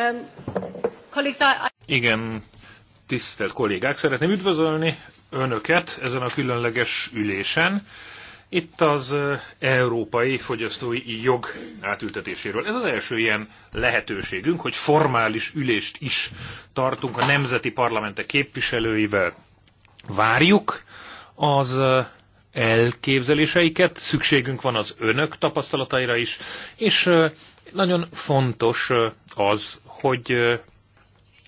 Um, Igen, tisztelt kollégák, szeretném üdvözölni Önöket ezen a különleges ülésen. Itt az európai fogyasztói jog átültetéséről. Ez az első ilyen lehetőségünk, hogy formális ülést is tartunk a nemzeti parlamentek képviselőivel. Várjuk az elképzeléseiket, szükségünk van az önök tapasztalataira is, és nagyon fontos az, hogy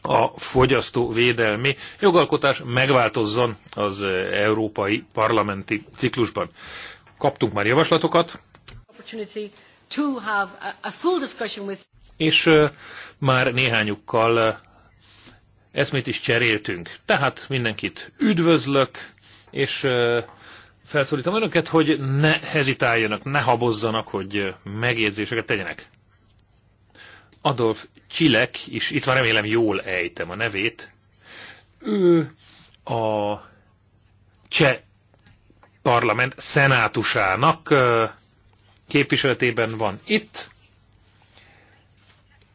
a fogyasztóvédelmi jogalkotás megváltozzon az európai parlamenti ciklusban. Kaptunk már javaslatokat, és már néhányukkal eszmét is cseréltünk. Tehát mindenkit üdvözlök, és felszólítom önöket, hogy ne hezitáljanak, ne habozzanak, hogy megjegyzéseket tegyenek. Adolf Csilek, és itt van remélem jól ejtem a nevét, ő a cseh parlament szenátusának képviseletében van itt,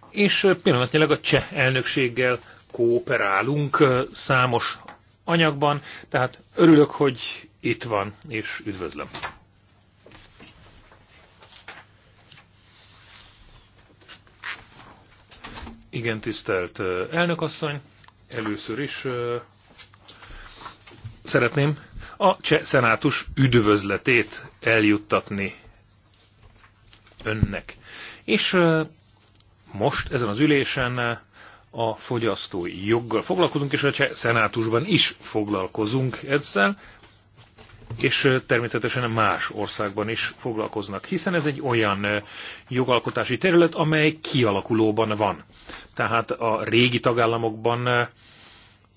és pillanatnyilag a cseh elnökséggel kooperálunk számos anyagban, tehát örülök, hogy itt van, és üdvözlöm. Igen, tisztelt elnökasszony, először is szeretném a cseh szenátus üdvözletét eljuttatni önnek. És most ezen az ülésen a fogyasztói joggal foglalkozunk, és a cseh szenátusban is foglalkozunk ezzel, és természetesen más országban is foglalkoznak, hiszen ez egy olyan jogalkotási terület, amely kialakulóban van. Tehát a régi tagállamokban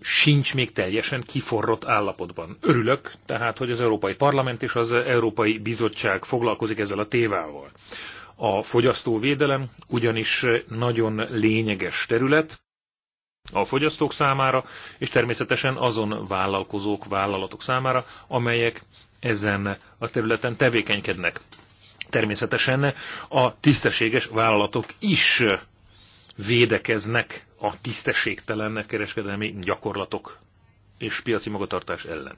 sincs még teljesen kiforrott állapotban. Örülök, tehát, hogy az Európai Parlament és az Európai Bizottság foglalkozik ezzel a tévával. A fogyasztóvédelem ugyanis nagyon lényeges terület, a fogyasztók számára, és természetesen azon vállalkozók, vállalatok számára, amelyek ezen a területen tevékenykednek. Természetesen a tisztességes vállalatok is védekeznek a tisztességtelen kereskedelmi gyakorlatok és piaci magatartás ellen.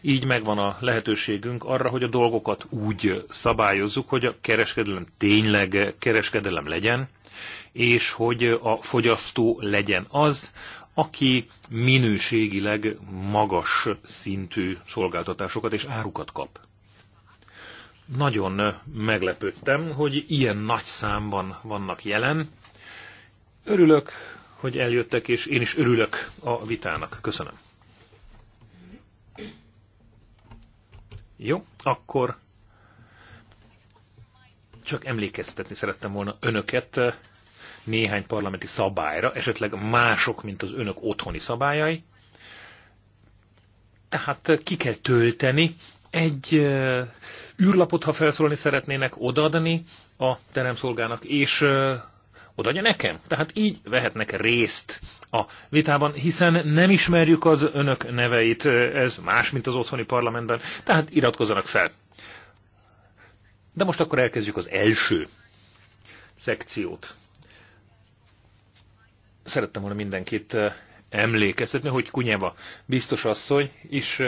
Így megvan a lehetőségünk arra, hogy a dolgokat úgy szabályozzuk, hogy a kereskedelem tényleg kereskedelem legyen, és hogy a fogyasztó legyen az, aki minőségileg magas szintű szolgáltatásokat és árukat kap. Nagyon meglepődtem, hogy ilyen nagy számban vannak jelen. Örülök, hogy eljöttek, és én is örülök a vitának. Köszönöm. Jó, akkor csak emlékeztetni szerettem volna önöket néhány parlamenti szabályra, esetleg mások, mint az önök otthoni szabályai. Tehát ki kell tölteni egy űrlapot, ha felszólni szeretnének, odaadni a teremszolgának, és odaadja nekem. Tehát így vehetnek részt a vitában, hiszen nem ismerjük az önök neveit, ez más, mint az otthoni parlamentben, tehát iratkozzanak fel. De most akkor elkezdjük az első szekciót szerettem volna mindenkit emlékeztetni, hogy Kunyeva biztos asszony is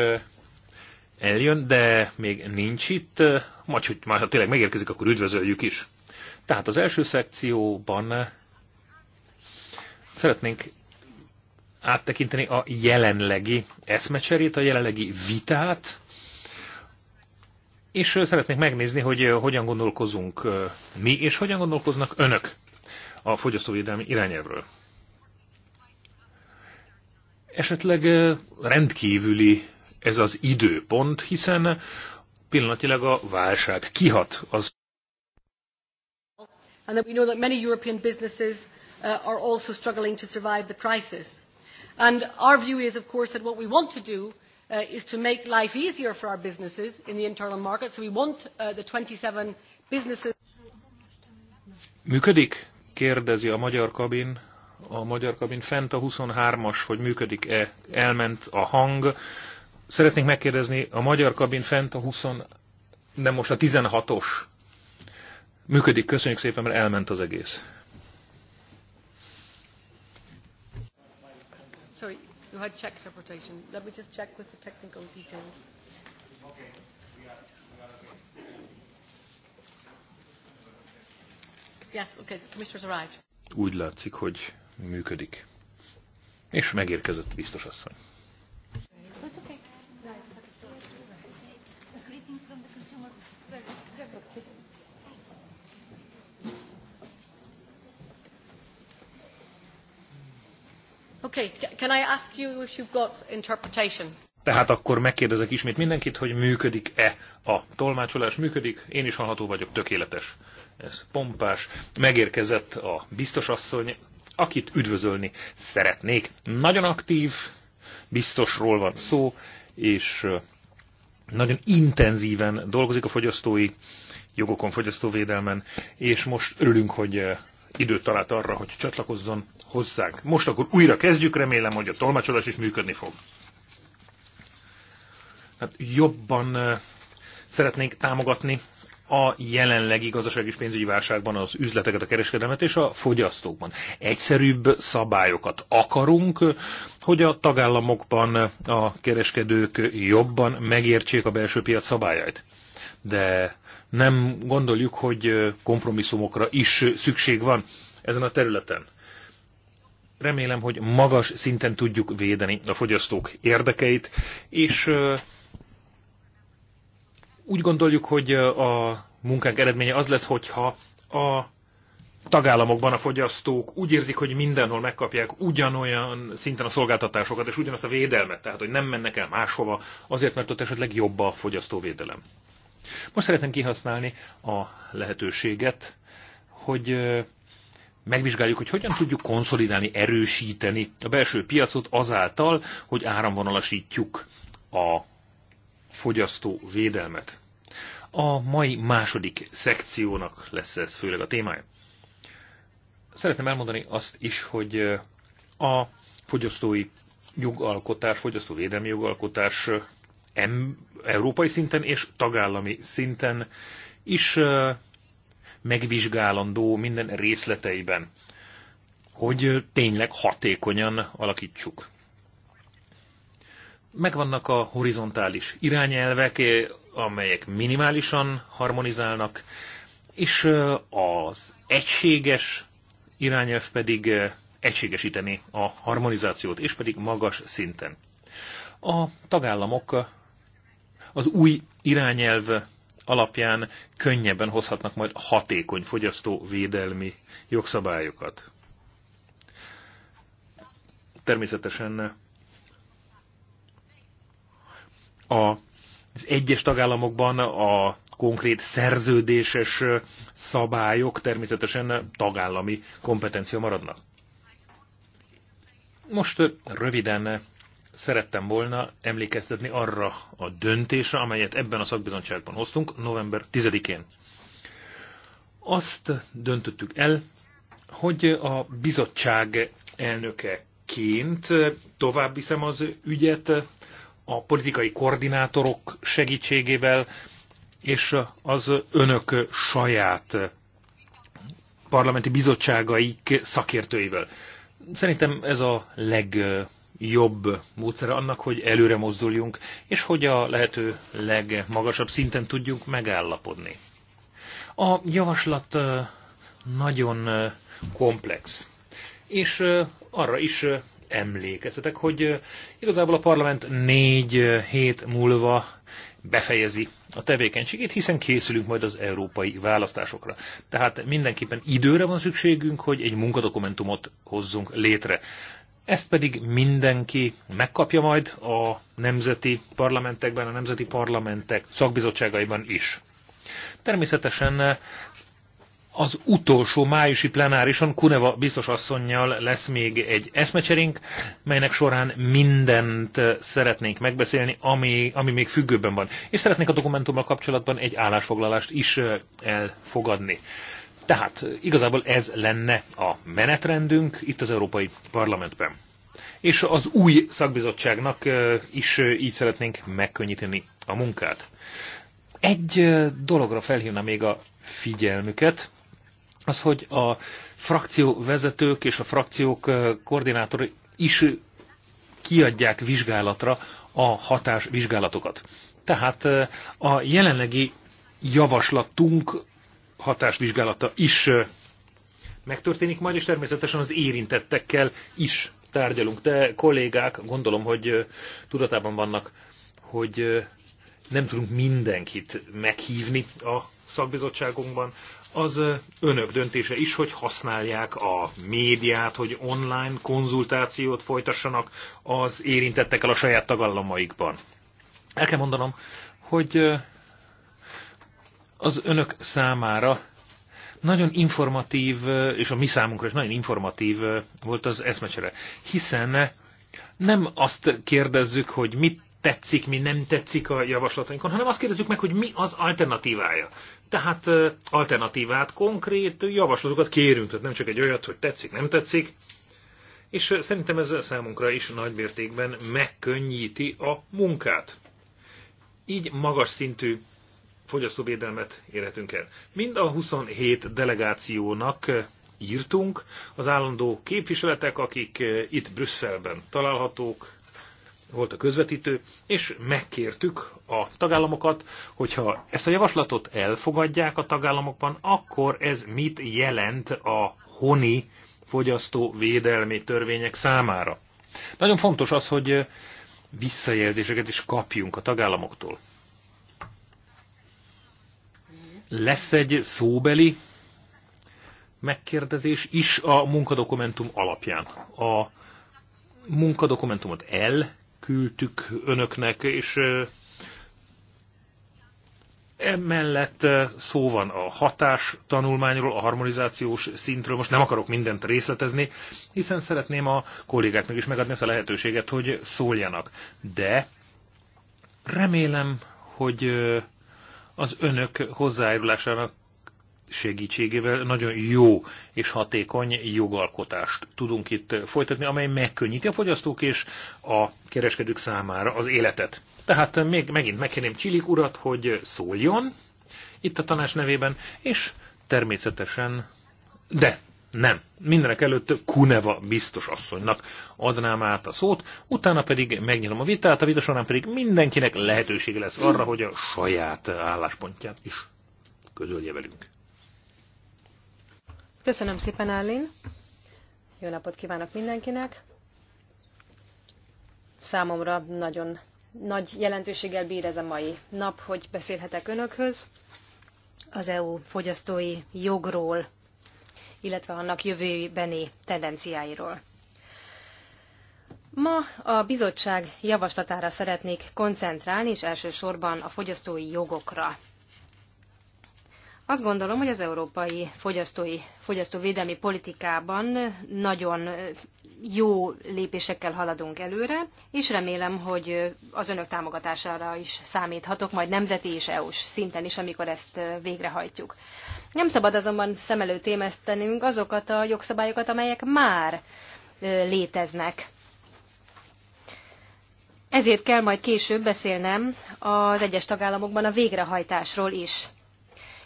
eljön, de még nincs itt, majd hogy már ha tényleg megérkezik, akkor üdvözöljük is. Tehát az első szekcióban szeretnénk áttekinteni a jelenlegi eszmecserét, a jelenlegi vitát, és szeretnénk megnézni, hogy hogyan gondolkozunk mi, és hogyan gondolkoznak önök a fogyasztóvédelmi irányelvről esetleg rendkívüli ez az időpont, hiszen pillanatilag a válság kihat az. And that we know that many European businesses uh, are also struggling to survive the crisis. And our view is, of course, that what we want to do uh, is to make life easier for our businesses in the internal market. So we want uh, the 27 businesses. Működik? Kérdezi a magyar kabin a magyar kabin. Fent a 23-as, hogy működik-e, elment a hang. Szeretnék megkérdezni, a magyar kabin fent a 20, nem most a 16-os. Működik, köszönjük szépen, mert elment az egész. Sorry, you had check interpretation. Let me just check with the technical details. Yes, okay, the commissioner's arrived. Úgy látszik, hogy működik. És megérkezett biztos asszony. Okay, can I ask you if you've got interpretation? Tehát akkor megkérdezek ismét mindenkit, hogy működik-e a tolmácsolás. Működik, én is hallható vagyok, tökéletes. Ez pompás. Megérkezett a biztosasszony, akit üdvözölni szeretnék. Nagyon aktív, biztosról van szó, és nagyon intenzíven dolgozik a fogyasztói jogokon, fogyasztóvédelmen, és most örülünk, hogy időt talált arra, hogy csatlakozzon hozzánk. Most akkor újra kezdjük, remélem, hogy a tolmácsolás is működni fog. Hát jobban szeretnénk támogatni a jelenlegi gazdaság és pénzügyi válságban az üzleteket, a kereskedelmet és a fogyasztókban. Egyszerűbb szabályokat akarunk, hogy a tagállamokban a kereskedők jobban megértsék a belső piac szabályait. De nem gondoljuk, hogy kompromisszumokra is szükség van ezen a területen. Remélem, hogy magas szinten tudjuk védeni a fogyasztók érdekeit, és úgy gondoljuk, hogy a munkánk eredménye az lesz, hogyha a tagállamokban a fogyasztók úgy érzik, hogy mindenhol megkapják ugyanolyan szinten a szolgáltatásokat, és ugyanazt a védelmet, tehát hogy nem mennek el máshova, azért, mert ott esetleg jobb a fogyasztóvédelem. Most szeretném kihasználni a lehetőséget, hogy megvizsgáljuk, hogy hogyan tudjuk konszolidálni, erősíteni a belső piacot azáltal, hogy áramvonalasítjuk a fogyasztó védelmet. A mai második szekciónak lesz ez főleg a témája. Szeretném elmondani azt is, hogy a fogyasztói jogalkotás, fogyasztóvédelmi jogalkotás em, európai szinten és tagállami szinten is megvizsgálandó minden részleteiben, hogy tényleg hatékonyan alakítsuk. Megvannak a horizontális irányelvek, eh, amelyek minimálisan harmonizálnak, és eh, az egységes irányelv pedig eh, egységesíteni a harmonizációt, és pedig magas szinten. A tagállamok az új irányelv alapján könnyebben hozhatnak majd hatékony fogyasztóvédelmi jogszabályokat. Természetesen a az egyes tagállamokban a konkrét szerződéses szabályok természetesen tagállami kompetencia maradnak. Most röviden szerettem volna emlékeztetni arra a döntésre, amelyet ebben a szakbizottságban hoztunk november 10-én. Azt döntöttük el, hogy a bizottság elnökeként tovább viszem az ügyet a politikai koordinátorok segítségével, és az önök saját parlamenti bizottságaik szakértőivel. Szerintem ez a legjobb módszer annak, hogy előre mozduljunk, és hogy a lehető legmagasabb szinten tudjunk megállapodni. A javaslat nagyon komplex, és arra is emlékeztetek, hogy igazából a parlament négy hét múlva befejezi a tevékenységét, hiszen készülünk majd az európai választásokra. Tehát mindenképpen időre van szükségünk, hogy egy munkadokumentumot hozzunk létre. Ezt pedig mindenki megkapja majd a nemzeti parlamentekben, a nemzeti parlamentek szakbizottságaiban is. Természetesen az utolsó májusi plenárison Kuneva biztos asszonynal lesz még egy eszmecserink, melynek során mindent eh, szeretnénk megbeszélni, ami, ami még függőben van. És szeretnék a dokumentummal kapcsolatban egy állásfoglalást is eh, elfogadni. Tehát eh, igazából ez lenne a menetrendünk itt az Európai Parlamentben. És az új szakbizottságnak is így szeretnénk megkönnyíteni a munkát. Egy dologra felhívna még a figyelmüket, az, hogy a frakcióvezetők és a frakciók koordinátori is kiadják vizsgálatra a hatásvizsgálatokat. Tehát a jelenlegi javaslatunk hatásvizsgálata is megtörténik majd, és természetesen az érintettekkel is tárgyalunk. De kollégák, gondolom, hogy tudatában vannak, hogy nem tudunk mindenkit meghívni a szakbizottságunkban, az önök döntése is, hogy használják a médiát, hogy online konzultációt folytassanak az érintettekkel a saját tagállamaikban. El kell mondanom, hogy az önök számára nagyon informatív, és a mi számunkra is nagyon informatív volt az eszmecsere, hiszen nem azt kérdezzük, hogy mit tetszik, mi nem tetszik a javaslatainkon, hanem azt kérdezzük meg, hogy mi az alternatívája. Tehát alternatívát, konkrét javaslatokat kérünk, tehát nem csak egy olyat, hogy tetszik, nem tetszik, és szerintem ez számunkra is mértékben megkönnyíti a munkát. Így magas szintű fogyasztóvédelmet érhetünk el. Mind a 27 delegációnak írtunk, az állandó képviseletek, akik itt Brüsszelben találhatók, volt a közvetítő, és megkértük a tagállamokat, hogyha ezt a javaslatot elfogadják a tagállamokban, akkor ez mit jelent a honi fogyasztó védelmi törvények számára. Nagyon fontos az, hogy eh, visszajelzéseket is kapjunk a tagállamoktól. Lesz egy szóbeli megkérdezés is a munkadokumentum alapján. A munkadokumentumot el küldtük önöknek, és Emellett szó van a hatás tanulmányról, a harmonizációs szintről, most nem akarok mindent részletezni, hiszen szeretném a kollégáknak is megadni azt a lehetőséget, hogy szóljanak. De remélem, hogy az önök hozzájárulásának segítségével nagyon jó és hatékony jogalkotást tudunk itt folytatni, amely megkönnyíti a fogyasztók és a kereskedők számára az életet. Tehát még megint megkérném Csillik urat, hogy szóljon itt a tanács nevében, és természetesen, de nem, mindenek előtt Kuneva biztos asszonynak adnám át a szót, utána pedig megnyilom a vitát, a vita során pedig mindenkinek lehetősége lesz arra, hogy a saját álláspontját is közölje velünk. Köszönöm szépen, Állin. Jó napot kívánok mindenkinek. Számomra nagyon nagy jelentőséggel bír ez a mai nap, hogy beszélhetek önökhöz az EU fogyasztói jogról, illetve annak jövőbeni tendenciáiról. Ma a bizottság javaslatára szeretnék koncentrálni, és elsősorban a fogyasztói jogokra. Azt gondolom, hogy az európai fogyasztói, fogyasztóvédelmi politikában nagyon jó lépésekkel haladunk előre, és remélem, hogy az önök támogatására is számíthatok, majd nemzeti és EU-s szinten is, amikor ezt végrehajtjuk. Nem szabad azonban szem előtt émesztenünk azokat a jogszabályokat, amelyek már léteznek. Ezért kell majd később beszélnem az egyes tagállamokban a végrehajtásról is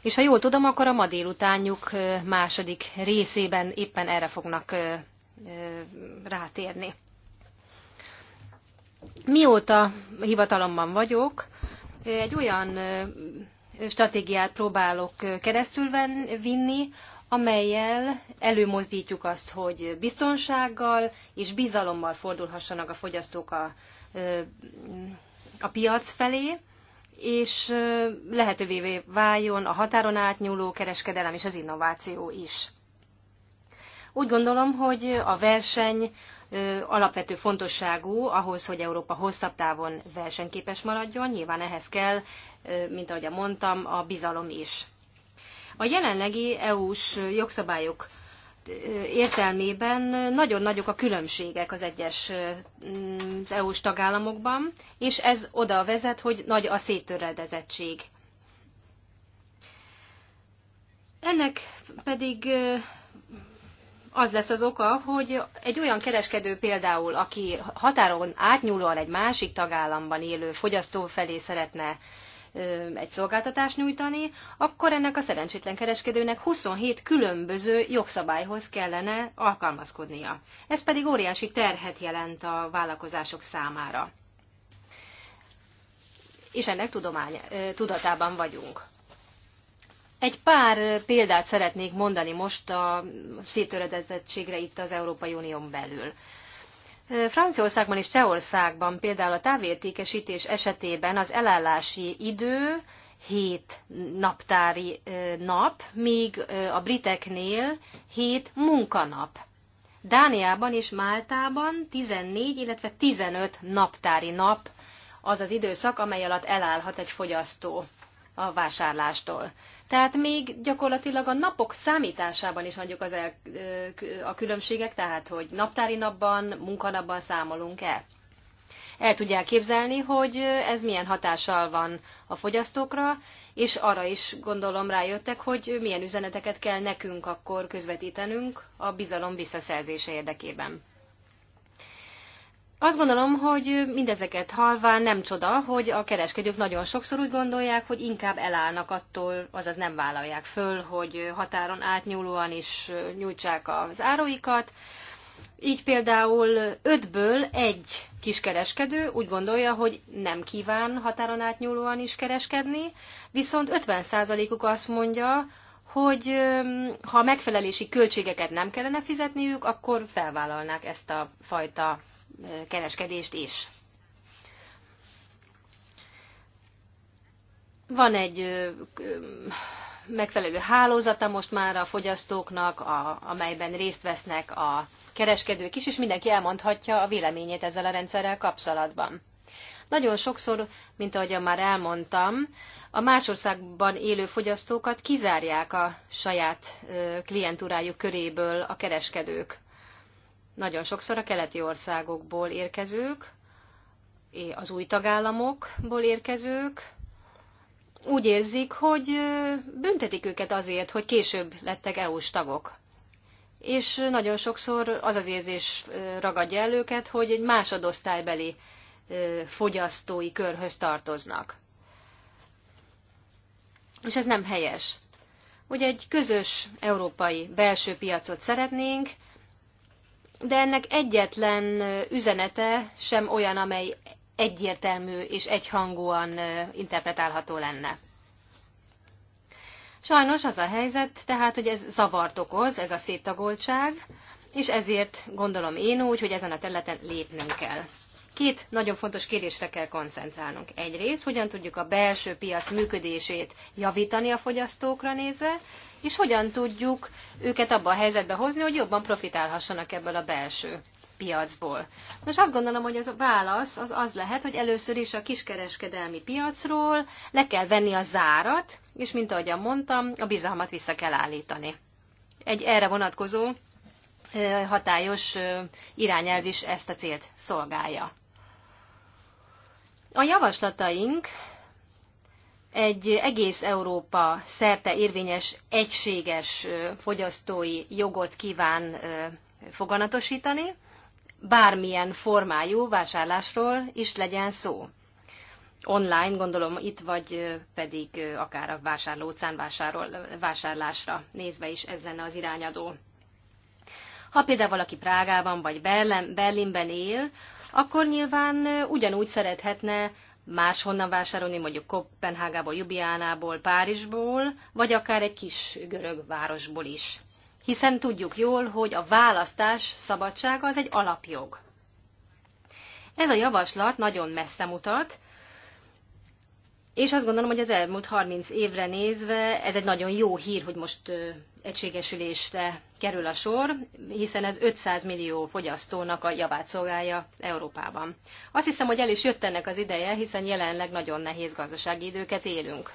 és ha jól tudom, akkor a ma délutánjuk második részében éppen erre fognak rátérni. Mióta hivatalomban vagyok, egy olyan stratégiát próbálok keresztül vinni, amelyel előmozdítjuk azt, hogy biztonsággal és bizalommal fordulhassanak a fogyasztók a, a piac felé, és lehetővé váljon a határon átnyúló kereskedelem és az innováció is. Úgy gondolom, hogy a verseny alapvető fontosságú ahhoz, hogy Európa hosszabb távon versenyképes maradjon, nyilván ehhez kell, mint ahogy mondtam, a bizalom is. A jelenlegi EU-s jogszabályok értelmében nagyon nagyok a különbségek az egyes az mm, EU-s tagállamokban, és ez oda vezet, hogy nagy a széttöredezettség. Ennek pedig az lesz az oka, hogy egy olyan kereskedő például, aki határon átnyúlóan egy másik tagállamban élő fogyasztó felé szeretne egy szolgáltatást nyújtani, akkor ennek a szerencsétlen kereskedőnek 27 különböző jogszabályhoz kellene alkalmazkodnia. Ez pedig óriási terhet jelent a vállalkozások számára. És ennek tudomány, tudatában vagyunk. Egy pár példát szeretnék mondani most a széttöredezettségre itt az Európai Unión belül. Franciaországban és Csehországban például a távértékesítés esetében az elállási idő 7 naptári nap, míg a briteknél 7 munkanap. Dániában és Máltában 14, illetve 15 naptári nap az az időszak, amely alatt elállhat egy fogyasztó a vásárlástól. Tehát még gyakorlatilag a napok számításában is nagyok az el, a különbségek, tehát hogy naptári napban, munkanapban számolunk el. El tudják képzelni, hogy ez milyen hatással van a fogyasztókra, és arra is gondolom rájöttek, hogy milyen üzeneteket kell nekünk akkor közvetítenünk a bizalom visszaszerzése érdekében. Azt gondolom, hogy mindezeket halván nem csoda, hogy a kereskedők nagyon sokszor úgy gondolják, hogy inkább elállnak attól, azaz nem vállalják föl, hogy határon átnyúlóan is nyújtsák az áruikat. Így például ötből egy kiskereskedő úgy gondolja, hogy nem kíván határon átnyúlóan is kereskedni, viszont 50%-uk azt mondja, hogy ha megfelelési költségeket nem kellene fizetniük, akkor felvállalnák ezt a fajta kereskedést is. Van egy megfelelő hálózata most már a fogyasztóknak, a, amelyben részt vesznek a kereskedők is, és mindenki elmondhatja a véleményét ezzel a rendszerrel kapcsolatban. Nagyon sokszor, mint ahogyan már elmondtam, a más országban élő fogyasztókat kizárják a saját klientúrájuk köréből a kereskedők. Nagyon sokszor a keleti országokból érkezők, az új tagállamokból érkezők úgy érzik, hogy büntetik őket azért, hogy később lettek EU-s tagok. És nagyon sokszor az az érzés ragadja el őket, hogy egy másodosztálybeli fogyasztói körhöz tartoznak. És ez nem helyes. Ugye egy közös európai belső piacot szeretnénk, de ennek egyetlen üzenete sem olyan, amely egyértelmű és egyhangúan interpretálható lenne. Sajnos az a helyzet, tehát, hogy ez zavart okoz, ez a széttagoltság, és ezért gondolom én úgy, hogy ezen a területen lépnünk kell. Két nagyon fontos kérésre kell koncentrálnunk. Egyrészt, hogyan tudjuk a belső piac működését javítani a fogyasztókra nézve, és hogyan tudjuk őket abba a helyzetbe hozni, hogy jobban profitálhassanak ebből a belső piacból. Most azt gondolom, hogy ez a válasz az az lehet, hogy először is a kiskereskedelmi piacról le kell venni a zárat, és mint ahogyan mondtam, a bizalmat vissza kell állítani. Egy erre vonatkozó hatályos irányelv is ezt a célt szolgálja. A javaslataink egy egész Európa szerte érvényes, egységes fogyasztói jogot kíván foganatosítani, bármilyen formájú vásárlásról is legyen szó. Online, gondolom itt, vagy pedig akár a vásárlócán vásárol, vásárlásra nézve is ez lenne az irányadó. Ha például valaki Prágában vagy Berlin, Berlinben él, akkor nyilván ugyanúgy szerethetne máshonnan vásárolni, mondjuk Kopenhágából, Jubiánából, Párizsból, vagy akár egy kis görög városból is. Hiszen tudjuk jól, hogy a választás szabadsága az egy alapjog. Ez a javaslat nagyon messze mutat, és azt gondolom, hogy az elmúlt 30 évre nézve ez egy nagyon jó hír, hogy most egységesülésre kerül a sor, hiszen ez 500 millió fogyasztónak a javát szolgálja Európában. Azt hiszem, hogy el is jött ennek az ideje, hiszen jelenleg nagyon nehéz gazdasági időket élünk.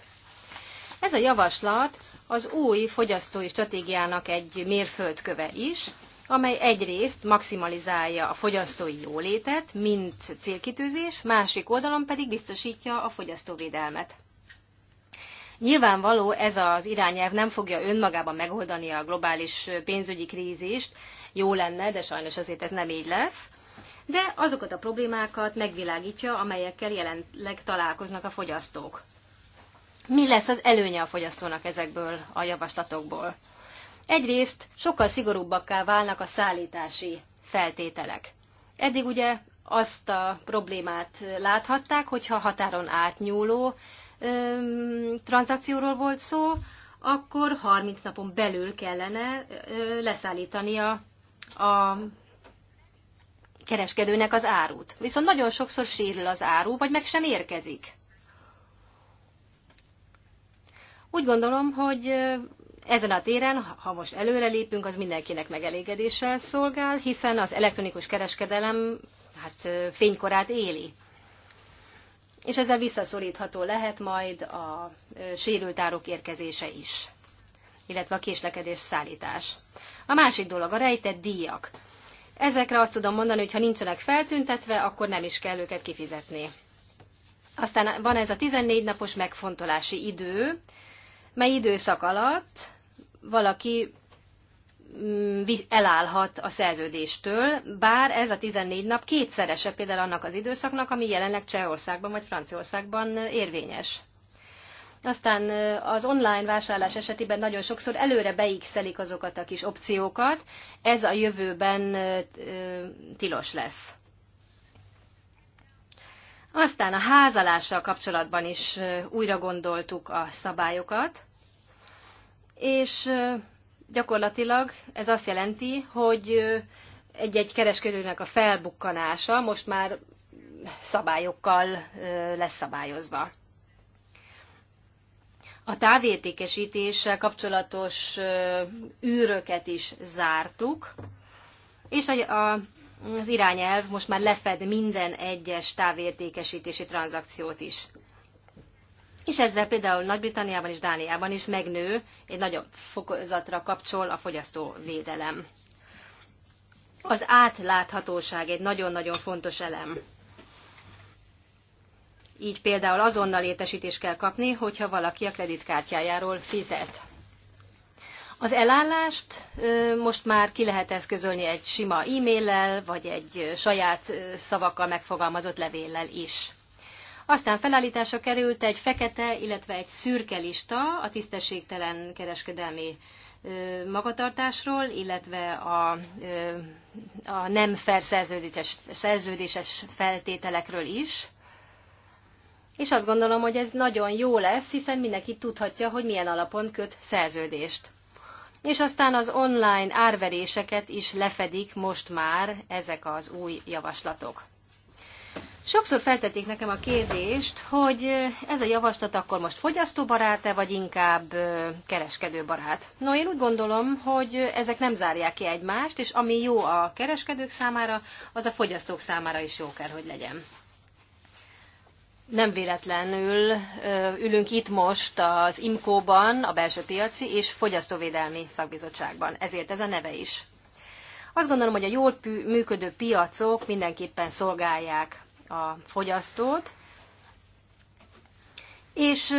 Ez a javaslat az új fogyasztói stratégiának egy mérföldköve is, amely egyrészt maximalizálja a fogyasztói jólétet, mint célkitűzés, másik oldalon pedig biztosítja a fogyasztóvédelmet. Nyilvánvaló ez az irányelv nem fogja önmagában megoldani a globális pénzügyi krízist, jó lenne, de sajnos azért ez nem így lesz, de azokat a problémákat megvilágítja, amelyekkel jelenleg találkoznak a fogyasztók. Mi lesz az előnye a fogyasztónak ezekből a javaslatokból? Egyrészt sokkal szigorúbbakká válnak a szállítási feltételek. Eddig ugye azt a problémát láthatták, hogyha határon átnyúló öm, tranzakcióról volt szó, akkor 30 napon belül kellene ö, a, a kereskedőnek az árut. Viszont nagyon sokszor sérül az áru, vagy meg sem érkezik. Úgy gondolom, hogy ezen a téren, ha most előrelépünk, az mindenkinek megelégedéssel szolgál, hiszen az elektronikus kereskedelem hát, fénykorát éli. És ezzel visszaszorítható lehet majd a sérült árok érkezése is, illetve a késlekedés szállítás. A másik dolog a rejtett díjak. Ezekre azt tudom mondani, hogy ha nincsenek feltüntetve, akkor nem is kell őket kifizetni. Aztán van ez a 14 napos megfontolási idő, mely időszak alatt valaki mm, elállhat a szerződéstől, bár ez a 14 nap kétszerese például annak az időszaknak, ami jelenleg Csehországban vagy Franciaországban érvényes. Aztán az online vásárlás esetében nagyon sokszor előre beixelik azokat a kis opciókat, ez a jövőben tilos lesz. Aztán a házalással kapcsolatban is újra gondoltuk a szabályokat és gyakorlatilag ez azt jelenti, hogy egy-egy kereskedőnek a felbukkanása most már szabályokkal lesz szabályozva. A távértékesítéssel kapcsolatos űröket is zártuk, és a az irányelv most már lefed minden egyes távértékesítési tranzakciót is és ezzel például Nagy-Britanniában és Dániában is megnő, egy nagyobb fokozatra kapcsol a fogyasztóvédelem. Az átláthatóság egy nagyon-nagyon fontos elem. Így például azonnal értesítést kell kapni, hogyha valaki a kreditkártyájáról fizet. Az elállást most már ki lehet eszközölni egy sima e-maillel, vagy egy saját szavakkal megfogalmazott levéllel is. Aztán felállítása került egy fekete, illetve egy szürke lista a tisztességtelen kereskedelmi magatartásról, illetve a, a nem felszerződéses szerződéses feltételekről is. És azt gondolom, hogy ez nagyon jó lesz, hiszen mindenki tudhatja, hogy milyen alapon köt szerződést. És aztán az online árveréseket is lefedik most már ezek az új javaslatok. Sokszor feltették nekem a kérdést, hogy ez a javaslat akkor most fogyasztóbarát-e, vagy inkább kereskedőbarát. No, én úgy gondolom, hogy ezek nem zárják ki egymást, és ami jó a kereskedők számára, az a fogyasztók számára is jó kell, hogy legyen. Nem véletlenül ülünk itt most az IMCO-ban, a belső piaci és fogyasztóvédelmi szakbizottságban, ezért ez a neve is. Azt gondolom, hogy a jól működő piacok mindenképpen szolgálják a fogyasztót, és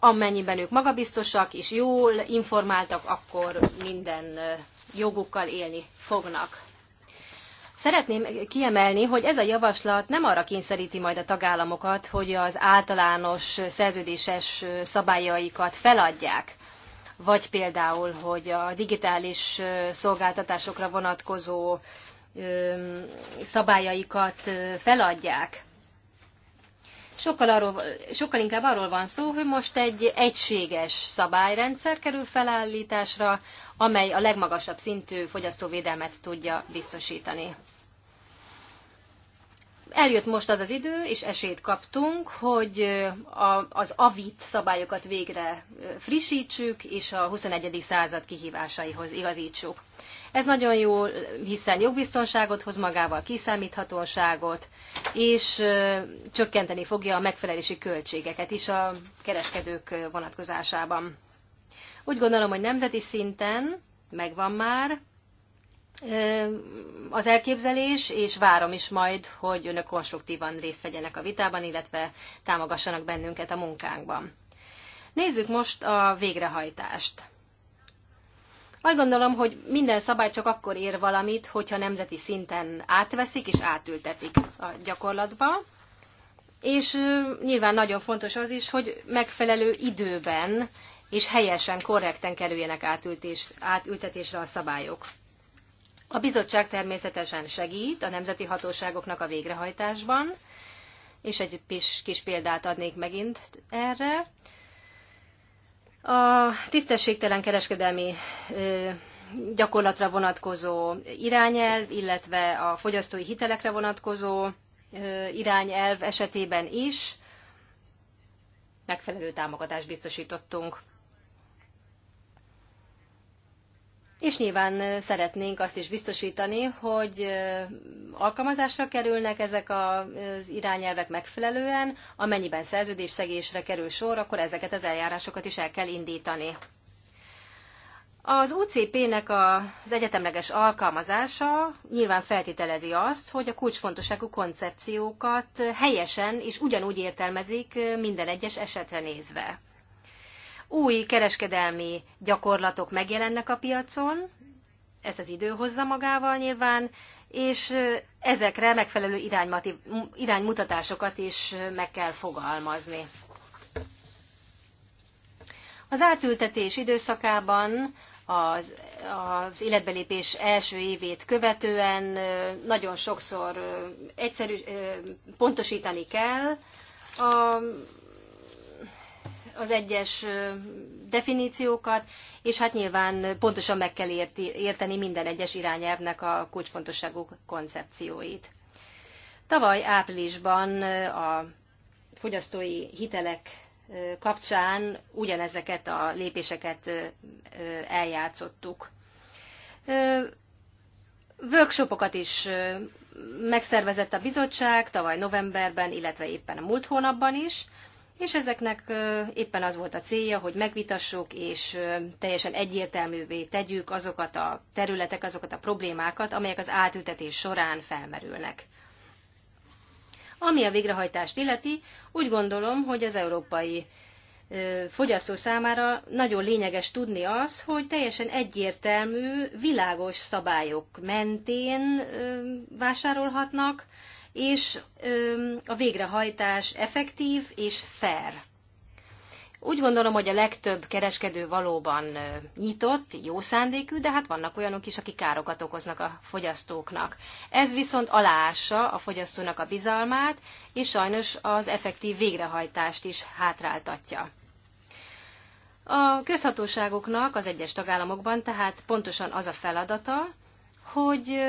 amennyiben ők magabiztosak és jól informáltak, akkor minden jogukkal élni fognak. Szeretném kiemelni, hogy ez a javaslat nem arra kényszeríti majd a tagállamokat, hogy az általános szerződéses szabályaikat feladják, vagy például, hogy a digitális szolgáltatásokra vonatkozó szabályaikat feladják. Sokkal, arról, sokkal inkább arról van szó, hogy most egy egységes szabályrendszer kerül felállításra, amely a legmagasabb szintű fogyasztóvédelmet tudja biztosítani. Eljött most az az idő, és esélyt kaptunk, hogy az AVIT szabályokat végre frissítsük, és a 21. század kihívásaihoz igazítsuk. Ez nagyon jó, hiszen jogbiztonságot hoz magával, kiszámíthatóságot, és csökkenteni fogja a megfelelési költségeket is a kereskedők vonatkozásában. Úgy gondolom, hogy nemzeti szinten megvan már az elképzelés, és várom is majd, hogy önök konstruktívan részt vegyenek a vitában, illetve támogassanak bennünket a munkánkban. Nézzük most a végrehajtást. Azt gondolom, hogy minden szabály csak akkor ér valamit, hogyha nemzeti szinten átveszik és átültetik a gyakorlatba. És nyilván nagyon fontos az is, hogy megfelelő időben és helyesen, korrekten kerüljenek átültés, átültetésre a szabályok. A bizottság természetesen segít a nemzeti hatóságoknak a végrehajtásban, és egy kis példát adnék megint erre. A tisztességtelen kereskedelmi gyakorlatra vonatkozó irányelv, illetve a fogyasztói hitelekre vonatkozó irányelv esetében is megfelelő támogatást biztosítottunk. És nyilván szeretnénk azt is biztosítani, hogy alkalmazásra kerülnek ezek az irányelvek megfelelően, amennyiben szegésre kerül sor, akkor ezeket az eljárásokat is el kell indítani. Az UCP-nek az egyetemleges alkalmazása nyilván feltételezi azt, hogy a kulcsfontosságú koncepciókat helyesen és ugyanúgy értelmezik minden egyes esetre nézve új kereskedelmi gyakorlatok megjelennek a piacon, ez az idő hozza magával nyilván, és ezekre megfelelő iránymutatásokat is meg kell fogalmazni. Az átültetés időszakában az, az életbelépés első évét követően nagyon sokszor egyszerű, pontosítani kell a az egyes definíciókat, és hát nyilván pontosan meg kell érteni minden egyes irányelvnek a kulcsfontosságú koncepcióit. Tavaly áprilisban a fogyasztói hitelek kapcsán ugyanezeket a lépéseket eljátszottuk. Workshopokat is megszervezett a bizottság tavaly novemberben, illetve éppen a múlt hónapban is, és ezeknek éppen az volt a célja, hogy megvitassuk és teljesen egyértelművé tegyük azokat a területek, azokat a problémákat, amelyek az átültetés során felmerülnek. Ami a végrehajtást illeti, úgy gondolom, hogy az európai fogyasztó számára nagyon lényeges tudni az, hogy teljesen egyértelmű, világos szabályok mentén vásárolhatnak, és a végrehajtás effektív és fair. Úgy gondolom, hogy a legtöbb kereskedő valóban nyitott, jó szándékű, de hát vannak olyanok is, akik károkat okoznak a fogyasztóknak. Ez viszont aláássa a fogyasztónak a bizalmát, és sajnos az effektív végrehajtást is hátráltatja. A közhatóságoknak az egyes tagállamokban tehát pontosan az a feladata, hogy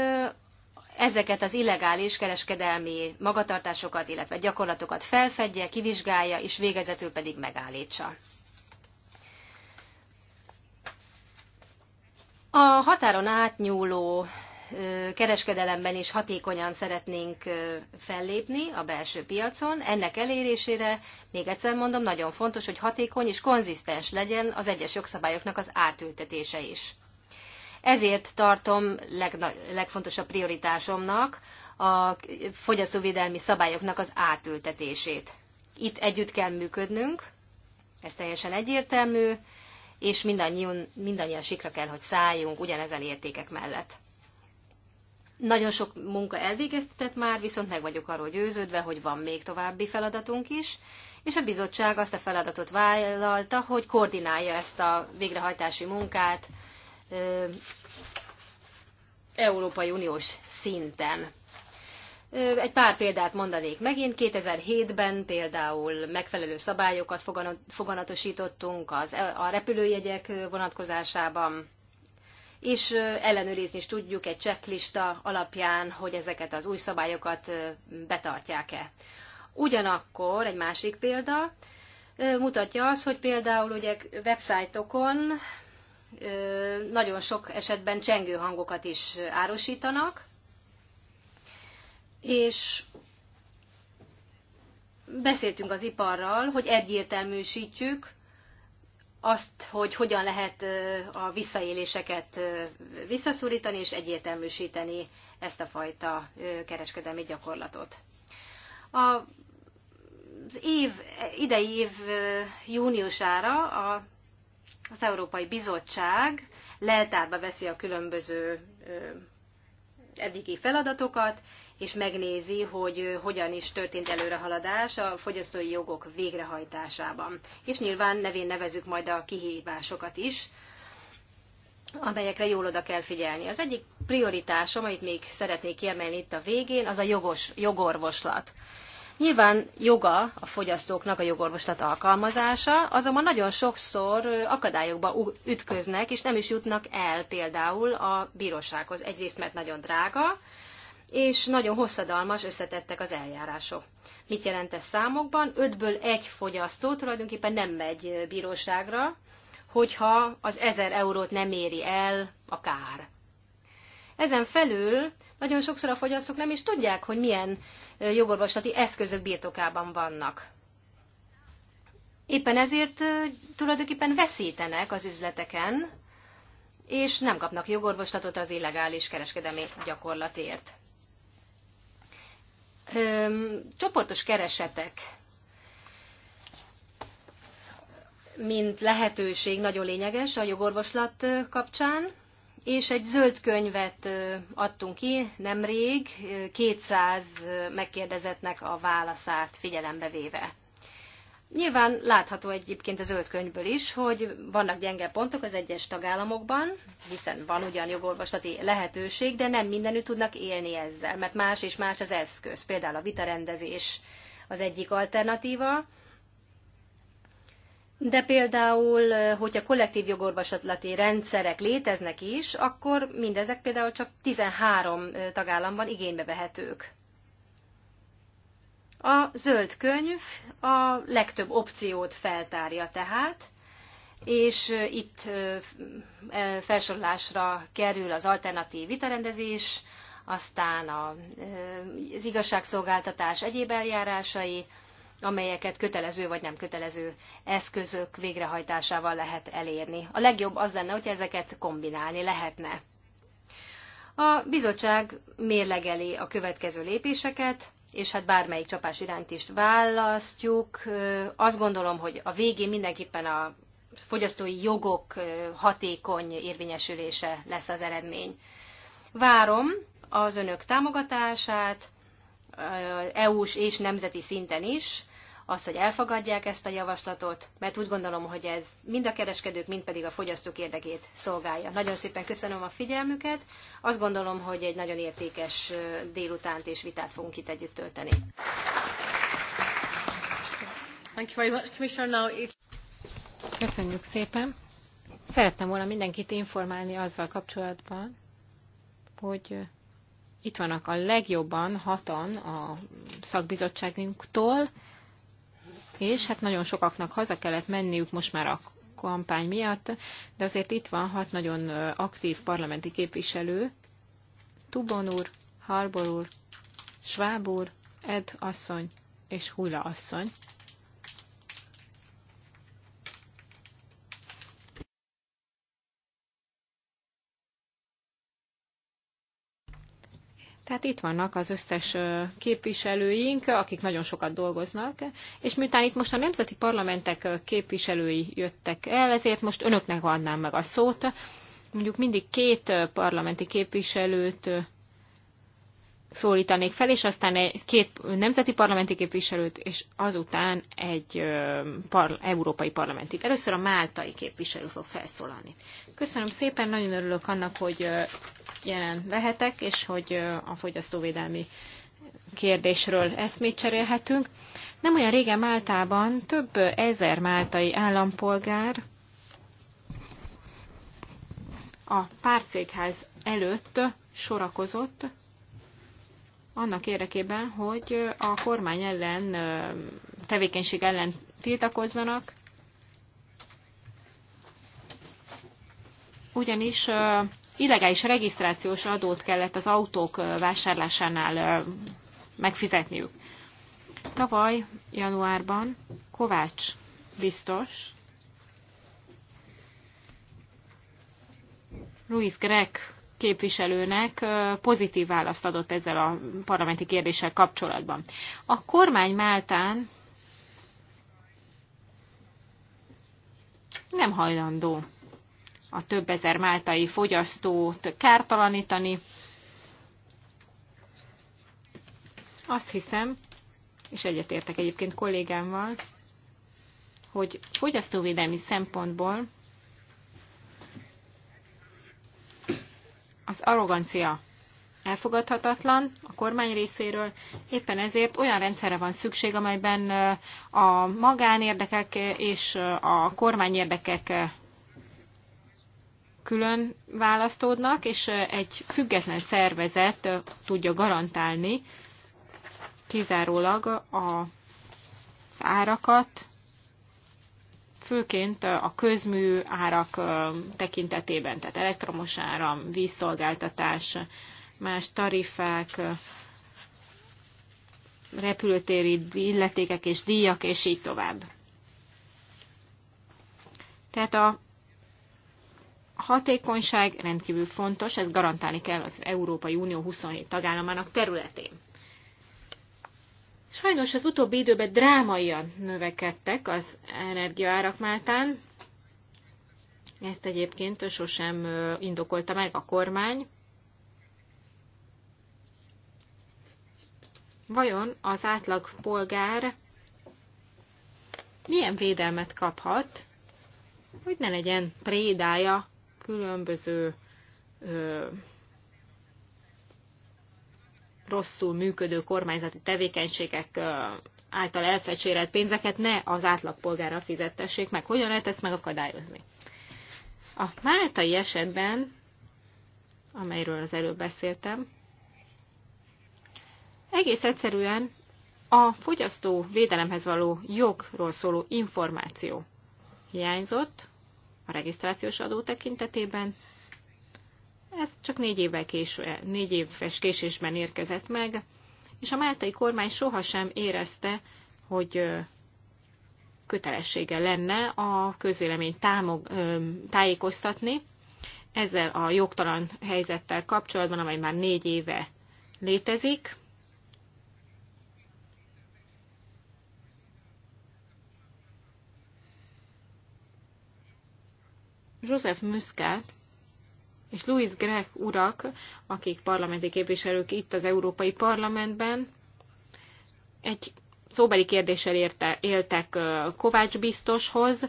ezeket az illegális kereskedelmi magatartásokat, illetve gyakorlatokat felfedje, kivizsgálja, és végezetül pedig megállítsa. A határon átnyúló kereskedelemben is hatékonyan szeretnénk fellépni a belső piacon. Ennek elérésére, még egyszer mondom, nagyon fontos, hogy hatékony és konzisztens legyen az egyes jogszabályoknak az átültetése is. Ezért tartom legna- legfontosabb prioritásomnak a fogyasztóvédelmi szabályoknak az átültetését. Itt együtt kell működnünk, ez teljesen egyértelmű, és mindannyian, mindannyian sikra kell, hogy szálljunk ugyanezen értékek mellett. Nagyon sok munka elvégeztetett már, viszont meg vagyok arról győződve, hogy van még további feladatunk is, és a bizottság azt a feladatot vállalta, hogy koordinálja ezt a végrehajtási munkát Európai Uniós szinten. Egy pár példát mondanék megint. 2007-ben például megfelelő szabályokat foganatosítottunk az, a repülőjegyek vonatkozásában, és ellenőrizni is tudjuk egy checklista alapján, hogy ezeket az új szabályokat betartják-e. Ugyanakkor egy másik példa mutatja az, hogy például ugye websájtokon nagyon sok esetben csengő hangokat is árosítanak, és beszéltünk az iparral, hogy egyértelműsítjük azt, hogy hogyan lehet a visszaéléseket visszaszorítani és egyértelműsíteni ezt a fajta kereskedelmi gyakorlatot. A az év, idei év júniusára a az Európai Bizottság leltárba veszi a különböző eddigi feladatokat, és megnézi, hogy hogyan is történt előrehaladás a fogyasztói jogok végrehajtásában. És nyilván nevén nevezük majd a kihívásokat is, amelyekre jól oda kell figyelni. Az egyik prioritásom, amit még szeretnék kiemelni itt a végén, az a jogos, jogorvoslat. Nyilván joga a fogyasztóknak a jogorvoslat alkalmazása, azonban nagyon sokszor akadályokba ütköznek, és nem is jutnak el például a bírósághoz. Egyrészt, mert nagyon drága, és nagyon hosszadalmas, összetettek az eljárások. Mit jelent ez számokban? Ötből egy fogyasztó tulajdonképpen nem megy bíróságra, hogyha az ezer eurót nem éri el a kár. Ezen felül nagyon sokszor a fogyasztók nem is tudják, hogy milyen jogorvoslati eszközök birtokában vannak. Éppen ezért tulajdonképpen veszítenek az üzleteken, és nem kapnak jogorvoslatot az illegális kereskedelmi gyakorlatért. csoportos keresetek, mint lehetőség nagyon lényeges a jogorvoslat kapcsán, és egy zöld könyvet adtunk ki nemrég, 200 megkérdezettnek a válaszát figyelembe véve. Nyilván látható egyébként a zöld könyvből is, hogy vannak gyenge pontok az egyes tagállamokban, hiszen van ugyan jogorvoslati lehetőség, de nem mindenütt tudnak élni ezzel, mert más és más az eszköz. Például a vitarendezés az egyik alternatíva, de például, hogyha kollektív jogorvoslati rendszerek léteznek is, akkor mindezek például csak 13 tagállamban igénybe vehetők. A zöld könyv a legtöbb opciót feltárja tehát, és itt felsorolásra kerül az alternatív vitarendezés, aztán az igazságszolgáltatás egyéb eljárásai, amelyeket kötelező vagy nem kötelező eszközök végrehajtásával lehet elérni. A legjobb az lenne, hogy ezeket kombinálni lehetne. A bizottság mérlegeli a következő lépéseket, és hát bármelyik csapás irányt is választjuk. Azt gondolom, hogy a végén mindenképpen a fogyasztói jogok hatékony érvényesülése lesz az eredmény. Várom az önök támogatását, EU-s és nemzeti szinten is, az, hogy elfogadják ezt a javaslatot, mert úgy gondolom, hogy ez mind a kereskedők, mind pedig a fogyasztók érdekét szolgálja. Nagyon szépen köszönöm a figyelmüket. Azt gondolom, hogy egy nagyon értékes délutánt és vitát fogunk itt együtt tölteni. Köszönjük szépen. Szerettem volna mindenkit informálni azzal kapcsolatban, hogy itt vannak a legjobban hatan a szakbizottságunktól, és hát nagyon sokaknak haza kellett menniük most már a kampány miatt, de azért itt van hat nagyon aktív parlamenti képviselő, Tubon úr, Harbor úr, Schwab úr, Ed asszony és Hula asszony, Tehát itt vannak az összes képviselőink, akik nagyon sokat dolgoznak, és miután itt most a nemzeti parlamentek képviselői jöttek el, ezért most önöknek adnám meg a szót. Mondjuk mindig két parlamenti képviselőt szólítanék fel, és aztán egy, két nemzeti parlamenti képviselőt, és azután egy par, európai parlamentit. Először a máltai képviselő fog felszólalni. Köszönöm szépen, nagyon örülök annak, hogy jelen lehetek, és hogy a fogyasztóvédelmi kérdésről eszmét cserélhetünk. Nem olyan régen Máltában több ezer máltai állampolgár a párcégház előtt sorakozott, annak érdekében, hogy a kormány ellen, tevékenység ellen tiltakozzanak, ugyanis illegális regisztrációs adót kellett az autók vásárlásánál megfizetniük. Tavaly januárban Kovács biztos, Louis Greg képviselőnek pozitív választ adott ezzel a parlamenti kérdéssel kapcsolatban. A kormány Máltán nem hajlandó a több ezer máltai fogyasztót kártalanítani. Azt hiszem, és egyetértek egyébként kollégámmal, hogy fogyasztóvédelmi szempontból Az arrogancia elfogadhatatlan a kormány részéről, éppen ezért olyan rendszerre van szükség, amelyben a magánérdekek és a kormányérdekek külön választódnak, és egy független szervezet tudja garantálni kizárólag a árakat, főként a közmű árak tekintetében, tehát elektromos áram, vízszolgáltatás, más tarifák, repülőtéri illetékek és díjak, és így tovább. Tehát a hatékonyság rendkívül fontos, ez garantálni kell az Európai Unió 27 tagállamának területén. Sajnos az utóbbi időben drámaian növekedtek az energiaárak máltán. Ezt egyébként sosem indokolta meg a kormány. Vajon az átlag polgár milyen védelmet kaphat, hogy ne legyen prédája különböző ö, rosszul működő kormányzati tevékenységek által elfecsérelt pénzeket ne az átlagpolgára fizettessék meg. Hogyan lehet ezt megakadályozni? A máltai esetben, amelyről az előbb beszéltem, egész egyszerűen a fogyasztó védelemhez való jogról szóló információ hiányzott a regisztrációs adó tekintetében, ez csak négy, évvel késő, négy éves késésben érkezett meg, és a máltai kormány sohasem érezte, hogy kötelessége lenne a közvéleményt támog, tájékoztatni ezzel a jogtalan helyzettel kapcsolatban, amely már négy éve létezik. József Muscat és Louis Grech urak, akik parlamenti képviselők itt az Európai Parlamentben, egy szóbeli kérdéssel érte, éltek Kovács biztoshoz.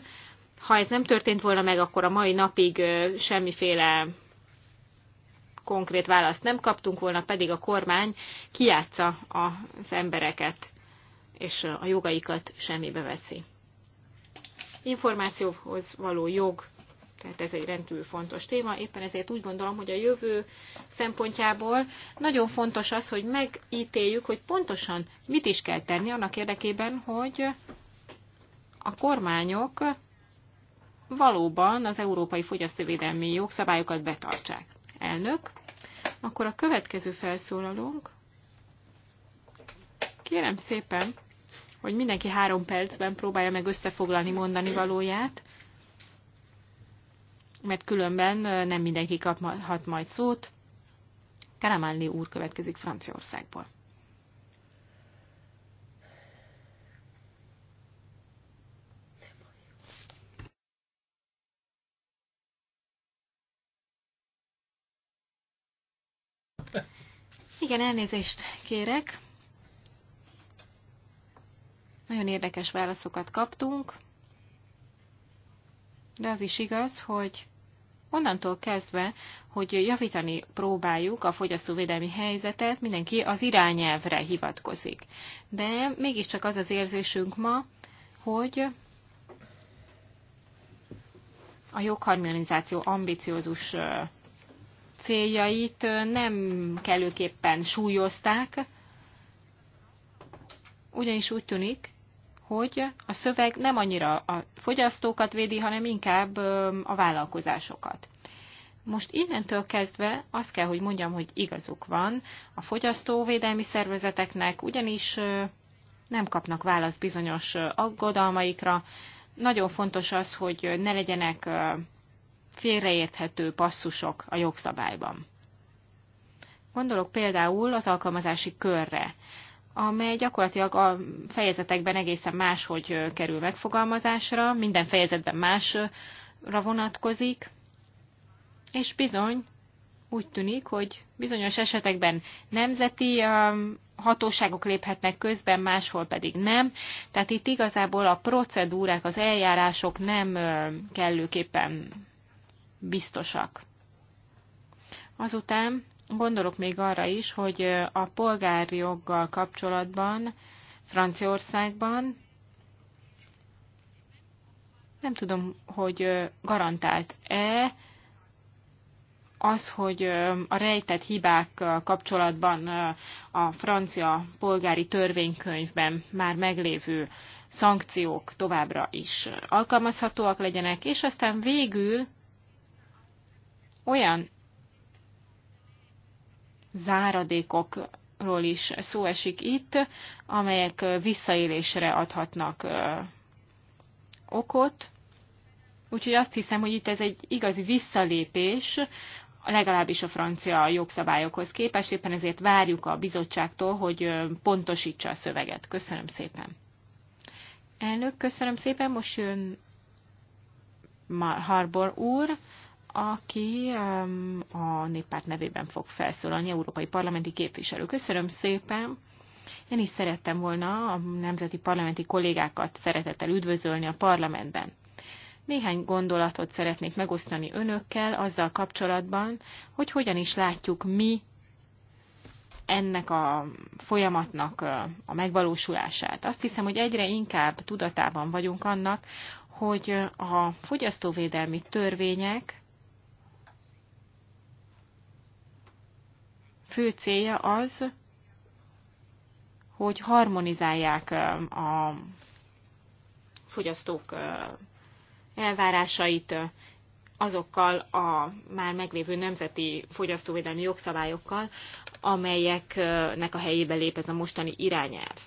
Ha ez nem történt volna meg, akkor a mai napig semmiféle konkrét választ nem kaptunk volna, pedig a kormány kiátsza az embereket, és a jogaikat semmibe veszi. Információhoz való jog tehát ez egy rendkívül fontos téma, éppen ezért úgy gondolom, hogy a jövő szempontjából nagyon fontos az, hogy megítéljük, hogy pontosan mit is kell tenni annak érdekében, hogy a kormányok valóban az európai fogyasztóvédelmi jogszabályokat betartsák. Elnök, akkor a következő felszólalunk. Kérem szépen, hogy mindenki három percben próbálja meg összefoglalni mondani valóját mert különben nem mindenki kaphat majd szót. Karamanli úr következik Franciaországból. Igen, elnézést kérek. Nagyon érdekes válaszokat kaptunk, de az is igaz, hogy onnantól kezdve, hogy javítani próbáljuk a fogyasztóvédelmi helyzetet, mindenki az irányelvre hivatkozik. De mégiscsak az az érzésünk ma, hogy a jogharmonizáció ambiciózus céljait nem kellőképpen súlyozták, ugyanis úgy tűnik, hogy a szöveg nem annyira a fogyasztókat védi, hanem inkább a vállalkozásokat. Most innentől kezdve azt kell, hogy mondjam, hogy igazuk van a fogyasztóvédelmi szervezeteknek, ugyanis nem kapnak választ bizonyos aggodalmaikra. Nagyon fontos az, hogy ne legyenek félreérthető passzusok a jogszabályban. Gondolok például az alkalmazási körre amely gyakorlatilag a fejezetekben egészen máshogy kerül megfogalmazásra, minden fejezetben másra vonatkozik, és bizony úgy tűnik, hogy bizonyos esetekben nemzeti hatóságok léphetnek közben, máshol pedig nem. Tehát itt igazából a procedúrák, az eljárások nem kellőképpen biztosak. Azután Gondolok még arra is, hogy a polgárjoggal kapcsolatban Franciaországban nem tudom, hogy garantált-e az, hogy a rejtett hibák kapcsolatban a francia polgári törvénykönyvben már meglévő szankciók továbbra is alkalmazhatóak legyenek, és aztán végül olyan záradékokról is szó esik itt, amelyek visszaélésre adhatnak okot. Úgyhogy azt hiszem, hogy itt ez egy igazi visszalépés, legalábbis a francia jogszabályokhoz képest, éppen ezért várjuk a bizottságtól, hogy pontosítsa a szöveget. Köszönöm szépen. Elnök, köszönöm szépen, most jön Harbor úr, aki a néppárt nevében fog felszólalni, európai parlamenti képviselő. Köszönöm szépen! Én is szerettem volna a nemzeti parlamenti kollégákat szeretettel üdvözölni a parlamentben. Néhány gondolatot szeretnék megosztani önökkel azzal kapcsolatban, hogy hogyan is látjuk mi ennek a folyamatnak a megvalósulását. Azt hiszem, hogy egyre inkább tudatában vagyunk annak, hogy a fogyasztóvédelmi törvények fő célja az, hogy harmonizálják a fogyasztók elvárásait azokkal a már meglévő nemzeti fogyasztóvédelmi jogszabályokkal, amelyeknek a helyébe lép ez a mostani irányelv.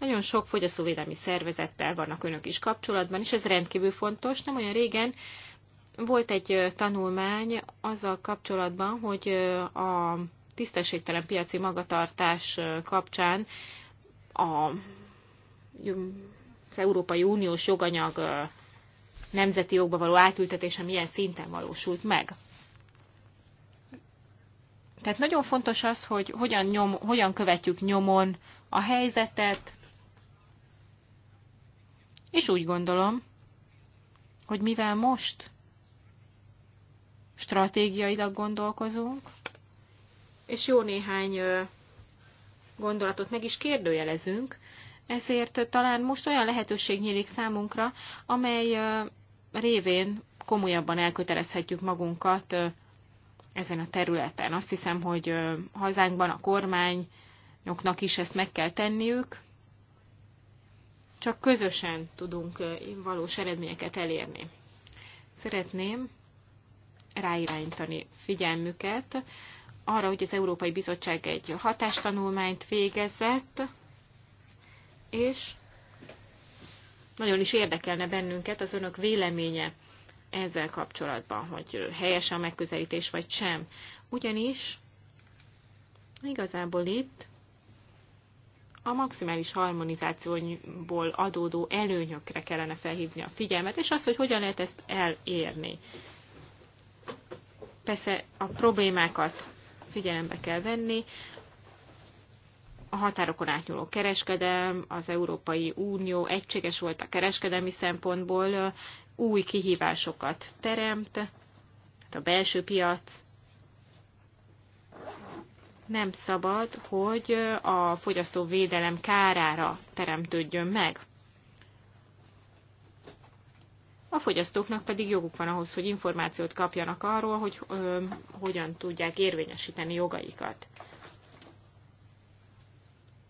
Nagyon sok fogyasztóvédelmi szervezettel vannak önök is kapcsolatban, és ez rendkívül fontos. Nem olyan régen volt egy tanulmány azzal kapcsolatban, hogy a tisztességtelen piaci magatartás kapcsán a Európai Uniós joganyag nemzeti jogba való átültetése milyen szinten valósult meg. Tehát nagyon fontos az, hogy hogyan, nyom, hogyan követjük nyomon a helyzetet, és úgy gondolom, hogy mivel most stratégiailag gondolkozunk, és jó néhány gondolatot meg is kérdőjelezünk, ezért talán most olyan lehetőség nyílik számunkra, amely révén komolyabban elkötelezhetjük magunkat ezen a területen. Azt hiszem, hogy hazánkban a kormányoknak is ezt meg kell tenniük, csak közösen tudunk valós eredményeket elérni. Szeretném ráirányítani figyelmüket arra, hogy az Európai Bizottság egy hatástanulmányt végezett, és nagyon is érdekelne bennünket az önök véleménye ezzel kapcsolatban, hogy helyes a megközelítés vagy sem. Ugyanis igazából itt a maximális harmonizációból adódó előnyökre kellene felhívni a figyelmet, és az, hogy hogyan lehet ezt elérni. Persze a problémákat figyelembe kell venni, a határokon átnyúló kereskedelm, az Európai Unió egységes volt a kereskedelmi szempontból, új kihívásokat teremt, a belső piac nem szabad, hogy a fogyasztóvédelem kárára teremtődjön meg a fogyasztóknak pedig joguk van ahhoz, hogy információt kapjanak arról, hogy ö, hogyan tudják érvényesíteni jogaikat.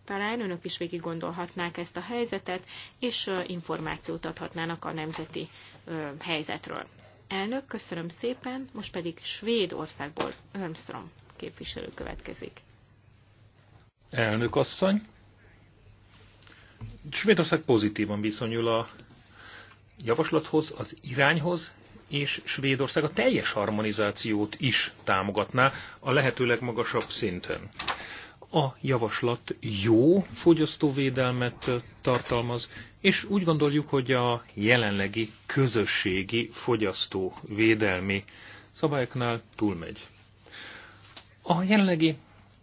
Talán önök is végig gondolhatnák ezt a helyzetet, és ö, információt adhatnának a nemzeti ö, helyzetről. Elnök, köszönöm szépen, most pedig Svédországból Örmström képviselő következik. Elnök asszony, Svédország pozitívan viszonyul a javaslathoz, az irányhoz, és Svédország a teljes harmonizációt is támogatná a lehető legmagasabb szinten. A javaslat jó fogyasztóvédelmet tartalmaz, és úgy gondoljuk, hogy a jelenlegi közösségi fogyasztóvédelmi szabályoknál túlmegy. A jelenlegi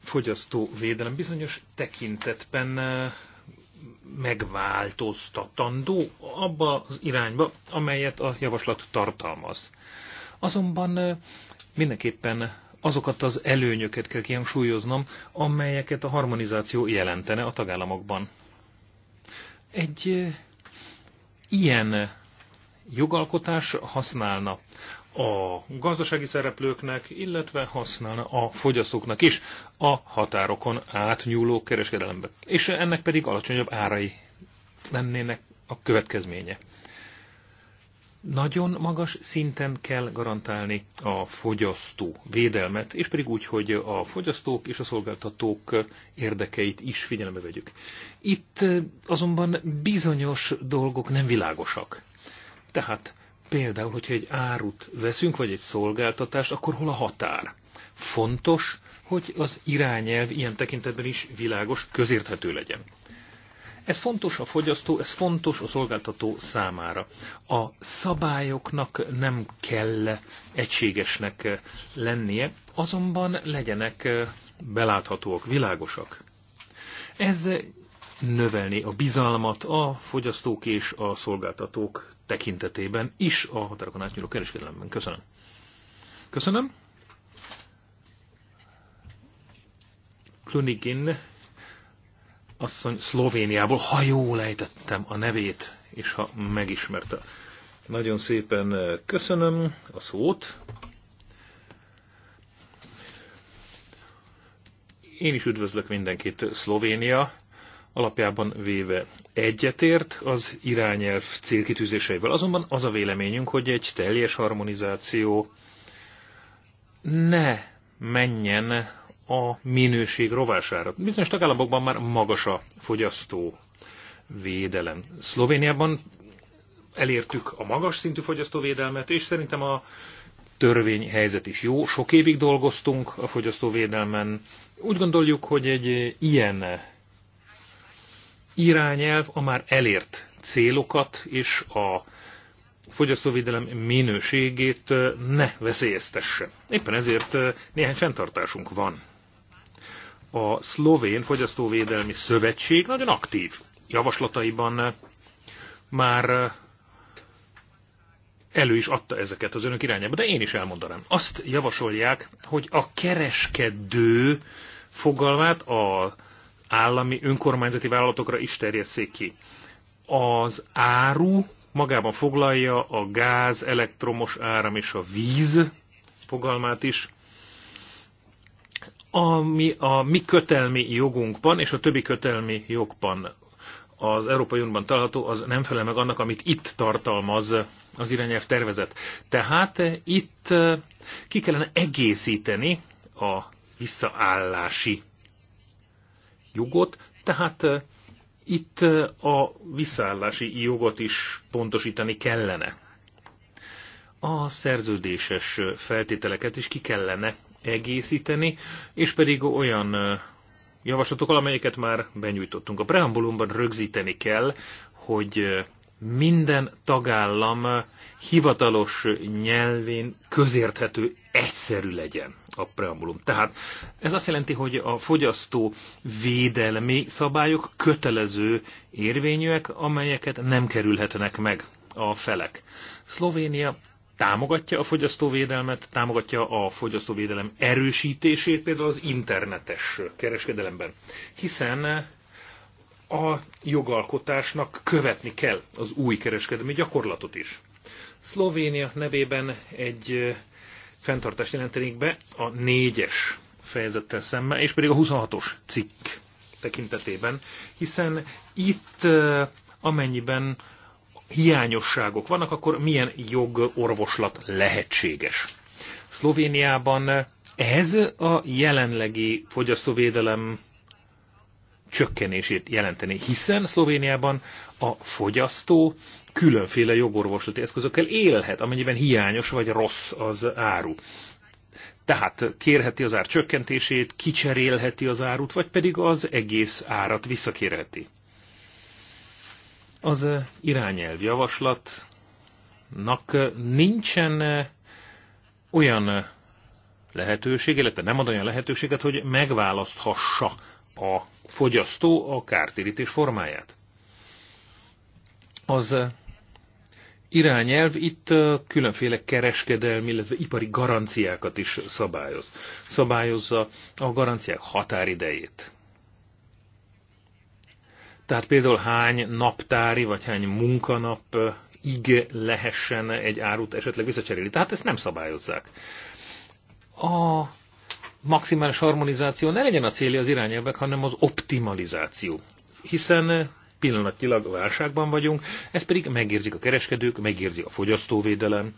fogyasztóvédelem bizonyos tekintetben megváltoztatandó abba az irányba, amelyet a javaslat tartalmaz. Azonban mindenképpen azokat az előnyöket kell kiemsúlyoznom, amelyeket a harmonizáció jelentene a tagállamokban. Egy ilyen jogalkotás használna a gazdasági szereplőknek, illetve használna a fogyasztóknak is a határokon átnyúló kereskedelemben. És ennek pedig alacsonyabb árai lennének a következménye. Nagyon magas szinten kell garantálni a fogyasztó védelmet, és pedig úgy, hogy a fogyasztók és a szolgáltatók érdekeit is figyelembe vegyük. Itt azonban bizonyos dolgok nem világosak. Tehát Például, hogyha egy árut veszünk, vagy egy szolgáltatást, akkor hol a határ? Fontos, hogy az irányelv ilyen tekintetben is világos, közérthető legyen. Ez fontos a fogyasztó, ez fontos a szolgáltató számára. A szabályoknak nem kell egységesnek lennie, azonban legyenek beláthatóak, világosak. Ez növelni a bizalmat a fogyasztók és a szolgáltatók tekintetében is a határokon átnyúló kereskedelemben. Köszönöm. Köszönöm. Klunigin asszony Szlovéniából, ha jól ejtettem a nevét, és ha megismerte. Nagyon szépen köszönöm a szót. Én is üdvözlök mindenkit. Szlovénia alapjában véve egyetért az irányelv célkitűzéseivel. Azonban az a véleményünk, hogy egy teljes harmonizáció ne menjen a minőség rovására. Bizonyos tagállamokban már magas a fogyasztó védelem. Szlovéniában elértük a magas szintű fogyasztóvédelmet, és szerintem a törvényhelyzet is jó. Sok évig dolgoztunk a fogyasztóvédelmen. Úgy gondoljuk, hogy egy ilyen irányelv a már elért célokat és a fogyasztóvédelem minőségét ne veszélyeztesse. Éppen ezért néhány fenntartásunk van. A Szlovén Fogyasztóvédelmi Szövetség nagyon aktív javaslataiban már elő is adta ezeket az önök irányába, de én is elmondanám. Azt javasolják, hogy a kereskedő fogalmát a állami önkormányzati vállalatokra is terjesszék ki. Az áru magában foglalja a gáz, elektromos áram és a víz fogalmát is, ami a mi kötelmi jogunkban és a többi kötelmi jogban az Európai Unióban található, az nem felel meg annak, amit itt tartalmaz az irányelv tervezet. Tehát itt ki kellene egészíteni a visszaállási jogot, tehát eh, itt eh, a visszaállási jogot is pontosítani kellene. A szerződéses eh, feltételeket is ki kellene egészíteni, és pedig olyan javaslatokkal, amelyeket már benyújtottunk. A preambulumban rögzíteni kell, hogy minden tagállam hivatalos nyelvén közérthető egyszerű legyen a preambulum. Tehát ez azt jelenti, hogy a fogyasztó védelmi szabályok kötelező érvényűek, amelyeket nem kerülhetnek meg a felek. Szlovénia támogatja a fogyasztóvédelmet, támogatja a fogyasztóvédelem erősítését, például az internetes kereskedelemben. Hiszen a jogalkotásnak követni kell az új kereskedelmi gyakorlatot is. Szlovénia nevében egy fenntartást jelentenék be a négyes fejezettel szemben, és pedig a 26-os cikk tekintetében, hiszen itt amennyiben hiányosságok vannak, akkor milyen jogorvoslat lehetséges. Szlovéniában ez a jelenlegi fogyasztóvédelem csökkenését jelenteni, hiszen Szlovéniában a fogyasztó különféle jogorvoslati eszközökkel élhet, amennyiben hiányos vagy rossz az áru. Tehát kérheti az ár csökkentését, kicserélheti az árut, vagy pedig az egész árat visszakérheti. Az irányelv javaslatnak nincsen olyan lehetőség, illetve nem ad olyan lehetőséget, hogy megválaszthassa a fogyasztó a kártérítés formáját. Az eh, irányelv itt eh, különféle kereskedelmi, illetve ipari garanciákat is szabályoz. Szabályozza a garanciák határidejét. Tehát például hány naptári vagy hány munkanap eh, ig lehessen egy árut esetleg visszacserélni. Tehát ezt nem szabályozzák. A maximális harmonizáció ne legyen a célja az irányelvek, hanem az optimalizáció. Hiszen pillanatnyilag válságban vagyunk, ez pedig megérzik a kereskedők, megérzi a fogyasztóvédelem,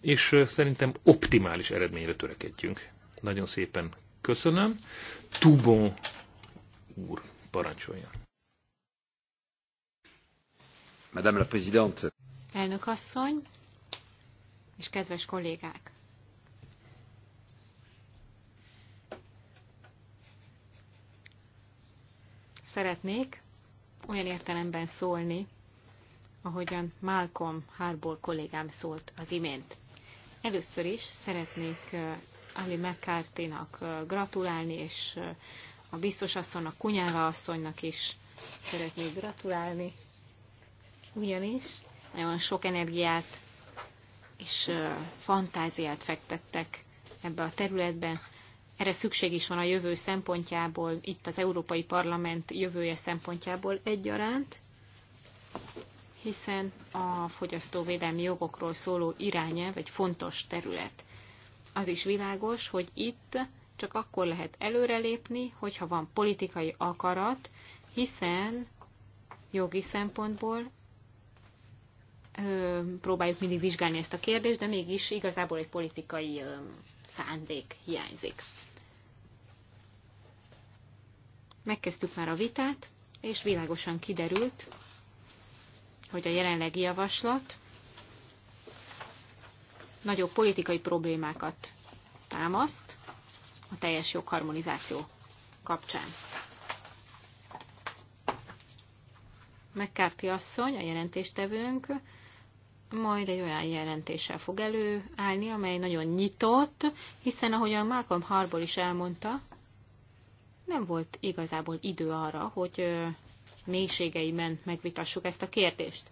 és szerintem optimális eredményre törekedjünk. Nagyon szépen köszönöm. Tubon úr, parancsolja. Madame la Présidente. Elnök asszony, és kedves kollégák! szeretnék olyan értelemben szólni, ahogyan Malcolm Harbour kollégám szólt az imént. Először is szeretnék Ali mccarthy gratulálni, és a biztos asszonynak, Kunyára asszonynak is szeretnék gratulálni, ugyanis nagyon sok energiát és fantáziát fektettek ebbe a területbe, erre szükség is van a jövő szempontjából, itt az Európai Parlament jövője szempontjából egyaránt, hiszen a fogyasztóvédelmi jogokról szóló iránya, egy fontos terület. Az is világos, hogy itt csak akkor lehet előrelépni, hogyha van politikai akarat, hiszen jogi szempontból ö, próbáljuk mindig vizsgálni ezt a kérdést, de mégis igazából egy politikai ö, szándék hiányzik. Megkezdtük már a vitát, és világosan kiderült, hogy a jelenlegi javaslat nagyobb politikai problémákat támaszt a teljes jogharmonizáció kapcsán. Megkárti asszony, a jelentéstevőnk, majd egy olyan jelentéssel fog előállni, amely nagyon nyitott, hiszen ahogyan Malcolm Harbour is elmondta, nem volt igazából idő arra, hogy mélységeiben megvitassuk ezt a kérdést.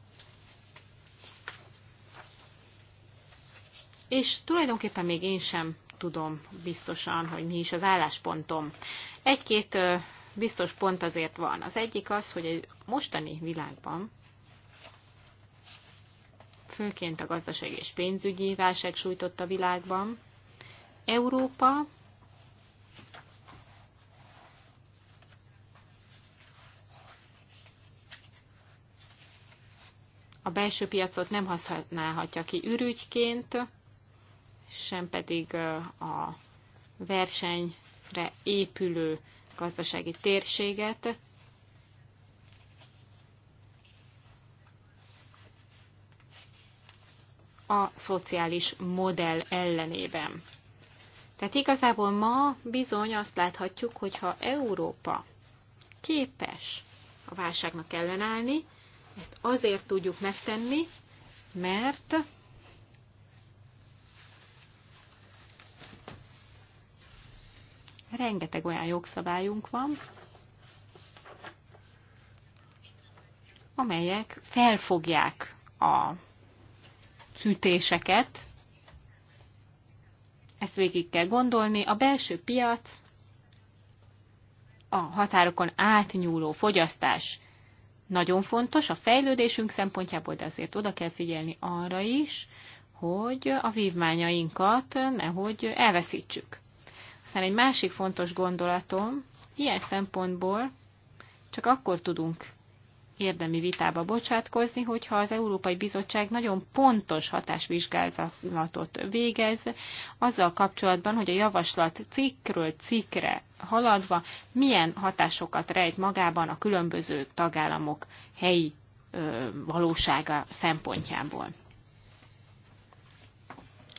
És tulajdonképpen még én sem tudom biztosan, hogy mi is az álláspontom. Egy-két biztos pont azért van. Az egyik az, hogy egy mostani világban, főként a gazdaság és pénzügyi válság sújtott a világban, Európa a belső piacot nem használhatja ki ürügyként, sem pedig a versenyre épülő gazdasági térséget. a szociális modell ellenében. Tehát igazából ma bizony azt láthatjuk, hogy ha Európa képes a válságnak ellenállni, ezt azért tudjuk megtenni, mert rengeteg olyan jogszabályunk van, amelyek felfogják a szütéseket. Ezt végig kell gondolni. A belső piac, a határokon átnyúló fogyasztás nagyon fontos a fejlődésünk szempontjából, de azért oda kell figyelni arra is, hogy a vívmányainkat nehogy elveszítsük. Aztán egy másik fontos gondolatom, ilyen szempontból csak akkor tudunk érdemi vitába bocsátkozni, hogyha az Európai Bizottság nagyon pontos hatásvizsgálatot végez azzal kapcsolatban, hogy a javaslat cikkről cikkre haladva milyen hatásokat rejt magában a különböző tagállamok helyi valósága szempontjából.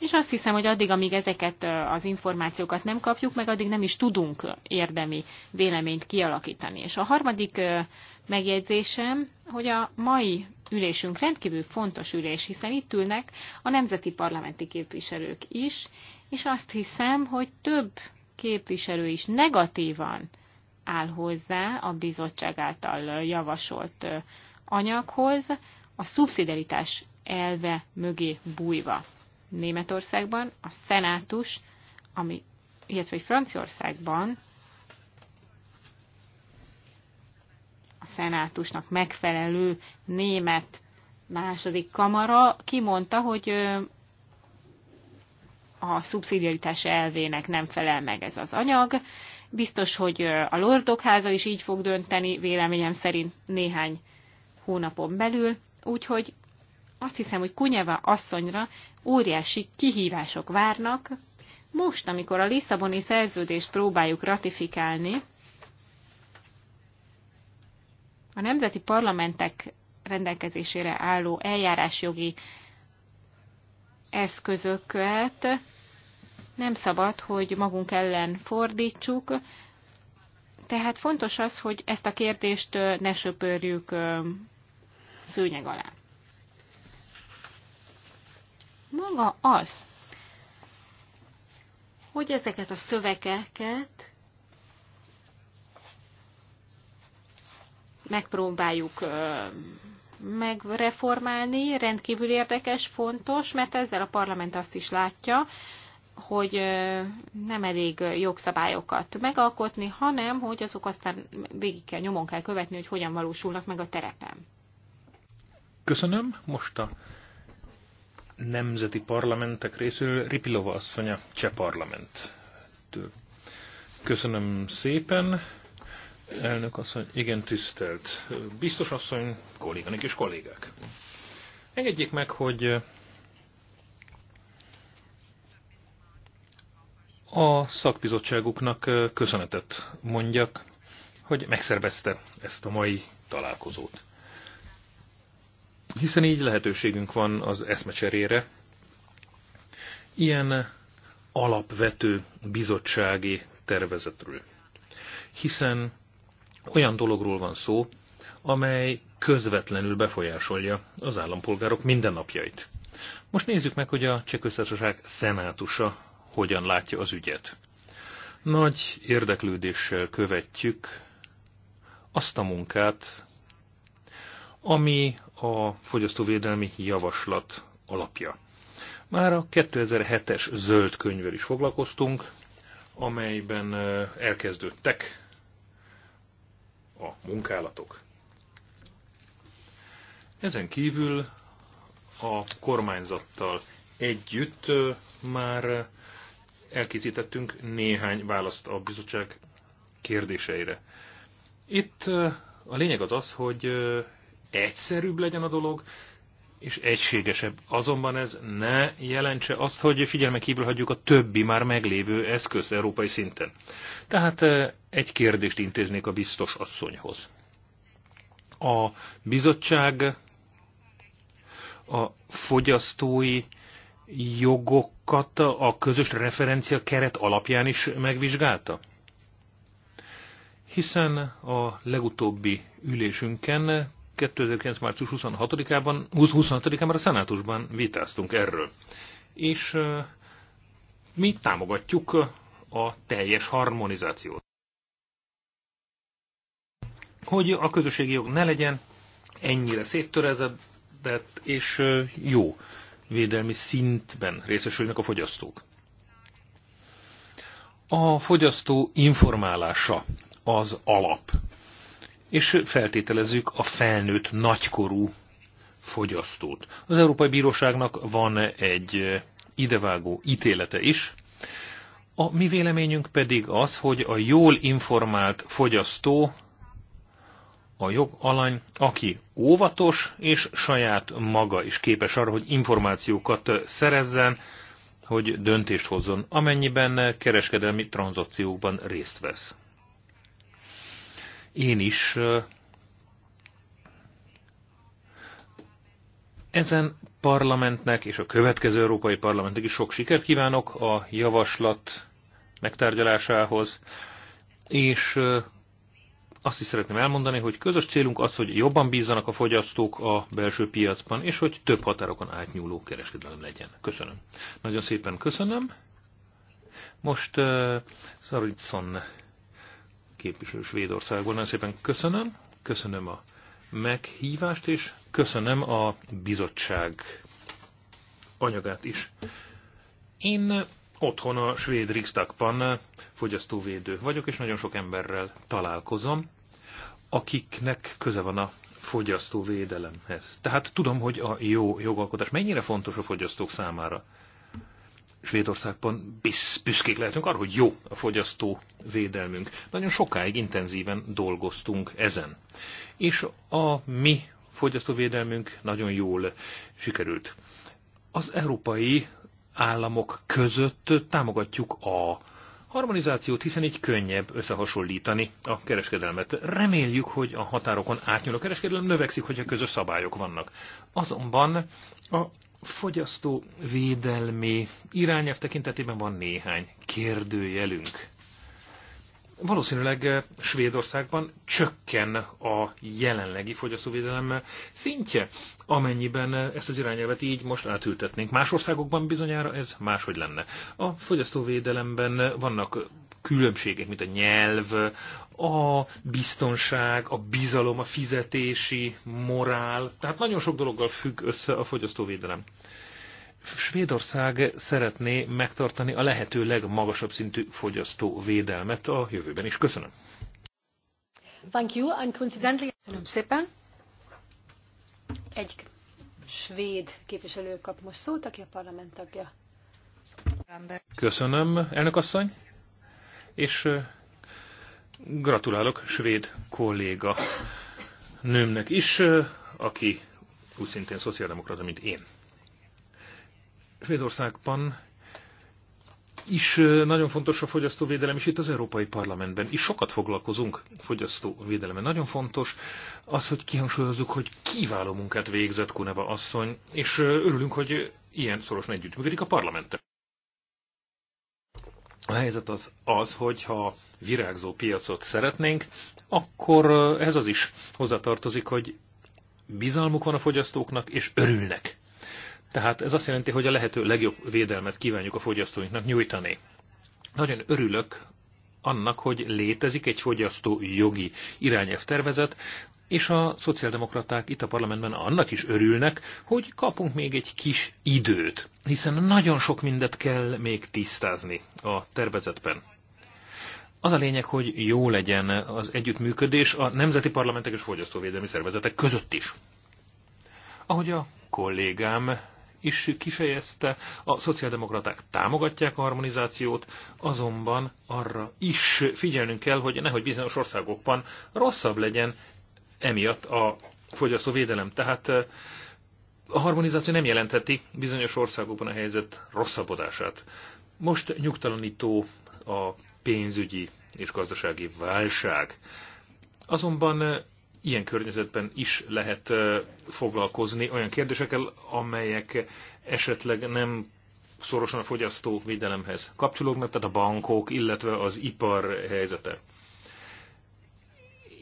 És azt hiszem, hogy addig, amíg ezeket az információkat nem kapjuk meg, addig nem is tudunk érdemi véleményt kialakítani. És a harmadik megjegyzésem, hogy a mai ülésünk rendkívül fontos ülés, hiszen itt ülnek a nemzeti parlamenti képviselők is, és azt hiszem, hogy több képviselő is negatívan áll hozzá a bizottság által javasolt anyaghoz, a szubszidaritás elve mögé bújva. Németországban a szenátus, ami, illetve hogy Franciaországban a szenátusnak megfelelő német második kamara kimondta, hogy a szubszidiaritás elvének nem felel meg ez az anyag. Biztos, hogy a Lordok háza is így fog dönteni, véleményem szerint néhány hónapon belül, úgyhogy azt hiszem, hogy Kunyeva asszonyra óriási kihívások várnak. Most, amikor a Lisszaboni szerződést próbáljuk ratifikálni, a nemzeti parlamentek rendelkezésére álló eljárásjogi eszközöket nem szabad, hogy magunk ellen fordítsuk, tehát fontos az, hogy ezt a kérdést ne söpörjük szőnyeg alá maga az, hogy ezeket a szövegeket megpróbáljuk megreformálni, rendkívül érdekes, fontos, mert ezzel a parlament azt is látja, hogy nem elég jogszabályokat megalkotni, hanem hogy azok aztán végig kell, nyomon kell követni, hogy hogyan valósulnak meg a terepen. Köszönöm. Most a nemzeti parlamentek részéről Ripilova asszonya Cseh parlamenttől. Köszönöm szépen. Elnök asszony, igen tisztelt. Biztos asszony, kolléganik és kollégák. Engedjék meg, hogy a szakbizottságuknak köszönetet mondjak, hogy megszervezte ezt a mai találkozót hiszen így lehetőségünk van az eszmecserére. Ilyen alapvető bizottsági tervezetről. Hiszen olyan dologról van szó, amely közvetlenül befolyásolja az állampolgárok mindennapjait. Most nézzük meg, hogy a Csehköztársaság szenátusa hogyan látja az ügyet. Nagy érdeklődéssel követjük azt a munkát, ami a fogyasztóvédelmi javaslat alapja. Már a 2007-es zöld könyvvel is foglalkoztunk, amelyben elkezdődtek a munkálatok. Ezen kívül a kormányzattal együtt már elkészítettünk néhány választ a bizottság kérdéseire. Itt a lényeg az az, hogy egyszerűbb legyen a dolog, és egységesebb. Azonban ez ne jelentse azt, hogy figyelme kívül hagyjuk a többi már meglévő eszköz európai szinten. Tehát eh, egy kérdést intéznék a biztos asszonyhoz. A bizottság a fogyasztói jogokat a közös referencia keret alapján is megvizsgálta? Hiszen a legutóbbi ülésünken 2009. március 26-ában, 26-án már a szenátusban vitáztunk erről. És mi támogatjuk a teljes harmonizációt. Hogy a közösségi jog ne legyen ennyire széttörezett és jó védelmi szintben részesülnek a fogyasztók. A fogyasztó informálása az alap és feltételezzük a felnőtt nagykorú fogyasztót. Az Európai Bíróságnak van egy idevágó ítélete is, a mi véleményünk pedig az, hogy a jól informált fogyasztó a jogalany, aki óvatos és saját maga is képes arra, hogy információkat szerezzen, hogy döntést hozzon, amennyiben kereskedelmi tranzakciókban részt vesz én is ezen parlamentnek és a következő európai parlamentnek is sok sikert kívánok a javaslat megtárgyalásához, és azt is szeretném elmondani, hogy közös célunk az, hogy jobban bízzanak a fogyasztók a belső piacban, és hogy több határokon átnyúló kereskedelem legyen. Köszönöm. Nagyon szépen köszönöm. Most uh, Szaricson képviselő Svédországból. Nagyon szépen köszönöm, köszönöm a meghívást, és köszönöm a bizottság anyagát is. Én otthon a svéd Riksdagban fogyasztóvédő vagyok, és nagyon sok emberrel találkozom, akiknek köze van a fogyasztóvédelemhez. Tehát tudom, hogy a jó jogalkotás mennyire fontos a fogyasztók számára. Svédországban büszkék lehetünk arra, hogy jó a fogyasztó védelmünk. Nagyon sokáig intenzíven dolgoztunk ezen. És a mi fogyasztóvédelmünk nagyon jól sikerült. Az európai államok között támogatjuk a harmonizációt, hiszen így könnyebb összehasonlítani a kereskedelmet. Reméljük, hogy a határokon átnyúló kereskedelem növekszik, hogy közös szabályok vannak. Azonban a fogyasztóvédelmi irányelv tekintetében van néhány kérdőjelünk. Valószínűleg eh, Svédországban csökken a jelenlegi fogyasztóvédelem szintje, amennyiben eh, ezt az irányelvet így most átültetnénk. Más országokban bizonyára ez máshogy lenne. A fogyasztóvédelemben vannak különbségek, mint a nyelv, a biztonság, a bizalom, a fizetési morál. Tehát nagyon sok dologgal függ össze a fogyasztóvédelem. Svédország szeretné megtartani a lehető legmagasabb szintű fogyasztóvédelmet a jövőben is. Köszönöm. Thank you, and coincidentally... Köszönöm szépen. Egy svéd képviselő kap most szót, aki a parlament tagja. Köszönöm, elnök asszony és gratulálok svéd kolléga nőmnek is, aki úgy szintén szociáldemokrata, mint én. Svédországban is nagyon fontos a fogyasztóvédelem, és itt az Európai Parlamentben is sokat foglalkozunk fogyasztóvédelemmel. Nagyon fontos az, hogy kihangsúlyozzuk, hogy kiváló munkát végzett Kuneva asszony, és örülünk, hogy ilyen szorosan együttműködik a parlamenttel. A helyzet az, az hogyha virágzó piacot szeretnénk, akkor ez az is hozzátartozik, hogy bizalmuk van a fogyasztóknak, és örülnek. Tehát ez azt jelenti, hogy a lehető legjobb védelmet kívánjuk a fogyasztóinknak nyújtani. Nagyon örülök annak, hogy létezik egy fogyasztó jogi irányelv tervezet, és a szociáldemokraták itt a parlamentben annak is örülnek, hogy kapunk még egy kis időt, hiszen nagyon sok mindet kell még tisztázni a tervezetben. Az a lényeg, hogy jó legyen az együttműködés a nemzeti parlamentek és fogyasztóvédelmi szervezetek között is. Ahogy a kollégám is kifejezte, a szociáldemokraták támogatják a harmonizációt, azonban arra is figyelnünk kell, hogy nehogy bizonyos országokban rosszabb legyen, emiatt a fogyasztóvédelem. Tehát a harmonizáció nem jelentheti bizonyos országokban a helyzet rosszabbodását. Most nyugtalanító a pénzügyi és gazdasági válság. Azonban ilyen környezetben is lehet foglalkozni olyan kérdésekkel, amelyek esetleg nem szorosan a fogyasztó védelemhez kapcsolódnak, tehát a bankok, illetve az ipar helyzete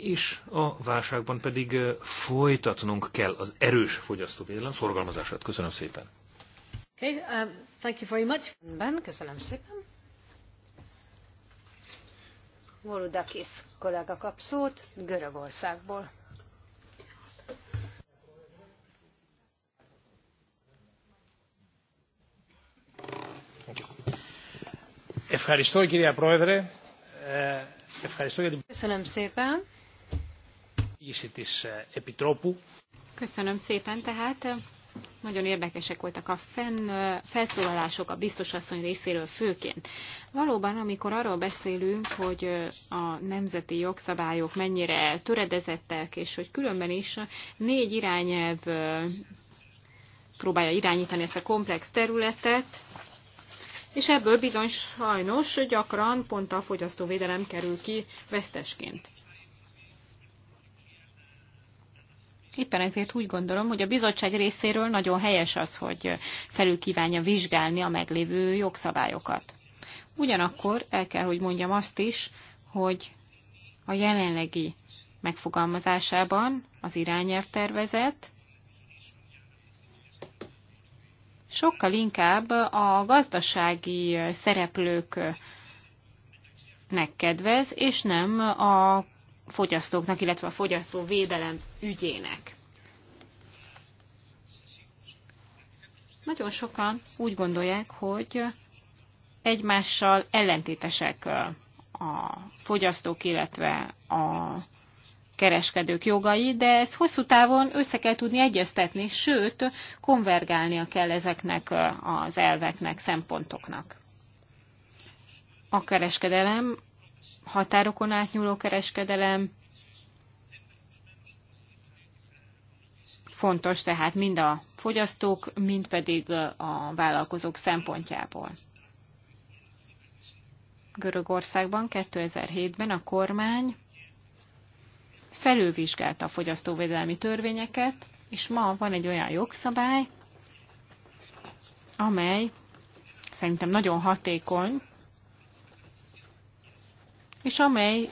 és a válságban pedig folytatnunk kell az erős fogyasztóvédelem szorgalmazását. Köszönöm szépen. Okay, uh, thank you very much. Ben, köszönöm szépen. Voludakis kollega kap szót Görögországból. Eh, köszönöm szépen. Eh, Köszönöm szépen tehát. Eh, nagyon érdekesek voltak a fenn, eh, felszólalások a biztosasszony részéről főként. Valóban, amikor arról beszélünk, hogy a nemzeti jogszabályok mennyire töredezettek, és hogy különben is négy irányelv próbálja irányítani ezt a komplex területet, és ebből bizony sajnos gyakran pont a fogyasztóvédelem kerül ki vesztesként. Éppen ezért úgy gondolom, hogy a bizottság részéről nagyon helyes az, hogy felül kívánja vizsgálni a meglévő jogszabályokat. Ugyanakkor el kell, hogy mondjam azt is, hogy a jelenlegi megfogalmazásában az irányelv tervezet sokkal inkább a gazdasági szereplőknek kedvez, és nem a fogyasztóknak, illetve a fogyasztó védelem ügyének. Nagyon sokan úgy gondolják, hogy egymással ellentétesek a fogyasztók, illetve a kereskedők jogai, de ezt hosszú távon össze kell tudni egyeztetni, sőt, konvergálnia kell ezeknek az elveknek, szempontoknak. A kereskedelem határokon átnyúló kereskedelem. Fontos tehát mind a fogyasztók, mind pedig a vállalkozók szempontjából. Görögországban 2007-ben a kormány felülvizsgálta a fogyasztóvédelmi törvényeket, és ma van egy olyan jogszabály, amely szerintem nagyon hatékony, és amelynek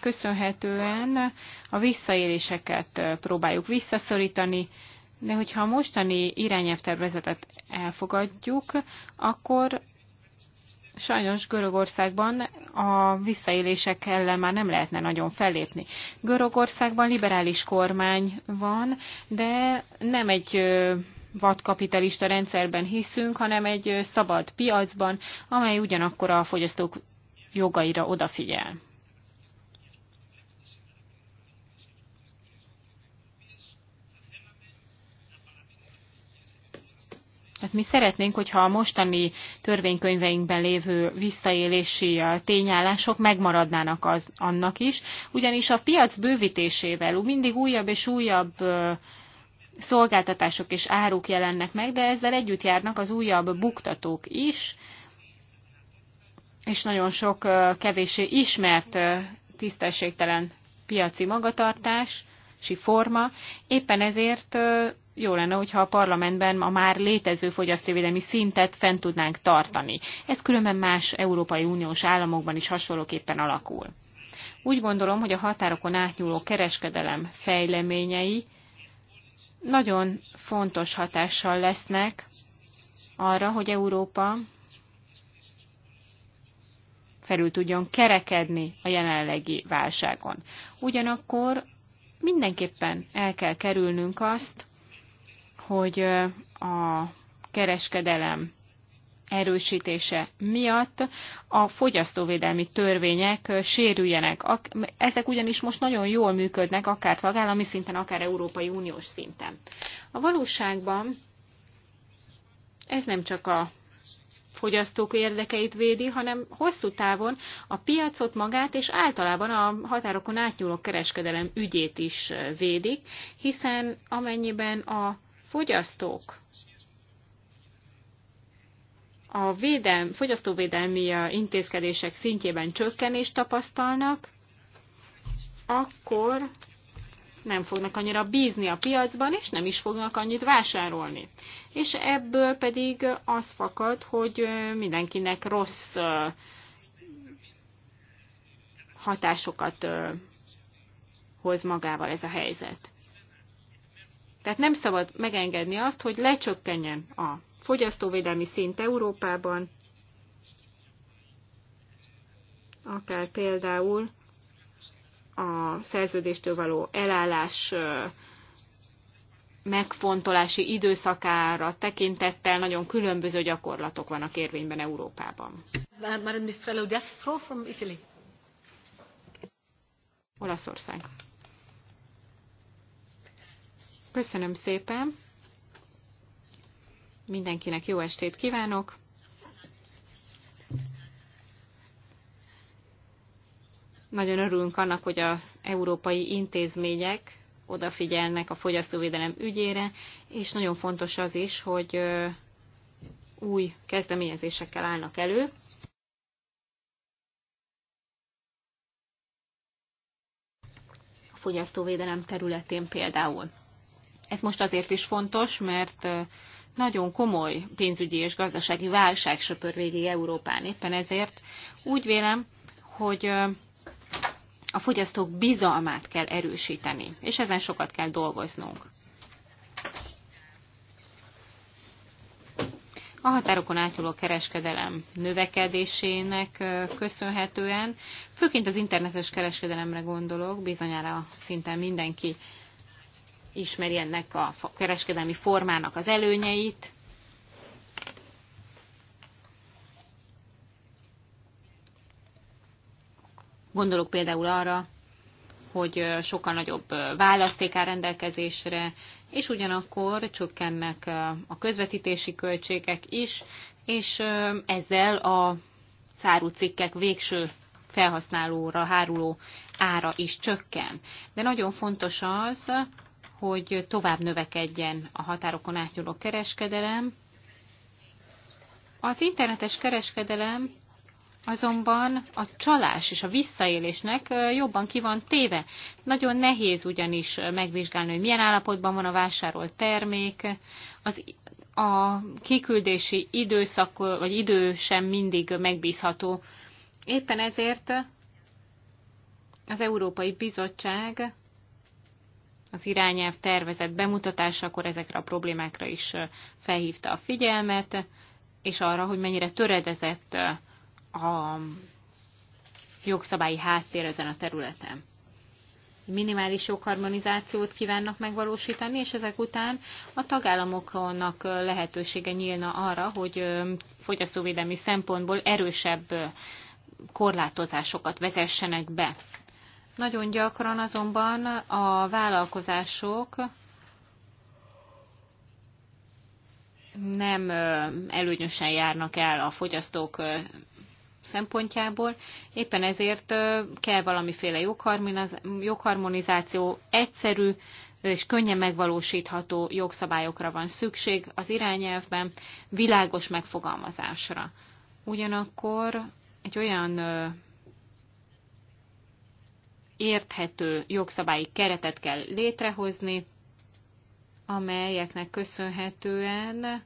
köszönhetően a visszaéléseket próbáljuk visszaszorítani, de hogyha a mostani irányelvtervezetet elfogadjuk, akkor sajnos Görögországban a visszaélések ellen már nem lehetne nagyon fellépni. Görögországban liberális kormány van, de nem egy vadkapitalista rendszerben hiszünk, hanem egy szabad piacban, amely ugyanakkor a fogyasztók jogaira odafigyel. Hát mi szeretnénk, hogyha a mostani törvénykönyveinkben lévő visszaélési tényállások megmaradnának az, annak is, ugyanis a piac bővítésével mindig újabb és újabb szolgáltatások és áruk jelennek meg, de ezzel együtt járnak az újabb buktatók is, és nagyon sok kevésé ismert tisztességtelen piaci magatartási forma. Éppen ezért jó lenne, hogyha a parlamentben a már létező fogyasztóvédelmi szintet fent tudnánk tartani. Ez különben más Európai Uniós államokban is hasonlóképpen alakul. Úgy gondolom, hogy a határokon átnyúló kereskedelem fejleményei nagyon fontos hatással lesznek arra, hogy Európa felül tudjon kerekedni a jelenlegi válságon. Ugyanakkor mindenképpen el kell kerülnünk azt, hogy a kereskedelem erősítése miatt a fogyasztóvédelmi törvények sérüljenek. Ezek ugyanis most nagyon jól működnek, akár tagállami szinten, akár Európai Uniós szinten. A valóságban ez nem csak a fogyasztók érdekeit védi, hanem hosszú távon a piacot magát és általában a határokon átnyúló kereskedelem ügyét is védik, hiszen amennyiben a fogyasztók a védelm, fogyasztóvédelmi intézkedések szintjében csökkenést tapasztalnak, akkor nem fognak annyira bízni a piacban, és nem is fognak annyit vásárolni. És ebből pedig az fakad, hogy mindenkinek rossz hatásokat hoz magával ez a helyzet. Tehát nem szabad megengedni azt, hogy lecsökkenjen a fogyasztóvédelmi szint Európában, akár például a szerződéstől való elállás megfontolási időszakára tekintettel nagyon különböző gyakorlatok vannak érvényben Európában. from Italy. Olaszország. Köszönöm szépen. Mindenkinek jó estét kívánok. Nagyon örülünk annak, hogy az európai intézmények odafigyelnek a fogyasztóvédelem ügyére, és nagyon fontos az is, hogy új kezdeményezésekkel állnak elő. A fogyasztóvédelem területén például. Ez most azért is fontos, mert nagyon komoly pénzügyi és gazdasági válság söpör végig Európán. Éppen ezért úgy vélem, hogy a fogyasztók bizalmát kell erősíteni, és ezen sokat kell dolgoznunk. A határokon átnyúló kereskedelem növekedésének köszönhetően, főként az internetes kereskedelemre gondolok, bizonyára szinte mindenki ismeri ennek a kereskedelmi formának az előnyeit, Gondolok például arra, hogy sokkal nagyobb választék áll rendelkezésre, és ugyanakkor csökkennek a közvetítési költségek is, és ezzel a száru cikkek végső felhasználóra háruló ára is csökken. De nagyon fontos az, hogy tovább növekedjen a határokon átnyúló kereskedelem. Az internetes kereskedelem azonban a csalás és a visszaélésnek jobban ki van téve. Nagyon nehéz ugyanis megvizsgálni, hogy milyen állapotban van a vásárolt termék, az, a kiküldési időszak vagy idő sem mindig megbízható. Éppen ezért az Európai Bizottság az irányelv tervezett bemutatásakor ezekre a problémákra is felhívta a figyelmet, és arra, hogy mennyire töredezett a jogszabályi háttér ezen a területen. Minimális jogharmonizációt kívánnak megvalósítani, és ezek után a tagállamoknak lehetősége nyílna arra, hogy fogyasztóvédelmi szempontból erősebb korlátozásokat vezessenek be. Nagyon gyakran azonban a vállalkozások nem előnyösen járnak el a fogyasztók szempontjából. Éppen ezért kell valamiféle jogharmonizáció, egyszerű és könnyen megvalósítható jogszabályokra van szükség az irányelvben, világos megfogalmazásra. Ugyanakkor egy olyan érthető jogszabályi keretet kell létrehozni, amelyeknek köszönhetően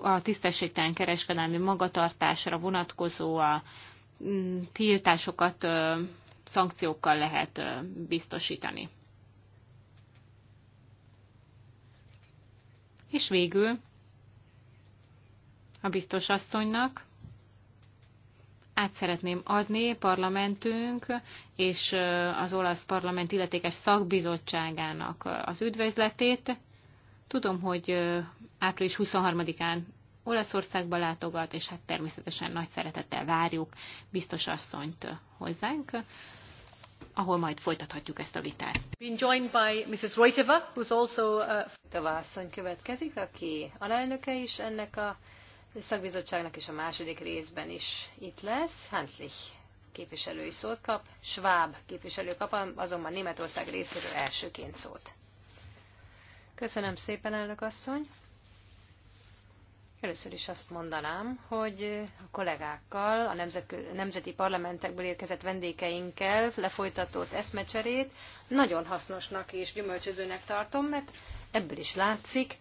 a tisztességtelen kereskedelmi magatartásra vonatkozó a mm, tiltásokat szankciókkal lehet biztosítani. És végül a biztos asszonynak át szeretném adni parlamentünk és az olasz parlament illetékes szakbizottságának az üdvözletét, Tudom, hogy április 23-án Olaszországba látogat, és hát természetesen nagy szeretettel várjuk biztos asszonyt hozzánk, ahol majd folytathatjuk ezt a vitát. Been joined by Mrs. Reuteva, who's also... a uh, Tava asszony következik, aki alelnöke is ennek a szakbizottságnak, és a második részben is itt lesz. Hanslich képviselői szót kap, Schwab képviselő kap, azonban Németország részéről elsőként szót. Köszönöm szépen, elnök asszony. Először is azt mondanám, hogy a kollégákkal, a nemzeti parlamentekből érkezett vendégeinkkel lefolytatott eszmecserét nagyon hasznosnak és gyümölcsözőnek tartom, mert ebből is látszik,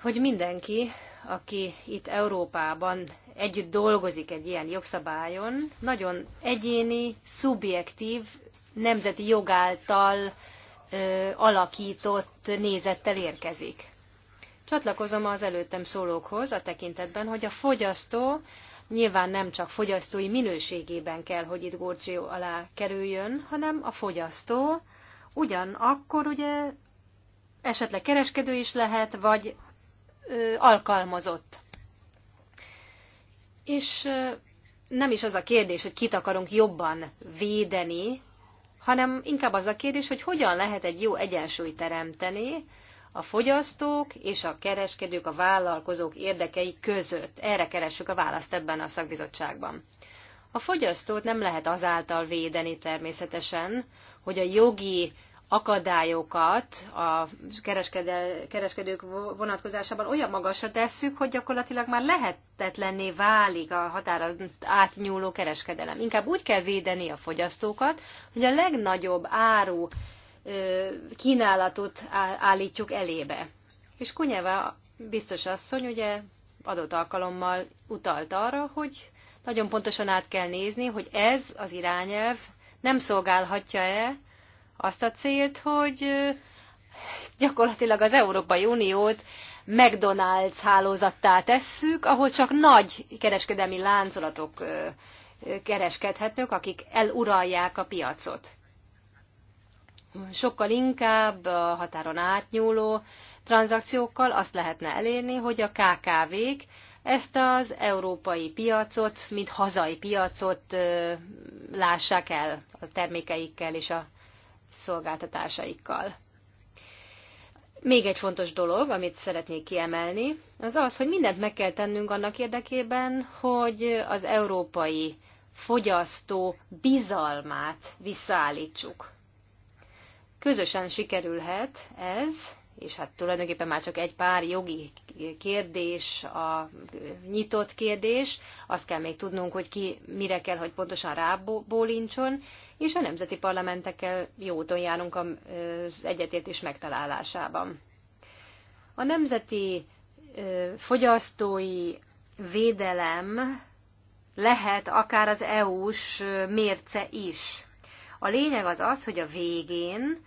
hogy mindenki, aki itt Európában együtt dolgozik egy ilyen jogszabályon, nagyon egyéni, szubjektív, nemzeti jogáltal alakított nézettel érkezik. Csatlakozom az előttem szólókhoz a tekintetben, hogy a fogyasztó nyilván nem csak fogyasztói minőségében kell, hogy itt górcső alá kerüljön, hanem a fogyasztó ugyanakkor ugye esetleg kereskedő is lehet, vagy ö, alkalmazott. És ö, nem is az a kérdés, hogy kit akarunk jobban védeni, hanem inkább az a kérdés, hogy hogyan lehet egy jó egyensúlyt teremteni a fogyasztók és a kereskedők, a vállalkozók érdekei között. Erre keressük a választ ebben a szakbizottságban. A fogyasztót nem lehet azáltal védeni természetesen, hogy a jogi akadályokat a kereskedők vonatkozásában olyan magasra tesszük, hogy gyakorlatilag már lehetetlenné válik a határa átnyúló kereskedelem. Inkább úgy kell védeni a fogyasztókat, hogy a legnagyobb áru kínálatot állítjuk elébe. És Kunyeva biztos asszony ugye adott alkalommal utalt arra, hogy nagyon pontosan át kell nézni, hogy ez az irányelv nem szolgálhatja-e azt a célt, hogy gyakorlatilag az Európai Uniót McDonald's hálózattá tesszük, ahol csak nagy kereskedelmi láncolatok kereskedhetnek, akik eluralják a piacot. Sokkal inkább a határon átnyúló tranzakciókkal azt lehetne elérni, hogy a KKV-k ezt az európai piacot, mint hazai piacot lássák el a termékeikkel és a szolgáltatásaikkal. Még egy fontos dolog, amit szeretnék kiemelni, az az, hogy mindent meg kell tennünk annak érdekében, hogy az európai fogyasztó bizalmát visszaállítsuk. Közösen sikerülhet ez, és hát tulajdonképpen már csak egy pár jogi kérdés, a nyitott kérdés, azt kell még tudnunk, hogy ki mire kell, hogy pontosan rábólincson, és a nemzeti parlamentekkel jó úton járunk az egyetértés megtalálásában. A nemzeti fogyasztói védelem lehet akár az EU-s mérce is. A lényeg az az, hogy a végén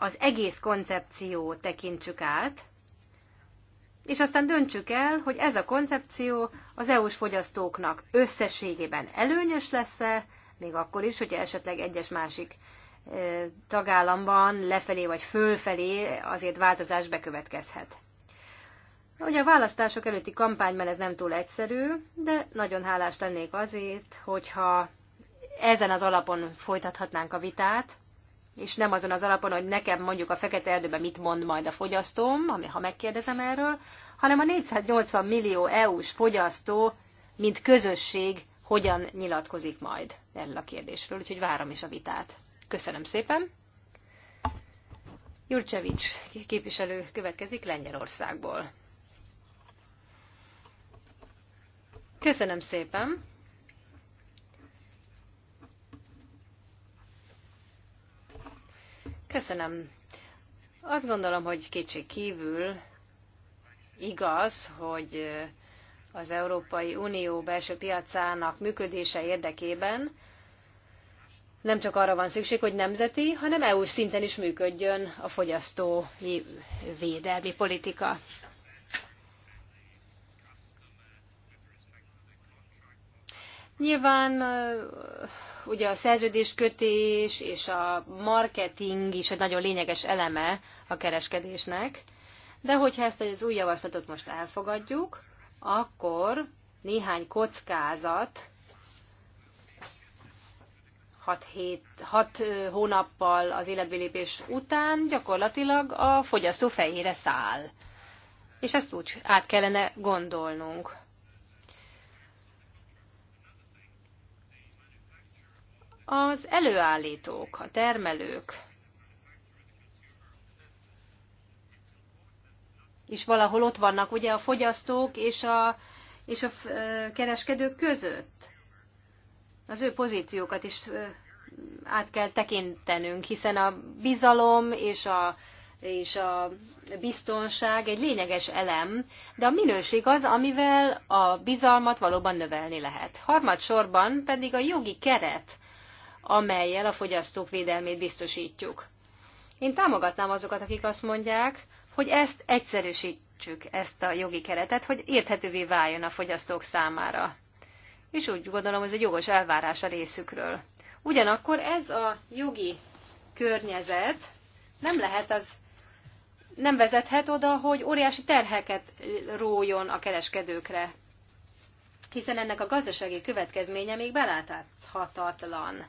az egész koncepció tekintsük át, és aztán döntsük el, hogy ez a koncepció az EU-s fogyasztóknak összességében előnyös lesz-e, még akkor is, hogyha esetleg egyes másik e, tagállamban lefelé vagy fölfelé azért változás bekövetkezhet. Ugye a választások előtti kampányban ez nem túl egyszerű, de nagyon hálás lennék azért, hogyha ezen az alapon folytathatnánk a vitát, és nem azon az alapon, hogy nekem mondjuk a fekete erdőben mit mond majd a fogyasztóm, ami, ha megkérdezem erről, hanem a 480 millió EU-s fogyasztó, mint közösség, hogyan nyilatkozik majd erről a kérdésről, úgyhogy várom is a vitát. Köszönöm szépen. Jurcsevics képviselő következik Lengyelországból. Köszönöm szépen. Köszönöm. Azt gondolom, hogy kétség kívül igaz, hogy az Európai Unió belső piacának működése érdekében nem csak arra van szükség, hogy nemzeti, hanem EU szinten is működjön a fogyasztói védelmi politika. Nyilván ugye a szerződéskötés és a marketing is egy nagyon lényeges eleme a kereskedésnek, de hogyha ezt az új javaslatot most elfogadjuk, akkor néhány kockázat 6, 7, 6 hónappal az életbelépés után gyakorlatilag a fogyasztó fejére száll. És ezt úgy át kellene gondolnunk. az előállítók, a termelők is valahol ott vannak, ugye a fogyasztók és a, és a kereskedők között. Az ő pozíciókat is át kell tekintenünk, hiszen a bizalom és a, és a biztonság egy lényeges elem, de a minőség az, amivel a bizalmat valóban növelni lehet. Harmadsorban pedig a jogi keret amelyel a fogyasztók védelmét biztosítjuk. Én támogatnám azokat, akik azt mondják, hogy ezt egyszerűsítsük, ezt a jogi keretet, hogy érthetővé váljon a fogyasztók számára. És úgy gondolom, ez egy jogos elvárás a részükről. Ugyanakkor ez a jogi környezet nem lehet az nem vezethet oda, hogy óriási terheket rójon a kereskedőkre, hiszen ennek a gazdasági következménye még belátható fenntarthatatlan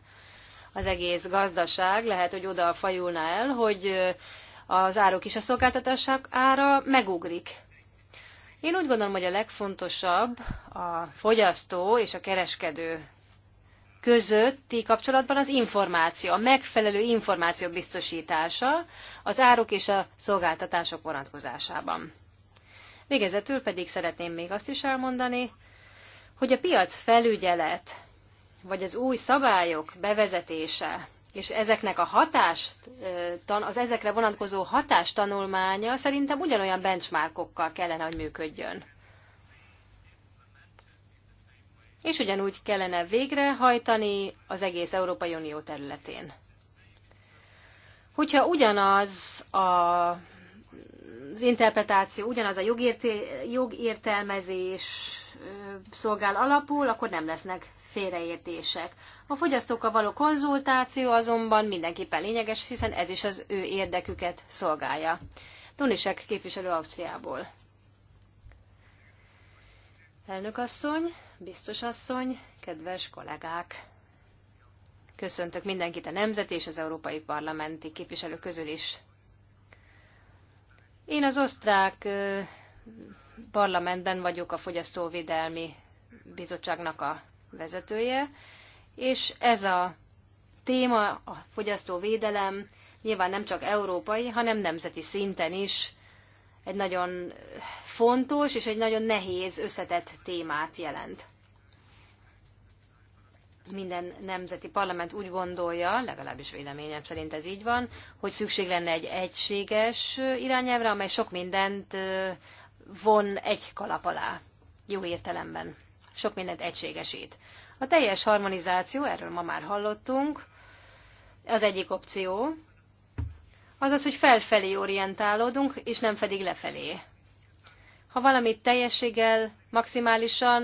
az egész gazdaság. Lehet, hogy oda fajulna el, hogy az árok és a szolgáltatások ára megugrik. Én úgy gondolom, hogy a legfontosabb a fogyasztó és a kereskedő közötti kapcsolatban az információ, a megfelelő információ biztosítása az árok és a szolgáltatások vonatkozásában. Végezetül pedig szeretném még azt is elmondani, hogy a piac felügyelet vagy az új szabályok bevezetése, és ezeknek a hatás, az ezekre vonatkozó hatástanulmánya szerintem ugyanolyan benchmarkokkal kellene, hogy működjön. És ugyanúgy kellene végrehajtani az egész Európai Unió területén. Hogyha ugyanaz a az interpretáció ugyanaz a jogértelmezés szolgál alapul, akkor nem lesznek félreértések. A fogyasztókkal való konzultáció azonban mindenképpen lényeges, hiszen ez is az ő érdeküket szolgálja. Tunisek képviselő Ausztriából. Elnök asszony, biztos asszony, kedves kollégák! Köszöntök mindenkit a Nemzeti és az Európai Parlamenti képviselők közül is. Én az osztrák parlamentben vagyok a Fogyasztóvédelmi Bizottságnak a vezetője, és ez a téma, a fogyasztóvédelem nyilván nem csak európai, hanem nemzeti szinten is egy nagyon fontos és egy nagyon nehéz, összetett témát jelent minden nemzeti parlament úgy gondolja, legalábbis véleményem szerint ez így van, hogy szükség lenne egy egységes irányelvre, amely sok mindent von egy kalap alá. Jó értelemben. Sok mindent egységesít. A teljes harmonizáció, erről ma már hallottunk, az egyik opció, azaz, hogy felfelé orientálódunk, és nem pedig lefelé. Ha valamit teljességgel, maximálisan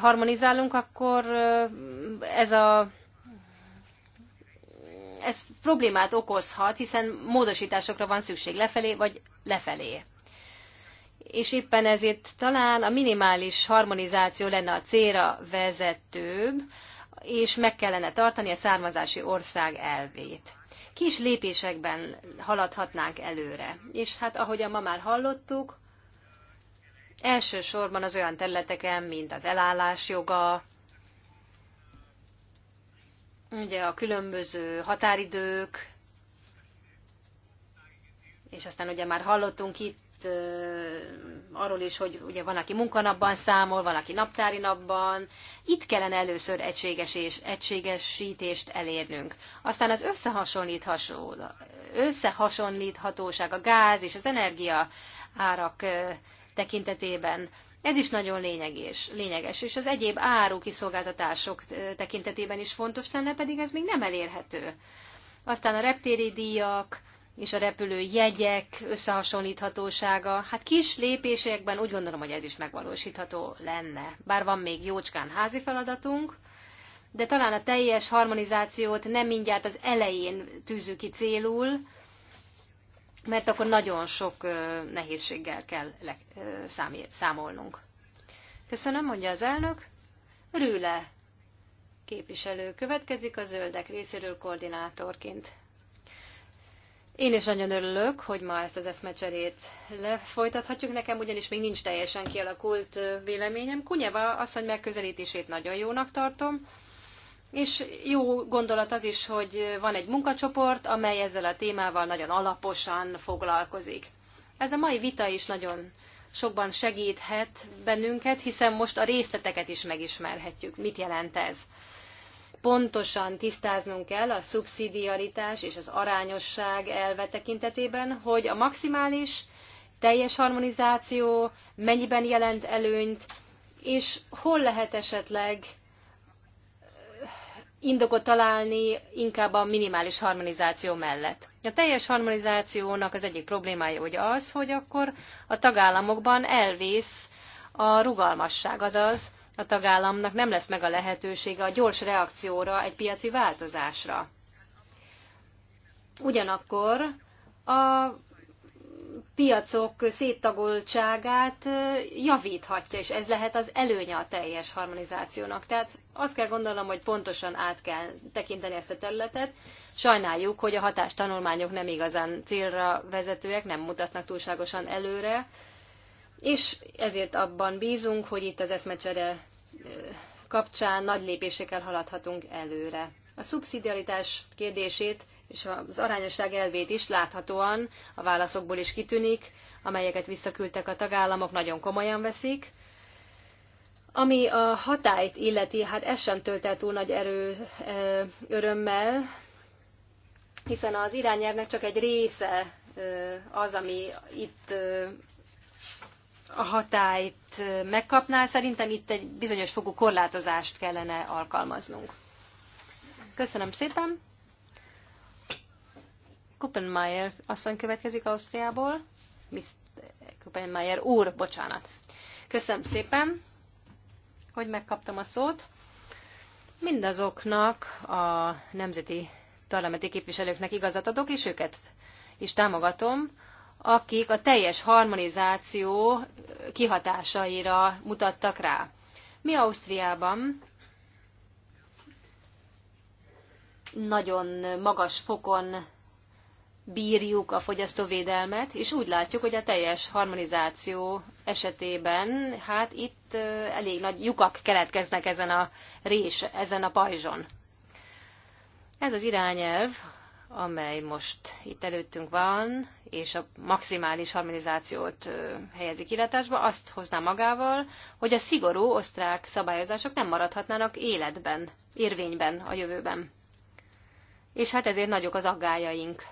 harmonizálunk, akkor ez a ez problémát okozhat, hiszen módosításokra van szükség lefelé vagy lefelé. És éppen ezért talán a minimális harmonizáció lenne a célra vezetőbb, és meg kellene tartani a származási ország elvét. Kis lépésekben haladhatnánk előre. És hát ahogyan ma már hallottuk, Elsősorban az olyan területeken, mint az elállás joga, ugye a különböző határidők, és aztán ugye már hallottunk itt arról is, hogy ugye van, aki munkanapban számol, van, aki naptári napban. Itt kellene először egységes és egységesítést elérnünk. Aztán az összehasonlítható, összehasonlíthatóság, a gáz és az energia árak tekintetében. Ez is nagyon lényeges, lényeges, és az egyéb áru kiszolgáltatások tekintetében is fontos lenne, pedig ez még nem elérhető. Aztán a reptéri díjak és a repülő jegyek összehasonlíthatósága, hát kis lépésekben úgy gondolom, hogy ez is megvalósítható lenne. Bár van még jócskán házi feladatunk, de talán a teljes harmonizációt nem mindjárt az elején tűzzük ki célul, mert akkor nagyon sok nehézséggel kell le, számolnunk. Köszönöm, mondja az elnök. Rüle képviselő következik a zöldek részéről koordinátorként. Én is nagyon örülök, hogy ma ezt az eszmecserét lefolytathatjuk. Nekem ugyanis még nincs teljesen kialakult véleményem. Kunyeva asszony megközelítését nagyon jónak tartom. És jó gondolat az is, hogy van egy munkacsoport, amely ezzel a témával nagyon alaposan foglalkozik. Ez a mai vita is nagyon sokban segíthet bennünket, hiszen most a részleteket is megismerhetjük. Mit jelent ez? Pontosan tisztáznunk kell a szubszidiaritás és az arányosság elve tekintetében, hogy a maximális teljes harmonizáció mennyiben jelent előnyt, és hol lehet esetleg indokot találni inkább a minimális harmonizáció mellett. A teljes harmonizációnak az egyik problémája hogy az, hogy akkor a tagállamokban elvész a rugalmasság, azaz a tagállamnak nem lesz meg a lehetősége a gyors reakcióra egy piaci változásra. Ugyanakkor a piacok széttagoltságát javíthatja, és ez lehet az előnye a teljes harmonizációnak. Tehát azt kell gondolnom, hogy pontosan át kell tekinteni ezt a területet. Sajnáljuk, hogy a hatástanulmányok nem igazán célra vezetőek, nem mutatnak túlságosan előre, és ezért abban bízunk, hogy itt az eszmecsere kapcsán nagy lépésekkel haladhatunk előre. A szubszidiaritás kérdését és az arányosság elvét is láthatóan a válaszokból is kitűnik, amelyeket visszaküldtek a tagállamok, nagyon komolyan veszik. Ami a hatályt illeti, hát ez sem tölt el túl nagy erő örömmel, hiszen az irányelvnek csak egy része az, ami itt a hatályt megkapná. Szerintem itt egy bizonyos fogú korlátozást kellene alkalmaznunk. Köszönöm szépen! Kuppenmeier asszony következik Ausztriából. Mr. Kuppenmeier úr, bocsánat. Köszönöm szépen, hogy megkaptam a szót. Mindazoknak a nemzeti parlamenti képviselőknek igazat adok, és őket is támogatom, akik a teljes harmonizáció kihatásaira mutattak rá. Mi Ausztriában nagyon magas fokon bírjuk a fogyasztóvédelmet, és úgy látjuk, hogy a teljes harmonizáció esetében, hát itt elég nagy lyukak keletkeznek ezen a rés, ezen a pajzson. Ez az irányelv, amely most itt előttünk van, és a maximális harmonizációt helyezik illetásba, azt hozná magával, hogy a szigorú osztrák szabályozások nem maradhatnának életben, érvényben a jövőben. És hát ezért nagyok az aggájaink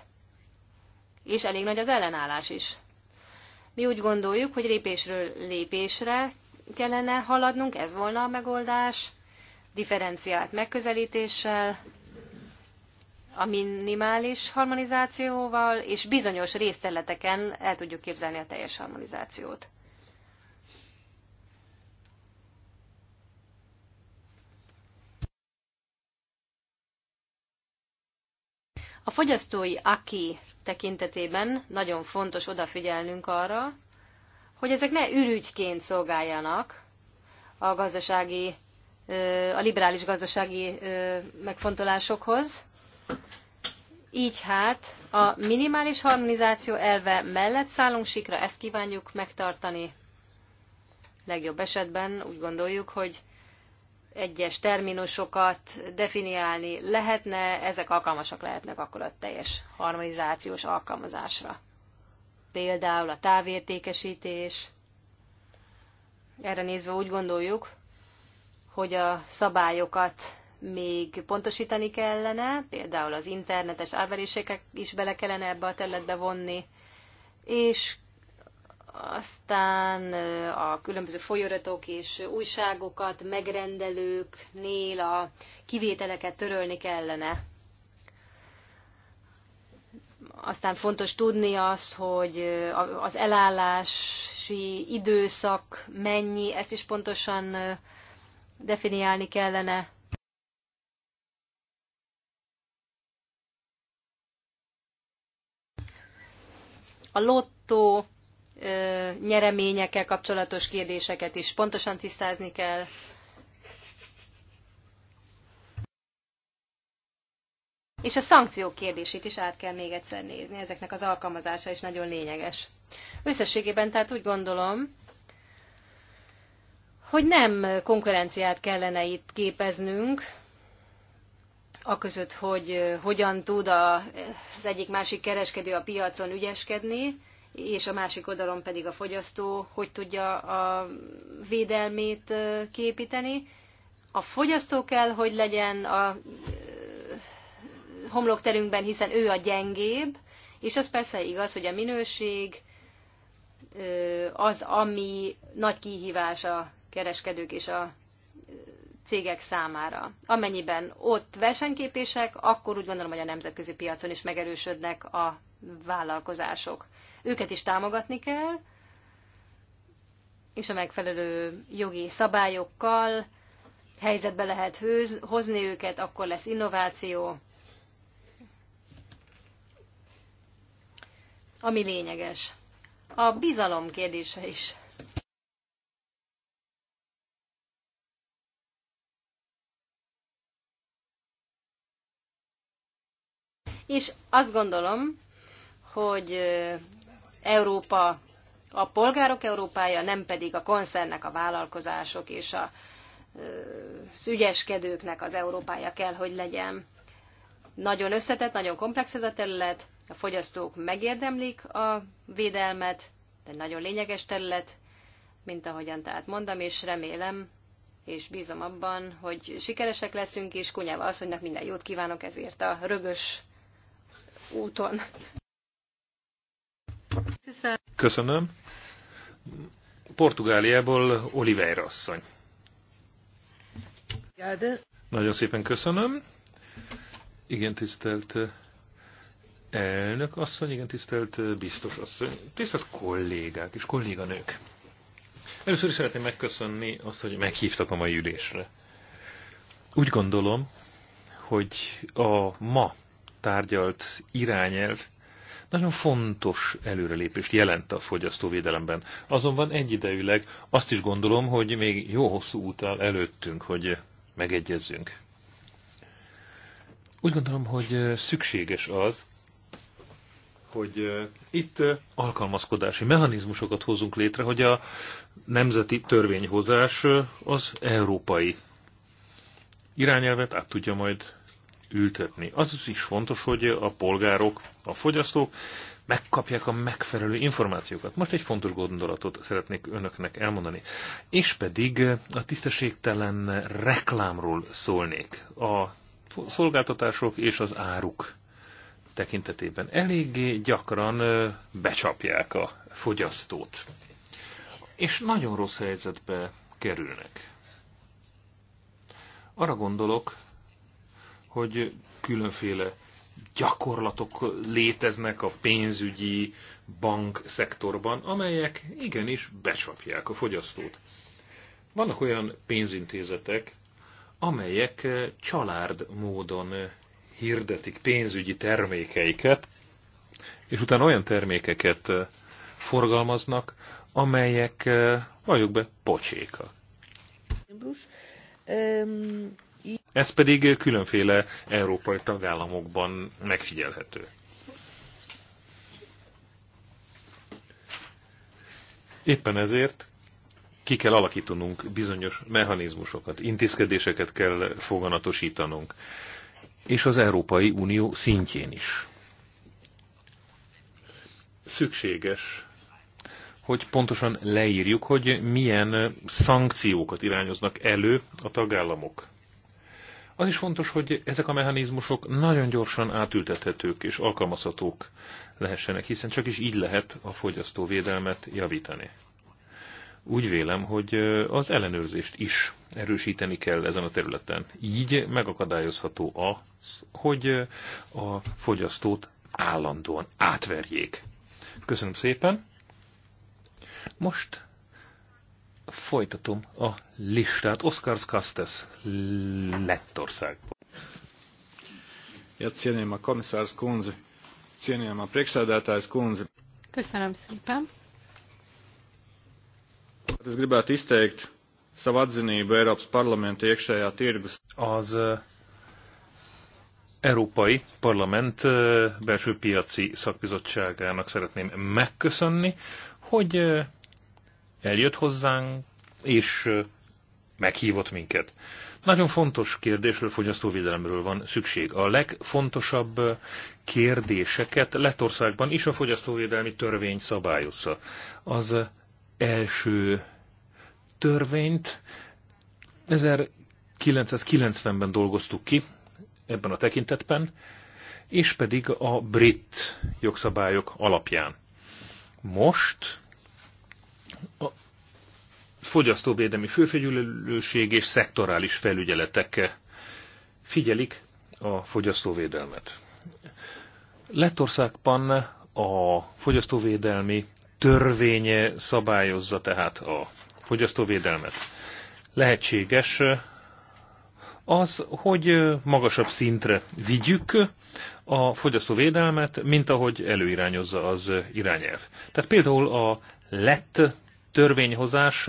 és elég nagy az ellenállás is. Mi úgy gondoljuk, hogy lépésről lépésre kellene haladnunk, ez volna a megoldás, differenciált megközelítéssel, a minimális harmonizációval, és bizonyos részterleteken el tudjuk képzelni a teljes harmonizációt. A fogyasztói aki tekintetében nagyon fontos odafigyelnünk arra, hogy ezek ne ürügyként szolgáljanak a gazdasági, a liberális gazdasági megfontolásokhoz. Így hát a minimális harmonizáció elve mellett szállunk sikra, ezt kívánjuk megtartani. Legjobb esetben úgy gondoljuk, hogy egyes terminusokat definiálni lehetne, ezek alkalmasak lehetnek akkor a teljes harmonizációs alkalmazásra. Például a távértékesítés. Erre nézve úgy gondoljuk, hogy a szabályokat még pontosítani kellene, például az internetes árveréseket is bele kellene ebbe a területbe vonni, és aztán a különböző folyóratok és újságokat megrendelőknél a kivételeket törölni kellene. Aztán fontos tudni az, hogy az elállási időszak mennyi, ezt is pontosan definiálni kellene. A lottó nyereményekkel kapcsolatos kérdéseket is pontosan tisztázni kell. És a szankciók kérdését is át kell még egyszer nézni, ezeknek az alkalmazása is nagyon lényeges. Összességében tehát úgy gondolom, hogy nem konkurenciát kellene itt képeznünk, aközött, hogy hogyan tud az egyik-másik kereskedő a piacon ügyeskedni, és a másik oldalon pedig a fogyasztó hogy tudja a védelmét képíteni. A fogyasztó kell, hogy legyen a homlokterünkben, hiszen ő a gyengébb, és az persze igaz, hogy a minőség az, ami nagy kihívás a kereskedők és a cégek számára. Amennyiben ott versenyképések, akkor úgy gondolom, hogy a nemzetközi piacon is megerősödnek a vállalkozások. Őket is támogatni kell, és a megfelelő jogi szabályokkal helyzetbe lehet hőz, hozni őket, akkor lesz innováció, ami lényeges. A bizalom kérdése is. És azt gondolom, hogy Európa a polgárok Európája, nem pedig a koncernek, a vállalkozások és a, az ügyeskedőknek az Európája kell, hogy legyen. Nagyon összetett, nagyon komplex ez a terület, a fogyasztók megérdemlik a védelmet, de nagyon lényeges terület, mint ahogyan tehát mondom, és remélem, és bízom abban, hogy sikeresek leszünk, és kunyával asszonynak minden jót kívánok ezért a rögös úton. Köszönöm. Portugáliából Oliveira asszony. Nagyon szépen köszönöm. Igen, tisztelt eh, elnök asszony, igen, tisztelt eh, biztos asszony, tisztelt kollégák és kolléganők. Először is szeretném megköszönni azt, hogy meghívtak a mai ülésre. Úgy gondolom, hogy a ma tárgyalt irányelv nagyon fontos előrelépést jelent a fogyasztóvédelemben. Azonban egyidejűleg azt is gondolom, hogy még jó hosszú út előttünk, hogy megegyezzünk. Úgy gondolom, hogy szükséges az, hogy itt alkalmazkodási mechanizmusokat hozunk létre, hogy a nemzeti törvényhozás az európai irányelvet át tudja majd ültetni. Az is fontos, hogy a polgárok, a fogyasztók megkapják a megfelelő információkat. Most egy fontos gondolatot szeretnék önöknek elmondani. És pedig a tisztességtelen reklámról szólnék. A szolgáltatások és az áruk tekintetében eléggé gyakran becsapják a fogyasztót. És nagyon rossz helyzetbe kerülnek. Arra gondolok, hogy különféle gyakorlatok léteznek a pénzügyi bank szektorban, amelyek igenis becsapják a fogyasztót. Vannak olyan pénzintézetek, amelyek eh, család módon eh, hirdetik pénzügyi termékeiket, és utána olyan termékeket eh, forgalmaznak, amelyek, valljuk be, pocsékak. Ez pedig különféle európai tagállamokban megfigyelhető. Éppen ezért ki kell alakítanunk bizonyos mechanizmusokat, intézkedéseket kell foganatosítanunk, és az Európai Unió szintjén is. Szükséges, hogy pontosan leírjuk, hogy milyen szankciókat irányoznak elő a tagállamok. Az is fontos, hogy ezek a mechanizmusok nagyon gyorsan átültethetők és alkalmazhatók lehessenek, hiszen csak is így lehet a fogyasztóvédelmet javítani. Úgy vélem, hogy az ellenőrzést is erősíteni kell ezen a területen. Így megakadályozható az, hogy a fogyasztót állandóan átverjék. Köszönöm szépen! Most folytatom a listát. Oscar Skastes, Lettországból. Ja, komisár Skunzi, kundze, a priekšsēdētājs Skunzi. Köszönöm szépen. Es gribētu izteikt savu atzinību Eiropas parlamenta iekšējā tirgus. Az eh, Európai Parlament eh, belső piaci szakbizottságának szeretném megköszönni, hogy eh, eljött hozzánk, és meghívott minket. Nagyon fontos kérdésről, fogyasztóvédelemről van szükség. A legfontosabb kérdéseket Lettországban is a fogyasztóvédelmi törvény szabályozza. Az első törvényt 1990-ben dolgoztuk ki ebben a tekintetben, és pedig a brit jogszabályok alapján. Most fogyasztóvédelmi főfegyülőség és szektorális felügyeletek figyelik a fogyasztóvédelmet. Lettországban a fogyasztóvédelmi törvény szabályozza tehát a fogyasztóvédelmet. Lehetséges az, hogy magasabb szintre vigyük a fogyasztóvédelmet, mint ahogy előirányozza az irányelv. Tehát például a lett törvényhozás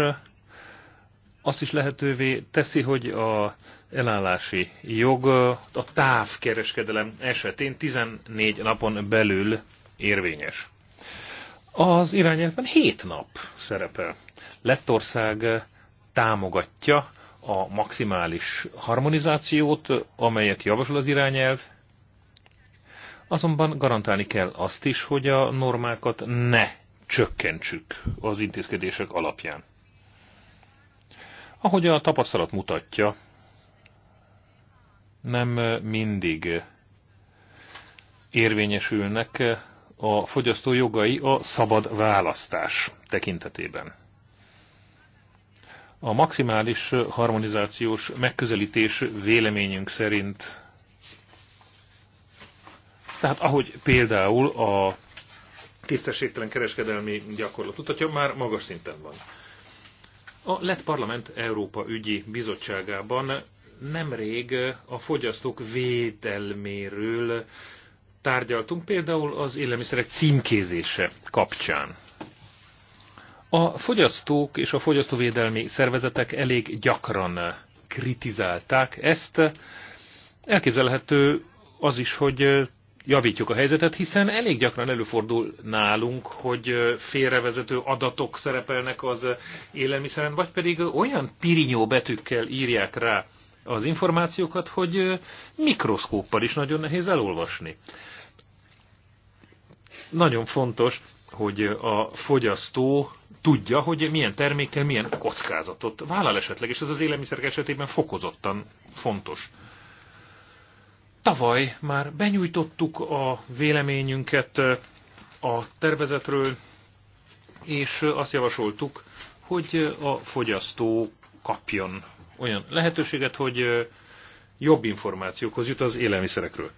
azt is lehetővé teszi, hogy a elállási jog a távkereskedelem esetén 14 napon belül érvényes. Az irányelvben 7 nap szerepel. Lettország támogatja a maximális harmonizációt, amelyet javasol az irányelv, azonban garantálni kell azt is, hogy a normákat ne csökkentsük az intézkedések alapján. Ahogy a tapasztalat mutatja, nem mindig érvényesülnek a fogyasztó jogai a szabad választás tekintetében. A maximális harmonizációs megközelítés véleményünk szerint, tehát ahogy például a tisztességtelen kereskedelmi gyakorlat mutatja, már magas szinten van. A lett parlament Európa ügyi bizottságában nemrég a fogyasztók védelméről tárgyaltunk, például az élelmiszerek címkézése kapcsán. A fogyasztók és a fogyasztóvédelmi szervezetek elég gyakran kritizálták ezt. Elképzelhető az is, hogy javítjuk a helyzetet, hiszen elég gyakran előfordul nálunk, hogy félrevezető adatok szerepelnek az élelmiszeren, vagy pedig olyan pirinyó betűkkel írják rá az információkat, hogy mikroszkóppal is nagyon nehéz elolvasni. Nagyon fontos, hogy a fogyasztó tudja, hogy milyen termékkel milyen kockázatot vállal esetleg, és ez az élelmiszerek esetében fokozottan fontos. Tavaly már benyújtottuk a véleményünket a tervezetről, és azt javasoltuk, hogy a fogyasztó kapjon olyan lehetőséget, hogy jobb információkhoz jut az élelmiszerekről.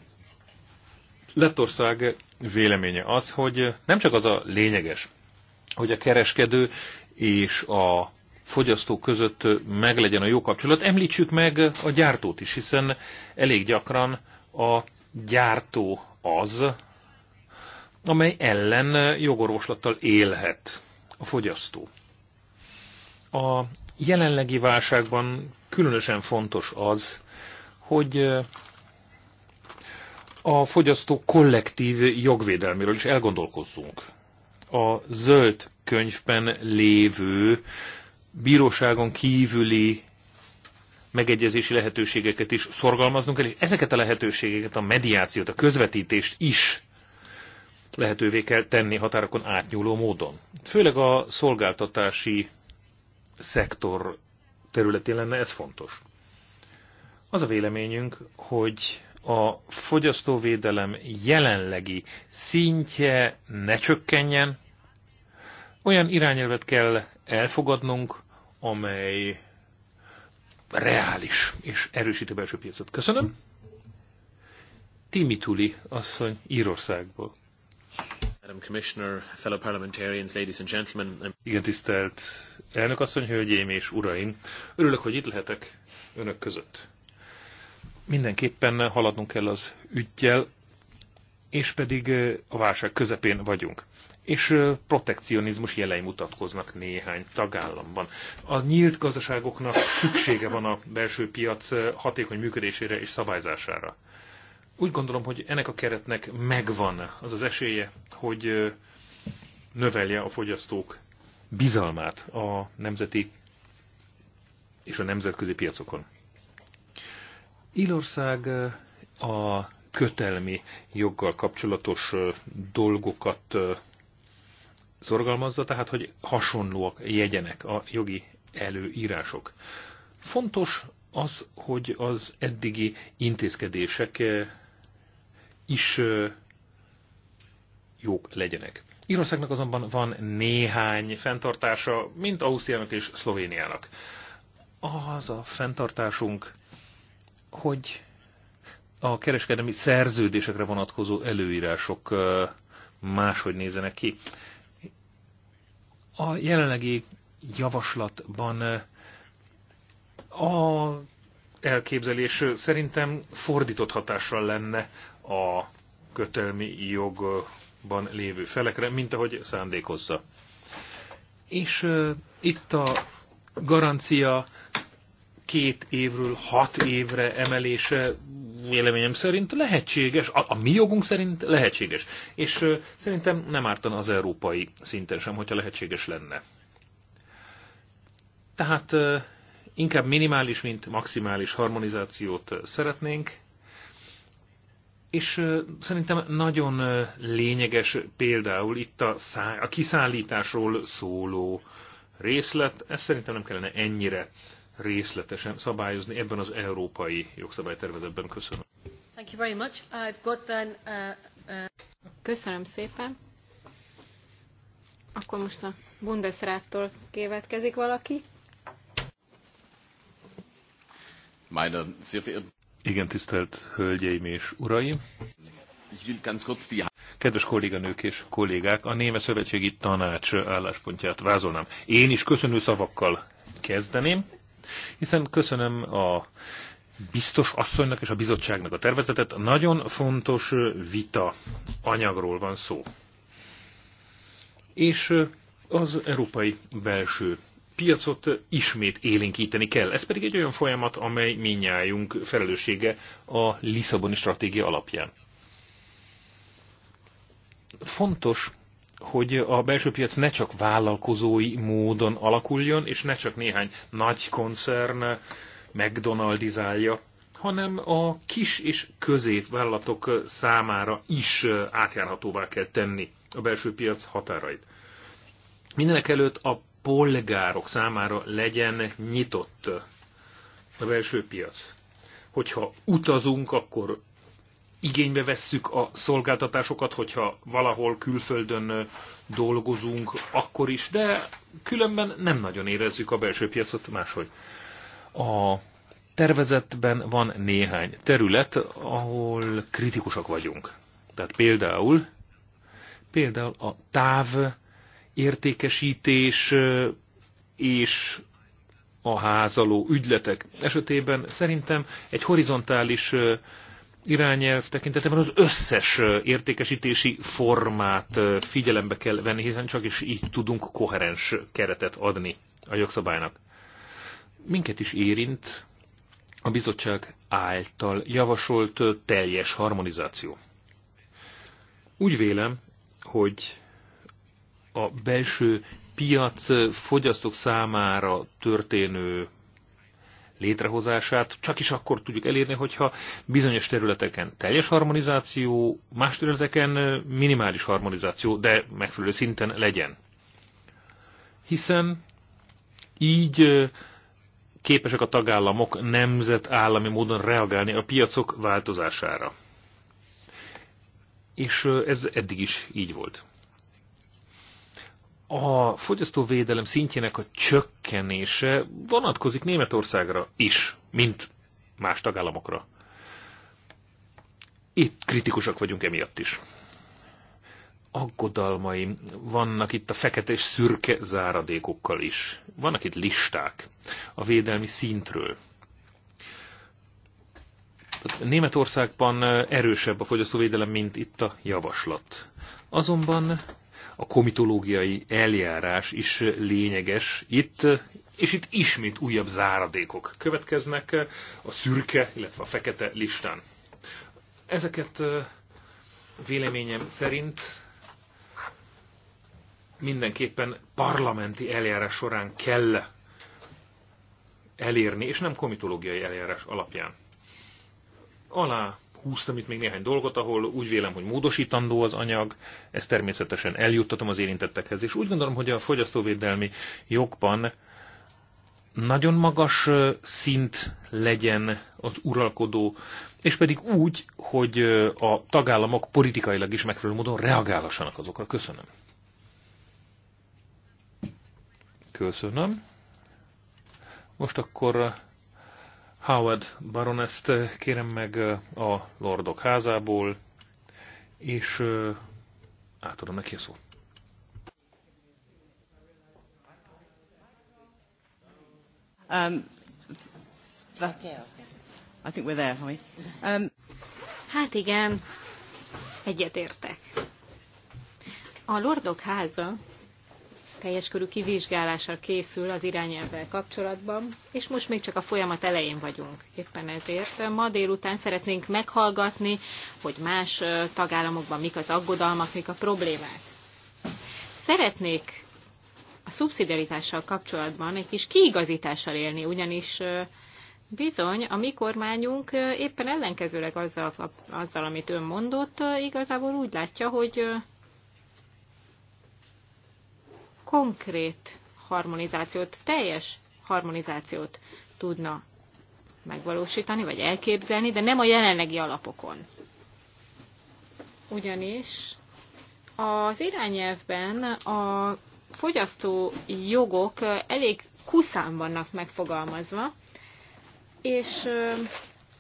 Lettország véleménye az, hogy nem csak az a lényeges, hogy a kereskedő és a fogyasztó között meglegyen a jó kapcsolat, említsük meg a gyártót is, hiszen elég gyakran a gyártó az, amely ellen jogorvoslattal élhet a fogyasztó. A jelenlegi válságban különösen fontos az, hogy eh, a fogyasztó kollektív jogvédelméről is elgondolkozzunk. A zöld könyvben lévő bíróságon kívüli megegyezési lehetőségeket is szorgalmaznunk kell, és ezeket a lehetőségeket, a mediációt, a közvetítést is lehetővé kell tenni határokon átnyúló módon. Főleg a szolgáltatási szektor területén lenne ez fontos. Az a véleményünk, hogy a fogyasztóvédelem jelenlegi szintje ne csökkenjen, olyan irányelvet kell elfogadnunk, amely reális és erősíti a belső piacot. Köszönöm. Tuli, asszony Írországból. Madam Commissioner, fellow parliamentarians, ladies and gentlemen. Igen, tisztelt elnök asszony, hölgyeim és uraim. Örülök, hogy itt lehetek önök között. Mindenképpen haladnunk kell az ügyjel, és pedig eh, a válság közepén vagyunk és protekcionizmus jelei mutatkoznak néhány tagállamban. A nyílt gazdaságoknak szüksége van a belső piac hatékony működésére és szabályzására. Úgy gondolom, hogy ennek a keretnek megvan az az esélye, hogy növelje a fogyasztók bizalmát a nemzeti és a nemzetközi piacokon. Ilország a kötelmi joggal kapcsolatos dolgokat szorgalmazza, tehát hogy hasonlóak jegyenek a jogi előírások. Fontos az, hogy az eddigi intézkedések eh, is eh, jók legyenek. Írországnak azonban van néhány fenntartása, mint Ausztriának és Szlovéniának. Az a fenntartásunk, hogy a kereskedelmi szerződésekre vonatkozó előírások eh, máshogy nézenek ki. A jelenlegi javaslatban eh, a elképzelés szerintem fordított hatással lenne a kötelmi jogban lévő felekre, mint ahogy szándékozza. És uh, itt a garancia két évről hat évre emelése véleményem szerint lehetséges, a, a mi jogunk szerint lehetséges. És ö, szerintem nem ártana az európai szinten sem, hogyha lehetséges lenne. Tehát ö, inkább minimális, mint maximális harmonizációt szeretnénk, és ö, szerintem nagyon ö, lényeges például itt a, száll, a kiszállításról szóló részlet, Ez szerintem nem kellene ennyire részletesen szabályozni ebben az európai jogszabálytervezetben. Köszönöm. Thank you very much. I've got then, uh, uh... Köszönöm szépen. Akkor most a Bundesráttól kévetkezik valaki. Meine sehr verehrten igen, tisztelt Hölgyeim és Uraim! Kedves kolléganők és kollégák, a Néme Szövetségi Tanács álláspontját vázolnám. Én is köszönő szavakkal kezdeném. Hiszen köszönöm a biztos asszonynak és a bizottságnak a tervezetet. Nagyon fontos vita anyagról van szó. És az európai belső piacot ismét élénkíteni kell. Ez pedig egy olyan folyamat, amely minnyájunk felelőssége a Lisszaboni stratégia alapján. Fontos hogy a belső piac ne csak vállalkozói módon alakuljon, és ne csak néhány nagy koncern megdonaldizálja, hanem a kis és középvállalatok számára is átjárhatóvá kell tenni a belső piac határait. Mindenek előtt a polgárok számára legyen nyitott a belső piac. Hogyha utazunk, akkor igénybe vesszük a szolgáltatásokat, hogyha valahol külföldön dolgozunk, akkor is, de különben nem nagyon érezzük a belső piacot máshogy. A tervezetben van néhány terület, ahol kritikusak vagyunk. Tehát például, például a táv értékesítés és a házaló ügyletek esetében szerintem egy horizontális irányelv tekintetében az összes értékesítési formát figyelembe kell venni, hiszen csak is így tudunk koherens keretet adni a jogszabálynak. Minket is érint a bizottság által javasolt teljes harmonizáció. Úgy vélem, hogy a belső piac fogyasztók számára történő létrehozását csak is akkor tudjuk elérni, hogyha bizonyos területeken teljes harmonizáció, más területeken minimális harmonizáció, de megfelelő szinten legyen. Hiszen így képesek a tagállamok nemzetállami módon reagálni a piacok változására. És ez eddig is így volt a fogyasztóvédelem szintjének a csökkenése vonatkozik Németországra is, mint más tagállamokra. Itt kritikusak vagyunk emiatt is. Aggodalmaim vannak itt a fekete és szürke záradékokkal is. Vannak itt listák a védelmi szintről. Németországban erősebb a fogyasztóvédelem, mint itt a javaslat. Azonban a komitológiai eljárás is lényeges itt, és itt ismét újabb záradékok következnek a szürke, illetve a fekete listán. Ezeket véleményem szerint mindenképpen parlamenti eljárás során kell elérni, és nem komitológiai eljárás alapján. Alá húztam itt még néhány dolgot, ahol úgy vélem, hogy módosítandó az anyag, ezt természetesen eljuttatom az érintettekhez, és úgy gondolom, hogy a fogyasztóvédelmi jogban nagyon magas szint legyen az uralkodó, és pedig úgy, hogy a tagállamok politikailag is megfelelő módon reagálassanak azokra. Köszönöm. Köszönöm. Most akkor Howard baroneszt eh, kérem meg eh, a Lordok házából, és eh, átadom neki a szót. Um, I think we're there, we? um, hát igen, egyetértek. A Lordok háza teljes körű kivizsgálással készül az irányelvvel kapcsolatban, és most még csak a folyamat elején vagyunk. Éppen ezért ma délután szeretnénk meghallgatni, hogy más tagállamokban mik az aggodalmak, mik a problémák. Szeretnék a szubszidiaritással kapcsolatban egy kis kiigazítással élni, ugyanis Bizony, a mi kormányunk éppen ellenkezőleg azzal, azzal amit ön mondott, igazából úgy látja, hogy konkrét harmonizációt, teljes harmonizációt tudna megvalósítani, vagy elképzelni, de nem a jelenlegi alapokon. Ugyanis az irányelvben a fogyasztó jogok elég kuszán vannak megfogalmazva, és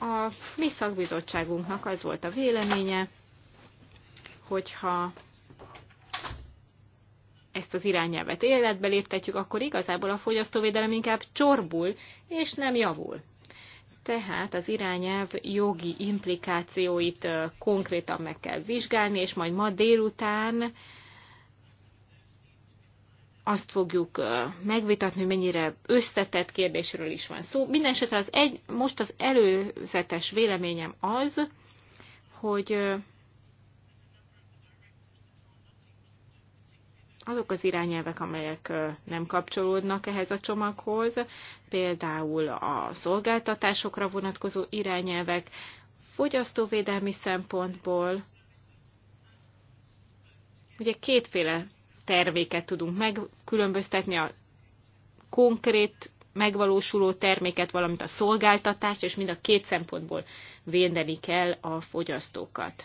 a mi szakbizottságunknak az volt a véleménye, hogyha ezt az irányelvet életbe léptetjük, akkor igazából a fogyasztóvédelem inkább csorbul, és nem javul. Tehát az irányelv jogi implikációit konkrétan meg kell vizsgálni, és majd ma délután azt fogjuk megvitatni, hogy mennyire összetett kérdésről is van szó. Mindenesetre az egy, most az előzetes véleményem az, hogy azok az irányelvek, amelyek nem kapcsolódnak ehhez a csomaghoz, például a szolgáltatásokra vonatkozó irányelvek, fogyasztóvédelmi szempontból, ugye kétféle terméket tudunk megkülönböztetni, a konkrét megvalósuló terméket, valamint a szolgáltatást, és mind a két szempontból védeni kell a fogyasztókat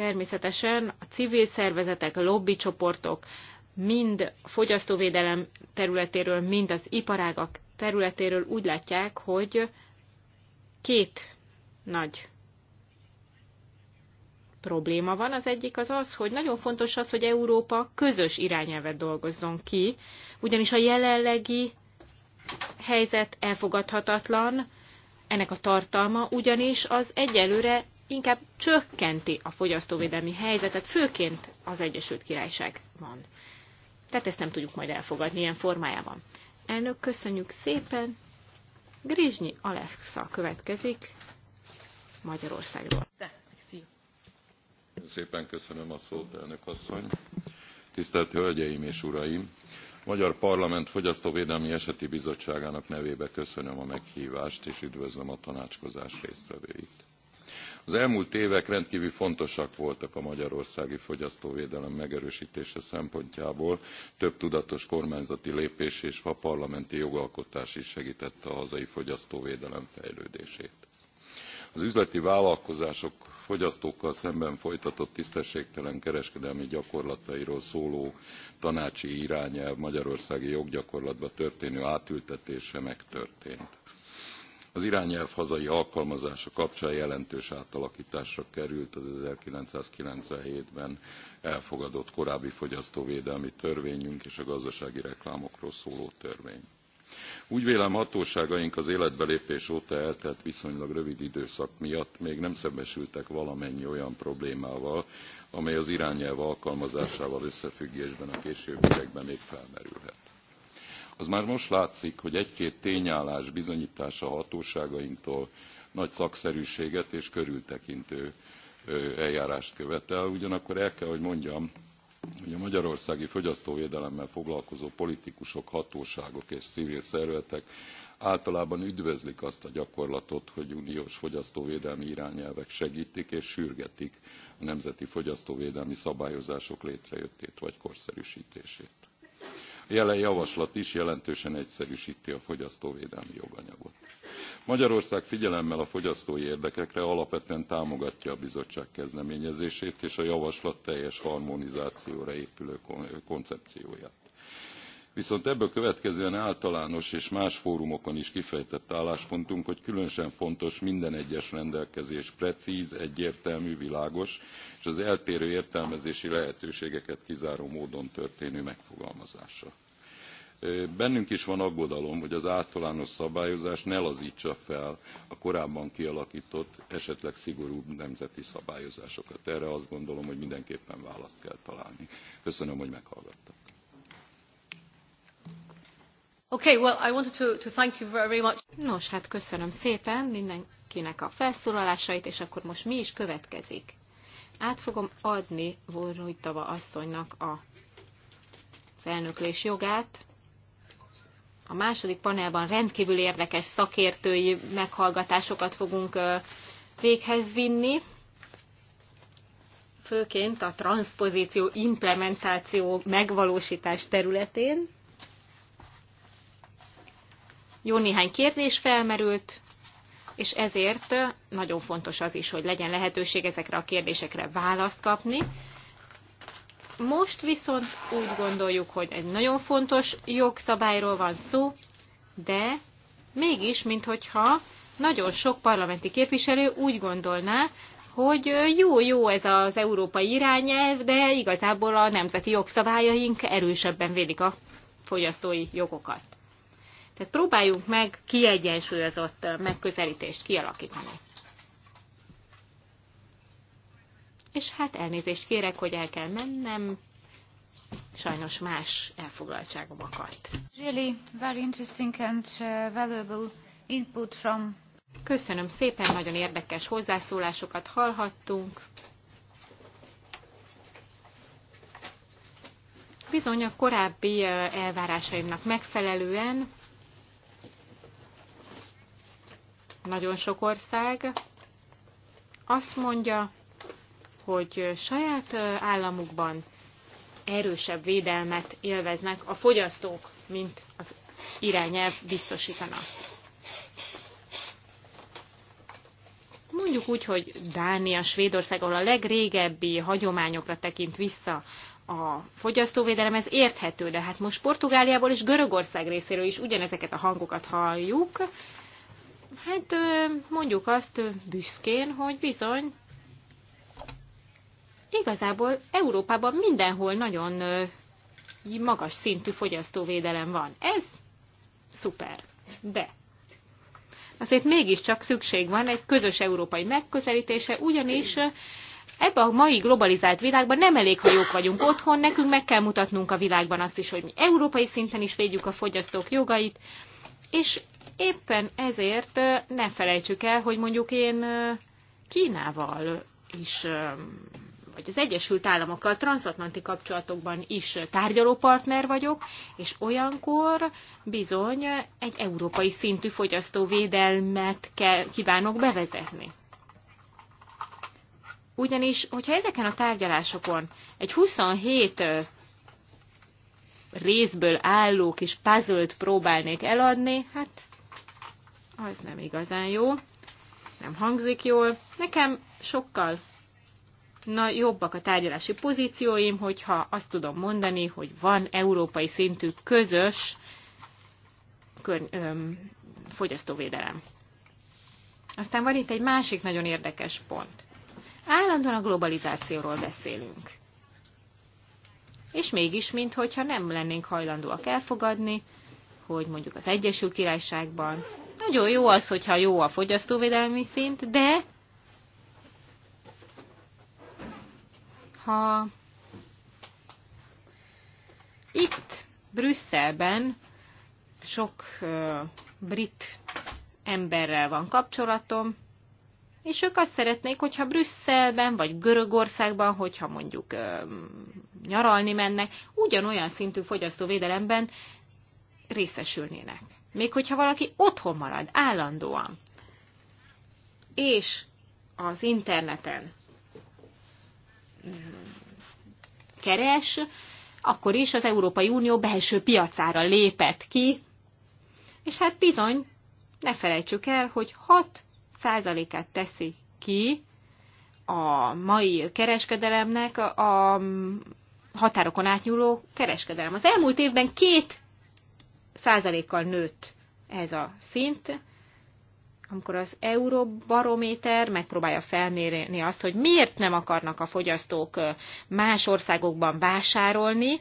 természetesen a civil szervezetek, lobbycsoportok, mind a fogyasztóvédelem területéről, mind az iparágak területéről úgy látják, hogy két nagy probléma van. Az egyik az az, hogy nagyon fontos az, hogy Európa közös irányelvet dolgozzon ki, ugyanis a jelenlegi helyzet elfogadhatatlan, ennek a tartalma ugyanis az egyelőre inkább csökkenti a fogyasztóvédelmi helyzetet, főként az Egyesült Királyságban. Tehát ezt nem tudjuk majd elfogadni ilyen formájában. Elnök, köszönjük szépen! Grizsnyi Alexa következik Magyarországról. Szépen köszönöm a szót, elnök asszony. Tisztelt Hölgyeim és Uraim! Magyar Parlament Fogyasztóvédelmi Eseti Bizottságának nevébe köszönöm a meghívást, és üdvözlöm a tanácskozás résztvevőit az elmúlt évek rendkvül fontosak voltak a magyarországi fogyasztóvédelem megerőstése szempontjából több tudatos kormányzati lépés és a parlamenti jogalkotás is segtette a hazai fogyasztóvédelem fejlődését az üzleti vállalkozások fogyasztókkal szemben folytatott tisztességtelen kereskedelmi gyakorlatairól szóló tanácsi irányelv magyarországi joggyakorlatba történő átültetése megtörtént az irányelv hazai alkalmazása kapcsán jelentős átalakításra került az 1997-ben elfogadott korábbi fogyasztóvédelmi törvényünk és a gazdasági reklámokról szóló törvény. Úgy vélem hatóságaink az életbelépés óta eltelt viszonylag rövid időszak miatt még nem szembesültek valamennyi olyan problémával, amely az irányelv alkalmazásával összefüggésben a későbbiekben még felmerülhet az már most látszik, hogy egy-két tényállás bizonyítása hatóságainktól nagy szakszerűséget és körültekintő eljárást követel. Ugyanakkor el kell, hogy mondjam, hogy a magyarországi fogyasztóvédelemmel foglalkozó politikusok, hatóságok és civil szervezetek általában üdvözlik azt a gyakorlatot, hogy uniós fogyasztóvédelmi irányelvek segítik és sürgetik a nemzeti fogyasztóvédelmi szabályozások létrejöttét vagy korszerűsítését jelen javaslat is jelentősen egyszerűsti a fogyasztóvédelmi joganyagot. magyarország figyelemmel a fogyasztói érdekekre alapvetően támogatja a bizottság kezdeményezését és a javaslat teljes harmonizációra épülő koncepcióját viszont ebből következően általános és más fórumokon is kifejtett álláspontunk hogy különösen fontos minden egyes rendelkezés precz egyértelmű világos és az eltérő értelmezési lehetőségeket kizáró módon történő megfogalmazása. Bennünk is van aggodalom, hogy az általános szabályozás ne lazítsa fel a korábban kialakított, esetleg szigorúbb nemzeti szabályozásokat. Erre azt gondolom, hogy mindenképpen választ kell találni. Köszönöm, hogy meghallgattak. Okay, well, I wanted to, to thank you very much. Nos, hát köszönöm szépen mindenkinek a felszólalásait, és akkor most mi is következik. Át fogom adni Vorrojtava asszonynak a felnöklés jogát. A második panelban rendkívül érdekes szakértői meghallgatásokat fogunk véghez vinni főként a transzpozíció implementáció megvalósítás területén jó néhány kérdés felmerült, és ezért nagyon fontos az is, hogy legyen lehetőség ezekre a kérdésekre választ kapni. Most viszont úgy gondoljuk, hogy egy nagyon fontos jogszabályról van szó, de mégis, minthogyha nagyon sok parlamenti képviselő úgy gondolná, hogy jó-jó ez az európai irányelv, de igazából a nemzeti jogszabályaink erősebben védik a fogyasztói jogokat. Tehát próbáljunk meg kiegyensúlyozott megközelítést kialakítani. És hát elnézést kérek, hogy el kell mennem, sajnos más elfoglaltságom akadt. Really very interesting and uh, valuable input from Köszönöm szépen, nagyon érdekes hozzászólásokat hallhattunk. Bizony a korábbi uh, elvárásaimnak megfelelően nagyon sok ország azt mondja, hogy saját államukban erősebb védelmet élveznek a fogyasztók, mint az irányelv biztosítana. Mondjuk úgy, hogy Dánia, Svédország, ahol a legrégebbi hagyományokra tekint vissza a fogyasztóvédelem, ez érthető, de hát most Portugáliából és Görögország részéről is ugyanezeket a hangokat halljuk, Hát mondjuk azt büszkén, hogy bizony igazából Európában mindenhol nagyon magas szintű fogyasztóvédelem van. Ez szuper. De azért mégiscsak szükség van egy közös európai megközelítése, ugyanis ebben a mai globalizált világban nem elég, ha jók vagyunk otthon, nekünk meg kell mutatnunk a világban azt is, hogy mi európai szinten is védjük a fogyasztók jogait, és éppen ezért ne felejtsük el, hogy mondjuk én Kínával is, vagy az Egyesült Államokkal transatlanti kapcsolatokban is tárgyalópartner vagyok, és olyankor bizony egy európai szintű fogyasztóvédelmet kell, kívánok bevezetni. Ugyanis, hogyha ezeken a tárgyalásokon egy 27 részből álló kis puzzle próbálnék eladni, hát az nem igazán jó, nem hangzik jól. Nekem sokkal na, jobbak a tárgyalási pozícióim, hogyha azt tudom mondani, hogy van európai szintű közös kör, öm, fogyasztóvédelem. Aztán van itt egy másik nagyon érdekes pont. Állandóan a globalizációról beszélünk és mégis, minthogyha nem lennénk hajlandóak elfogadni, hogy mondjuk az Egyesült Királyságban nagyon jó az, hogyha jó a fogyasztóvédelmi szint, de ha itt Brüsszelben sok uh, brit emberrel van kapcsolatom, és ők azt szeretnék, hogyha Brüsszelben vagy Görögországban, hogyha mondjuk ö, nyaralni mennek, ugyanolyan szintű fogyasztóvédelemben részesülnének. Még hogyha valaki otthon marad állandóan, és az interneten mm, keres, akkor is az Európai Unió belső piacára lépett ki, és hát bizony, ne felejtsük el, hogy 6 százalékát teszi ki a mai kereskedelemnek a határokon átnyúló kereskedelem. Az elmúlt évben két százalékkal nőtt ez a szint, amikor az Euróbarométer megpróbálja felmérni azt, hogy miért nem akarnak a fogyasztók más országokban vásárolni,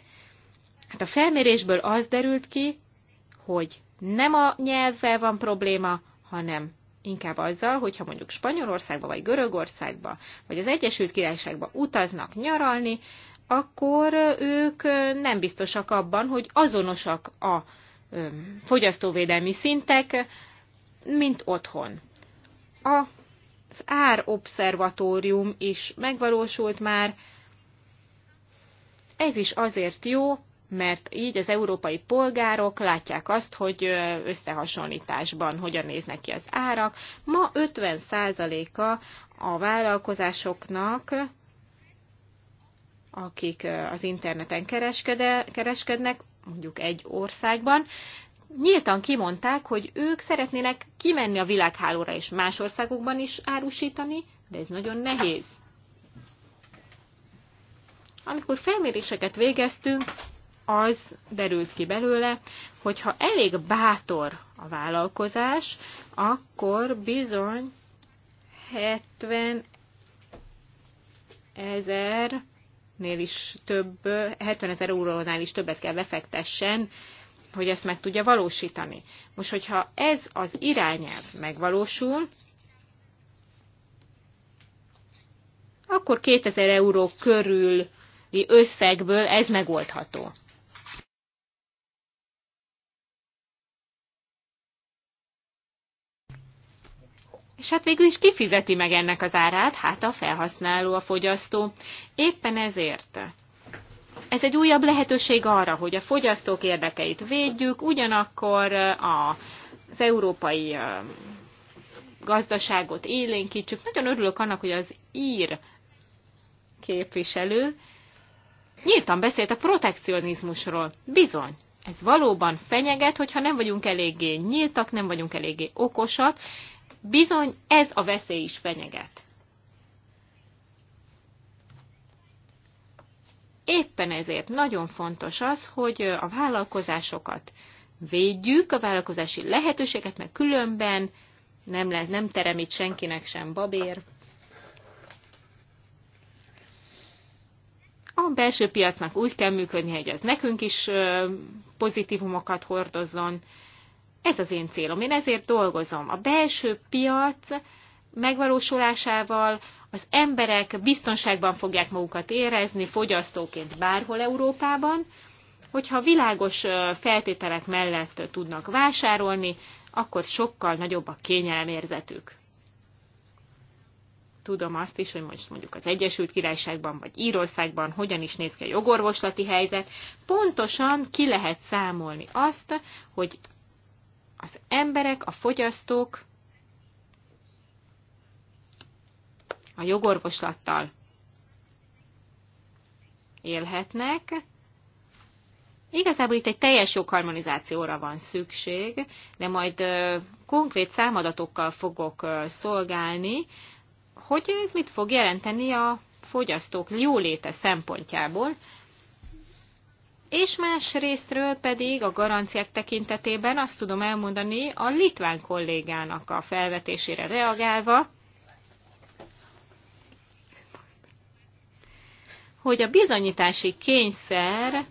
hát a felmérésből az derült ki, hogy nem a nyelvvel van probléma, hanem inkább azzal, hogyha mondjuk Spanyolországba, vagy Görögországba, vagy az Egyesült Királyságba utaznak nyaralni, akkor ők nem biztosak abban, hogy azonosak a fogyasztóvédelmi szintek, mint otthon. Az árobszervatórium is megvalósult már, ez is azért jó, mert így az európai polgárok látják azt, hogy összehasonlításban hogyan néznek ki az árak. Ma 50%-a a vállalkozásoknak, akik az interneten kereskednek, mondjuk egy országban, nyíltan kimondták, hogy ők szeretnének kimenni a világhálóra és más országokban is árusítani, de ez nagyon nehéz. Amikor felméréseket végeztünk, az derült ki belőle, hogy ha elég bátor a vállalkozás, akkor bizony 70 ezer nél is több, 70 ezer eurónál is többet kell befektessen, hogy ezt meg tudja valósítani. Most, hogyha ez az irányelv megvalósul, akkor 2000 euró körüli összegből ez megoldható. És hát végül is kifizeti meg ennek az árát? Hát a felhasználó, a fogyasztó. Éppen ezért. Ez egy újabb lehetőség arra, hogy a fogyasztók érdekeit védjük, ugyanakkor a, az európai gazdaságot élénkítsük. Nagyon örülök annak, hogy az ír képviselő nyíltan beszélt a protekcionizmusról. Bizony, ez valóban fenyeget, hogyha nem vagyunk eléggé nyíltak, nem vagyunk eléggé okosak, bizony ez a veszély is fenyeget. Éppen ezért nagyon fontos az, hogy a vállalkozásokat védjük, a vállalkozási lehetőséget, mert különben nem, le, nem terem itt senkinek sem babér. A belső piacnak úgy kell működni, hogy ez nekünk is pozitívumokat hordozzon, ez az én célom. Én ezért dolgozom. A belső piac megvalósulásával az emberek biztonságban fogják magukat érezni, fogyasztóként bárhol Európában, hogyha világos feltételek mellett tudnak vásárolni, akkor sokkal nagyobb a kényelemérzetük. Tudom azt is, hogy most mondjuk az Egyesült Királyságban vagy Írországban hogyan is néz ki a jogorvoslati helyzet. Pontosan ki lehet számolni azt, hogy az emberek, a fogyasztók a jogorvoslattal élhetnek. Igazából itt egy teljes jogharmonizációra van szükség, de majd konkrét számadatokkal fogok szolgálni, hogy ez mit fog jelenteni a fogyasztók jóléte szempontjából, és más részről pedig a garanciák tekintetében azt tudom elmondani a litván kollégának a felvetésére reagálva, hogy a bizonyítási kényszer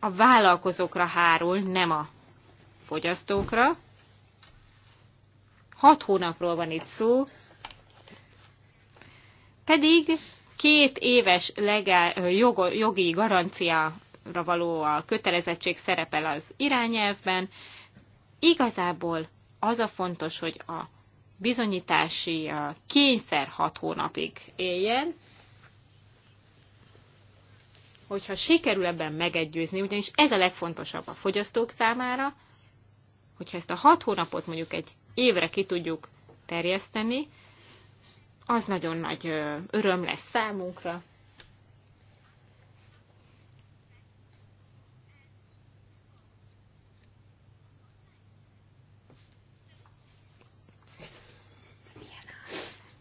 a vállalkozókra hárul, nem a fogyasztókra. Hat hónapról van itt szó, pedig két éves legál, jog, jogi garanciára való a kötelezettség szerepel az irányelvben. Igazából az a fontos, hogy a bizonyítási kényszer hat hónapig éljen, hogyha sikerül ebben megegyőzni, ugyanis ez a legfontosabb a fogyasztók számára, hogyha ezt a hat hónapot mondjuk egy évre ki tudjuk terjeszteni, az nagyon nagy öröm lesz számunkra.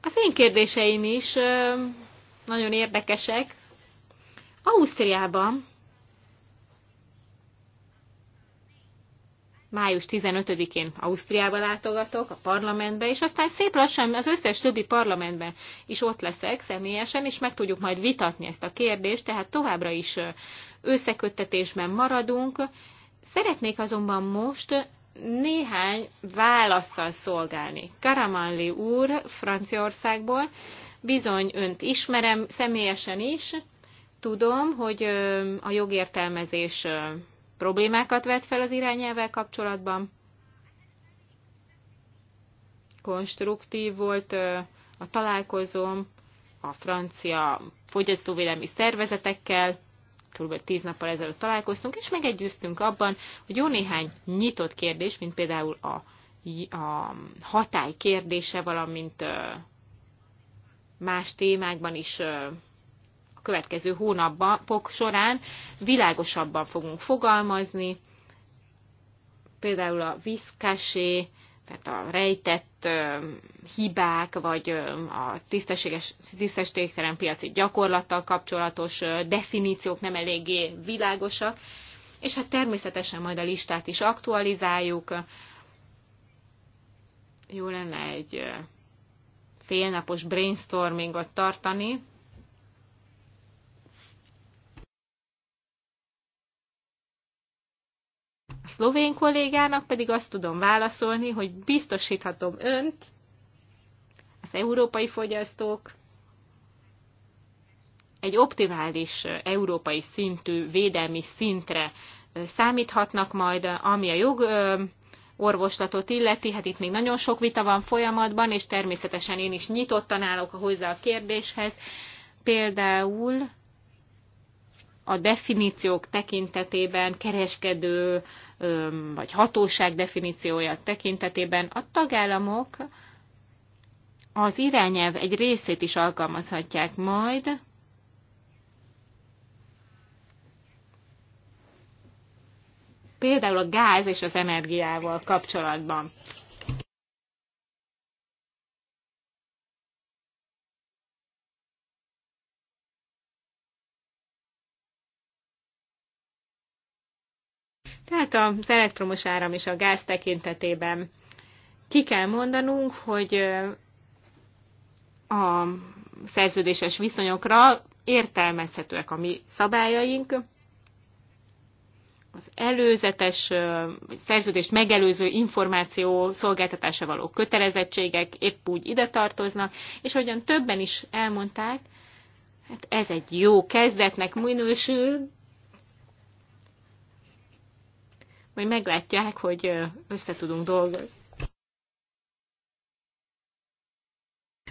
Az én kérdéseim is nagyon érdekesek. Ausztriában május 15-én Ausztriába látogatok, a parlamentbe, és aztán szép lassan az összes többi parlamentben is ott leszek személyesen, és meg tudjuk majd vitatni ezt a kérdést, tehát továbbra is összeköttetésben maradunk. Szeretnék azonban most néhány válaszsal szolgálni. Karamanli úr Franciaországból, bizony önt ismerem személyesen is, tudom, hogy a jogértelmezés problémákat vet fel az irányelvvel kapcsolatban. Konstruktív volt a találkozóm a francia fogyasztóvédelmi szervezetekkel, kb. tíz nappal ezelőtt találkoztunk, és megegyüztünk abban, hogy jó néhány nyitott kérdés, mint például a, a hatály kérdése, valamint más témákban is következő hónapok során világosabban fogunk fogalmazni, például a viszkásé, tehát a rejtett hibák, vagy a tisztességes, tisztességtelen piaci gyakorlattal kapcsolatos definíciók nem eléggé világosak, és hát természetesen majd a listát is aktualizáljuk. Jó lenne egy félnapos brainstormingot tartani, szlovén kollégának pedig azt tudom válaszolni, hogy biztosíthatom önt, az európai fogyasztók egy optimális európai szintű védelmi szintre számíthatnak majd, ami a jog orvoslatot illeti, hát itt még nagyon sok vita van folyamatban, és természetesen én is nyitottan állok hozzá a kérdéshez. Például a definíciók tekintetében, kereskedő vagy hatóság definíciója tekintetében a tagállamok az irányelv egy részét is alkalmazhatják majd, például a gáz és az energiával kapcsolatban. Hát az elektromos áram és a gáz tekintetében ki kell mondanunk, hogy a szerződéses viszonyokra értelmezhetőek a mi szabályaink. Az előzetes szerződést megelőző információ szolgáltatása való kötelezettségek épp úgy ide tartoznak, és ahogyan többen is elmondták, hát ez egy jó kezdetnek minősül, majd meglátják, hogy össze tudunk dolgozni.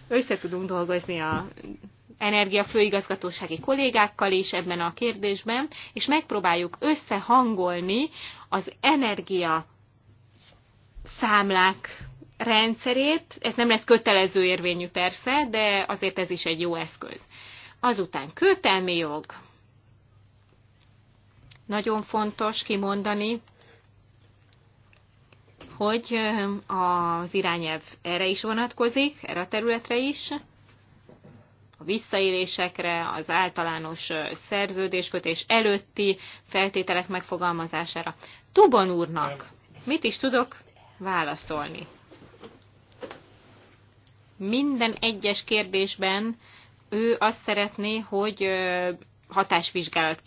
Össze tudunk dolgozni a energiafőigazgatósági kollégákkal is ebben a kérdésben, és megpróbáljuk összehangolni az energia számlák rendszerét. Ez nem lesz kötelező érvényű persze, de azért ez is egy jó eszköz. Azután kötelmi jog. Nagyon fontos kimondani, hogy az irányelv erre is vonatkozik, erre a területre is, a visszaélésekre, az általános szerződéskötés előtti feltételek megfogalmazására. Tubon úrnak mit is tudok válaszolni? Minden egyes kérdésben ő azt szeretné, hogy hatásvizsgálat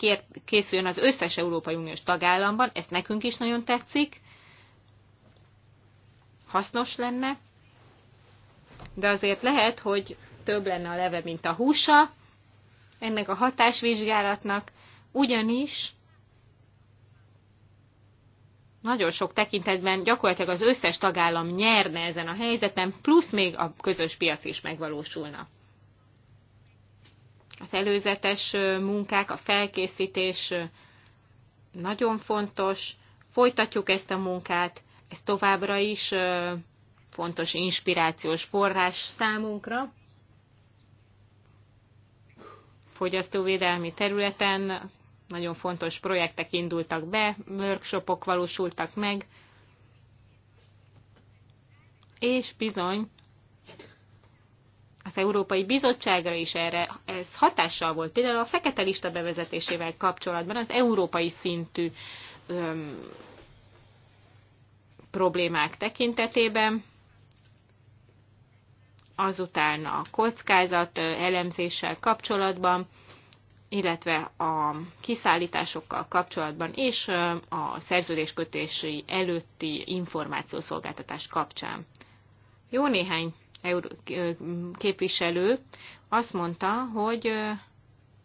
készüljön az összes Európai Uniós tagállamban, ez nekünk is nagyon tetszik, hasznos lenne, de azért lehet, hogy több lenne a leve, mint a húsa ennek a hatásvizsgálatnak, ugyanis nagyon sok tekintetben gyakorlatilag az összes tagállam nyerne ezen a helyzeten, plusz még a közös piac is megvalósulna. Az előzetes munkák, a felkészítés nagyon fontos, folytatjuk ezt a munkát, ez továbbra is fontos inspirációs forrás számunkra. Fogyasztóvédelmi területen nagyon fontos projektek indultak be, workshopok valósultak meg, és bizony az Európai Bizottságra is erre ez hatással volt. Például a fekete lista bevezetésével kapcsolatban az európai szintű öm, problémák tekintetében, azután a kockázat elemzéssel kapcsolatban, illetve a kiszállításokkal kapcsolatban és a szerződéskötési előtti információszolgáltatás kapcsán. Jó néhány képviselő azt mondta, hogy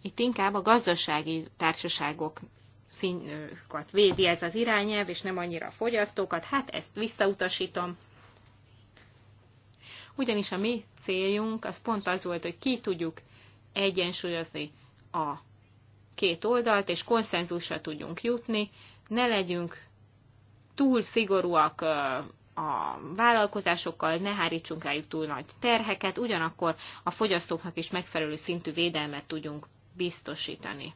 itt inkább a gazdasági társaságok színkat védi ez az irányelv, és nem annyira a fogyasztókat, hát ezt visszautasítom. Ugyanis a mi céljunk az pont az volt, hogy ki tudjuk egyensúlyozni a két oldalt, és konszenzusra tudjunk jutni, ne legyünk túl szigorúak a vállalkozásokkal, ne hárítsunk rájuk túl nagy terheket, ugyanakkor a fogyasztóknak is megfelelő szintű védelmet tudjunk biztosítani.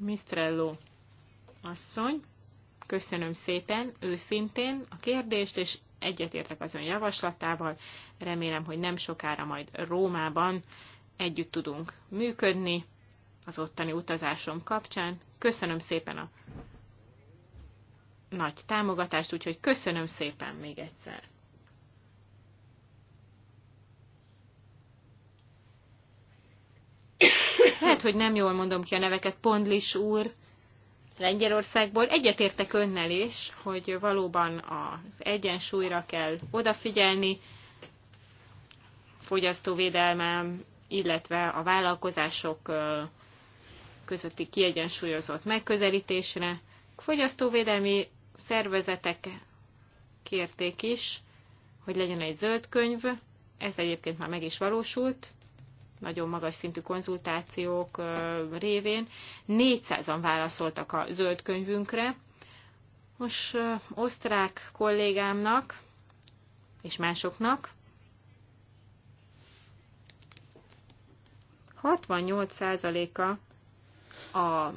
Mistrello asszony, köszönöm szépen őszintén a kérdést, és egyetértek az ön javaslatával. Remélem, hogy nem sokára majd Rómában együtt tudunk működni az ottani utazásom kapcsán. Köszönöm szépen a nagy támogatást, úgyhogy köszönöm szépen még egyszer. lehet, hogy nem jól mondom ki a neveket, Pondlis úr Lengyelországból. Egyetértek önnel is, hogy valóban az egyensúlyra kell odafigyelni, fogyasztóvédelmem, illetve a vállalkozások közötti kiegyensúlyozott megközelítésre. Fogyasztóvédelmi szervezetek kérték is, hogy legyen egy zöld könyv, ez egyébként már meg is valósult, nagyon magas szintű konzultációk révén 400-an válaszoltak a zöld könyvünkre. Most osztrák kollégámnak és másoknak 68%-a a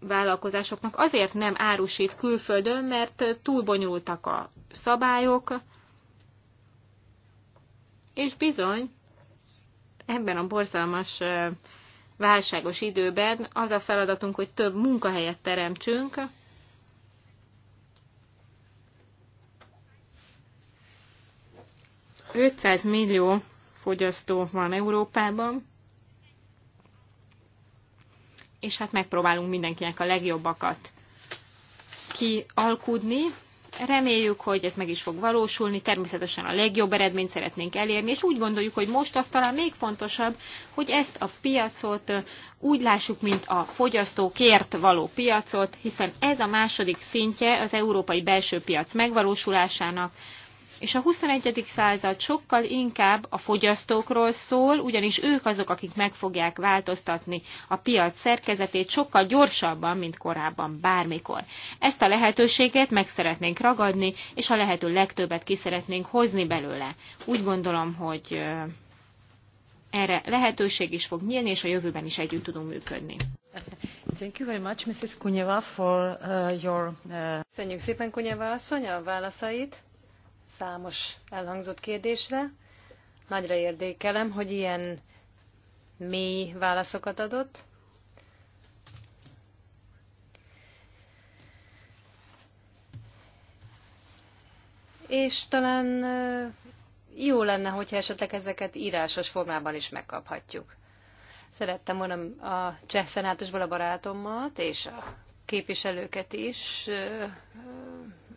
vállalkozásoknak azért nem árusít külföldön, mert túl bonyolultak a szabályok, és bizony, ebben a borzalmas válságos időben az a feladatunk, hogy több munkahelyet teremtsünk, ...500 millió fogyasztó van Európában, és hát megpróbálunk mindenkinek a legjobbakat kialkudni, Reméljük, hogy ez meg is fog valósulni, természetesen a legjobb eredményt szeretnénk elérni, és úgy gondoljuk, hogy most az talán még fontosabb, hogy ezt a piacot úgy lássuk, mint a fogyasztókért való piacot, hiszen ez a második szintje az európai belső piac megvalósulásának, és a 21. század sokkal inkább a fogyasztókról szól, ugyanis ők azok, akik meg fogják változtatni a piac szerkezetét sokkal gyorsabban, mint korábban bármikor. Ezt a lehetőséget meg szeretnénk ragadni, és a lehető legtöbbet ki szeretnénk hozni belőle. Úgy gondolom, hogy erre lehetőség is fog nyílni, és a jövőben is együtt tudunk működni. Thank you very much, Mrs. Kunyeva, for uh, your... Uh... Köszönjük szépen, Kunyeva asszony, a válaszait számos elhangzott kérdésre. Nagyra érdékelem, hogy ilyen mély válaszokat adott. És talán jó lenne, hogyha esetleg ezeket írásos formában is megkaphatjuk. Szerettem volna a cseh szenátusból a barátommat és a képviselőket is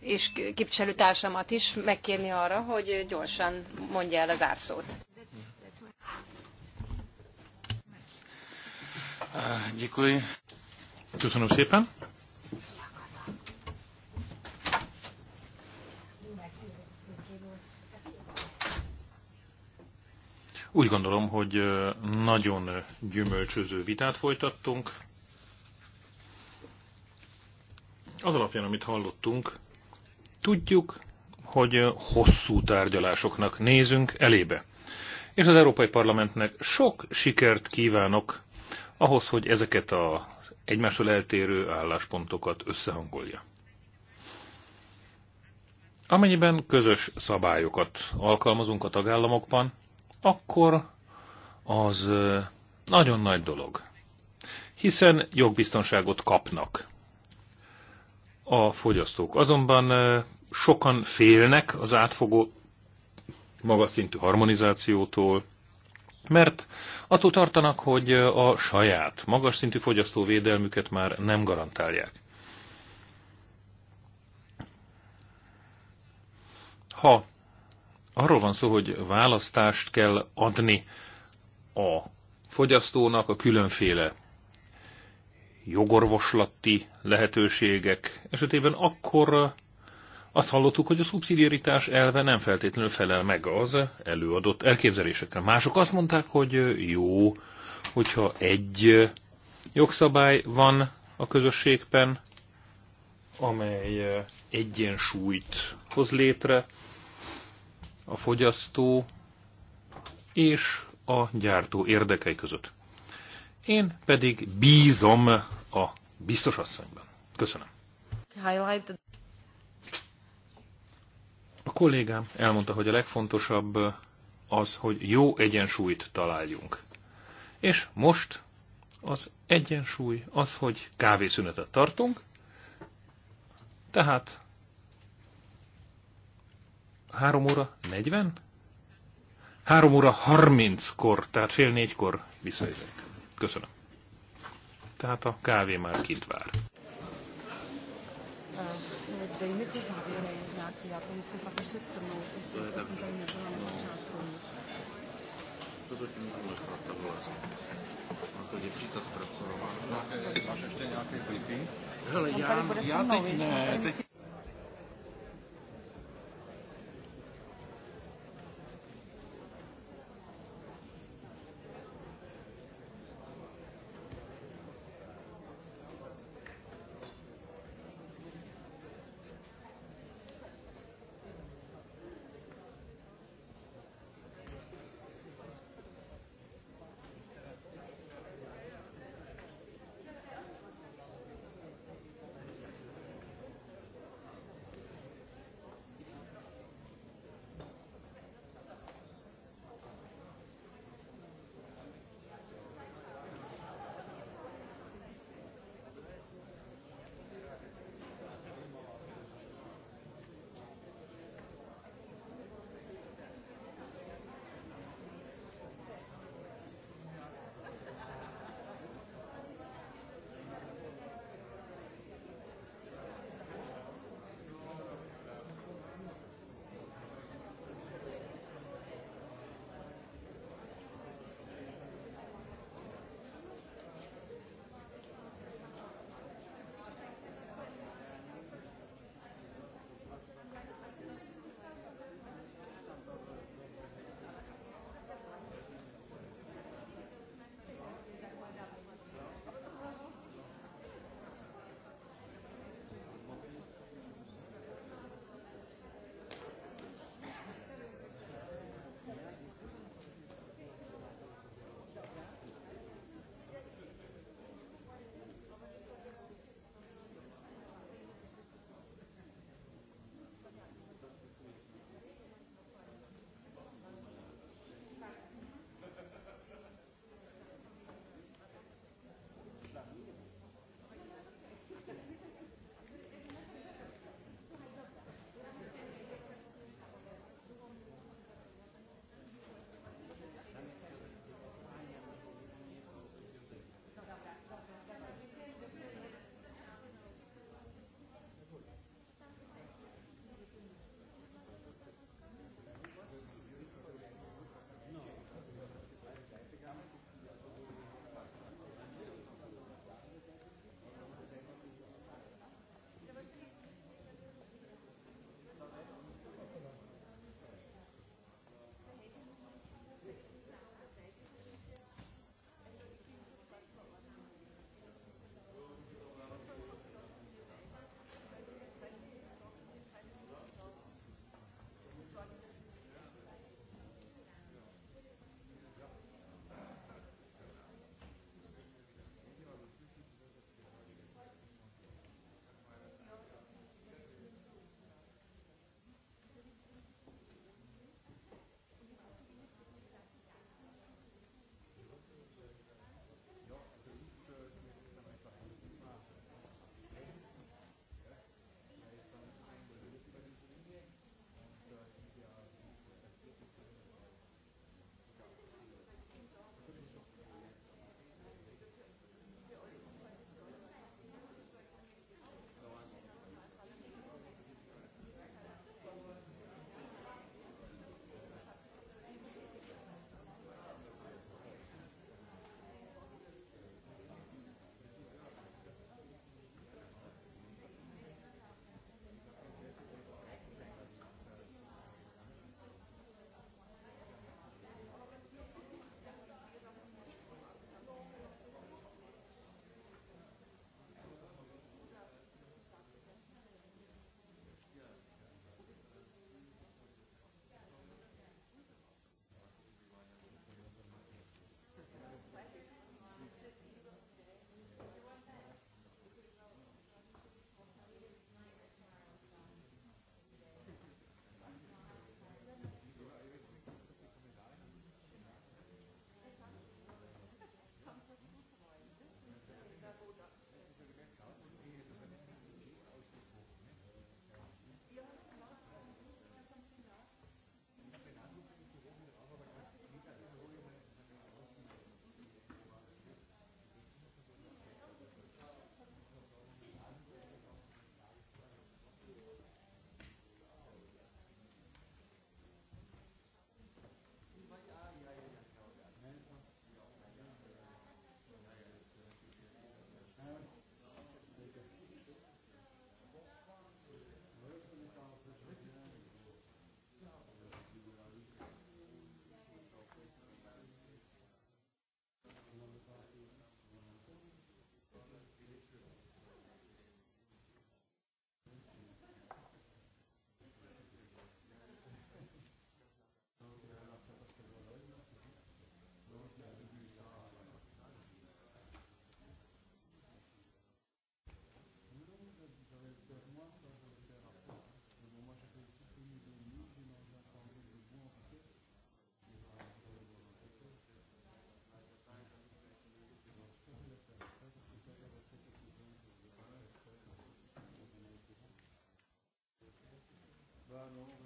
és képviselőtársamat is megkérni arra, hogy gyorsan mondja el az árszót. Uh, děkuji. Köszönöm szépen. Úgy gondolom, hogy uh, nagyon gyümölcsöző vitát folytattunk. Az alapján, amit hallottunk, Tudjuk, hogy hosszú tárgyalásoknak nézünk elébe. És az Európai Parlamentnek sok sikert kívánok ahhoz, hogy ezeket az egymásról eltérő álláspontokat összehangolja. Amennyiben közös szabályokat alkalmazunk a tagállamokban, akkor az nagyon nagy dolog, hiszen jogbiztonságot kapnak a fogyasztók. Azonban sokan félnek az átfogó magas szintű harmonizációtól, mert attól tartanak, hogy a saját magas szintű fogyasztóvédelmüket már nem garantálják. Ha arról van szó, hogy választást kell adni a fogyasztónak a különféle jogorvoslati lehetőségek esetében, akkor azt hallottuk, hogy a szubszidiaritás elve nem feltétlenül felel meg az előadott elképzelésekre. Mások azt mondták, hogy jó, hogyha egy jogszabály van a közösségben, amely egyensúlyt hoz létre a fogyasztó és a gyártó érdekei között. Én pedig bízom a biztos asszonyban. Köszönöm kollégám elmondta, hogy a legfontosabb az, hogy jó egyensúlyt találjunk. És most az egyensúly az, hogy kávészünetet tartunk, tehát 3 óra 40? 3 óra 30-kor, tehát fél négykor visszajövök. Köszönöm. Tehát a kávé már kint vár. Uh, jak oni se fakt přestrnou, to je tak, tady nebyla na začátku. To zatím můžeme chrát takhle. A to děvčica zpracovala. Máš ještě nějaké klipy? Hele, já, já teď ne, teď Hello.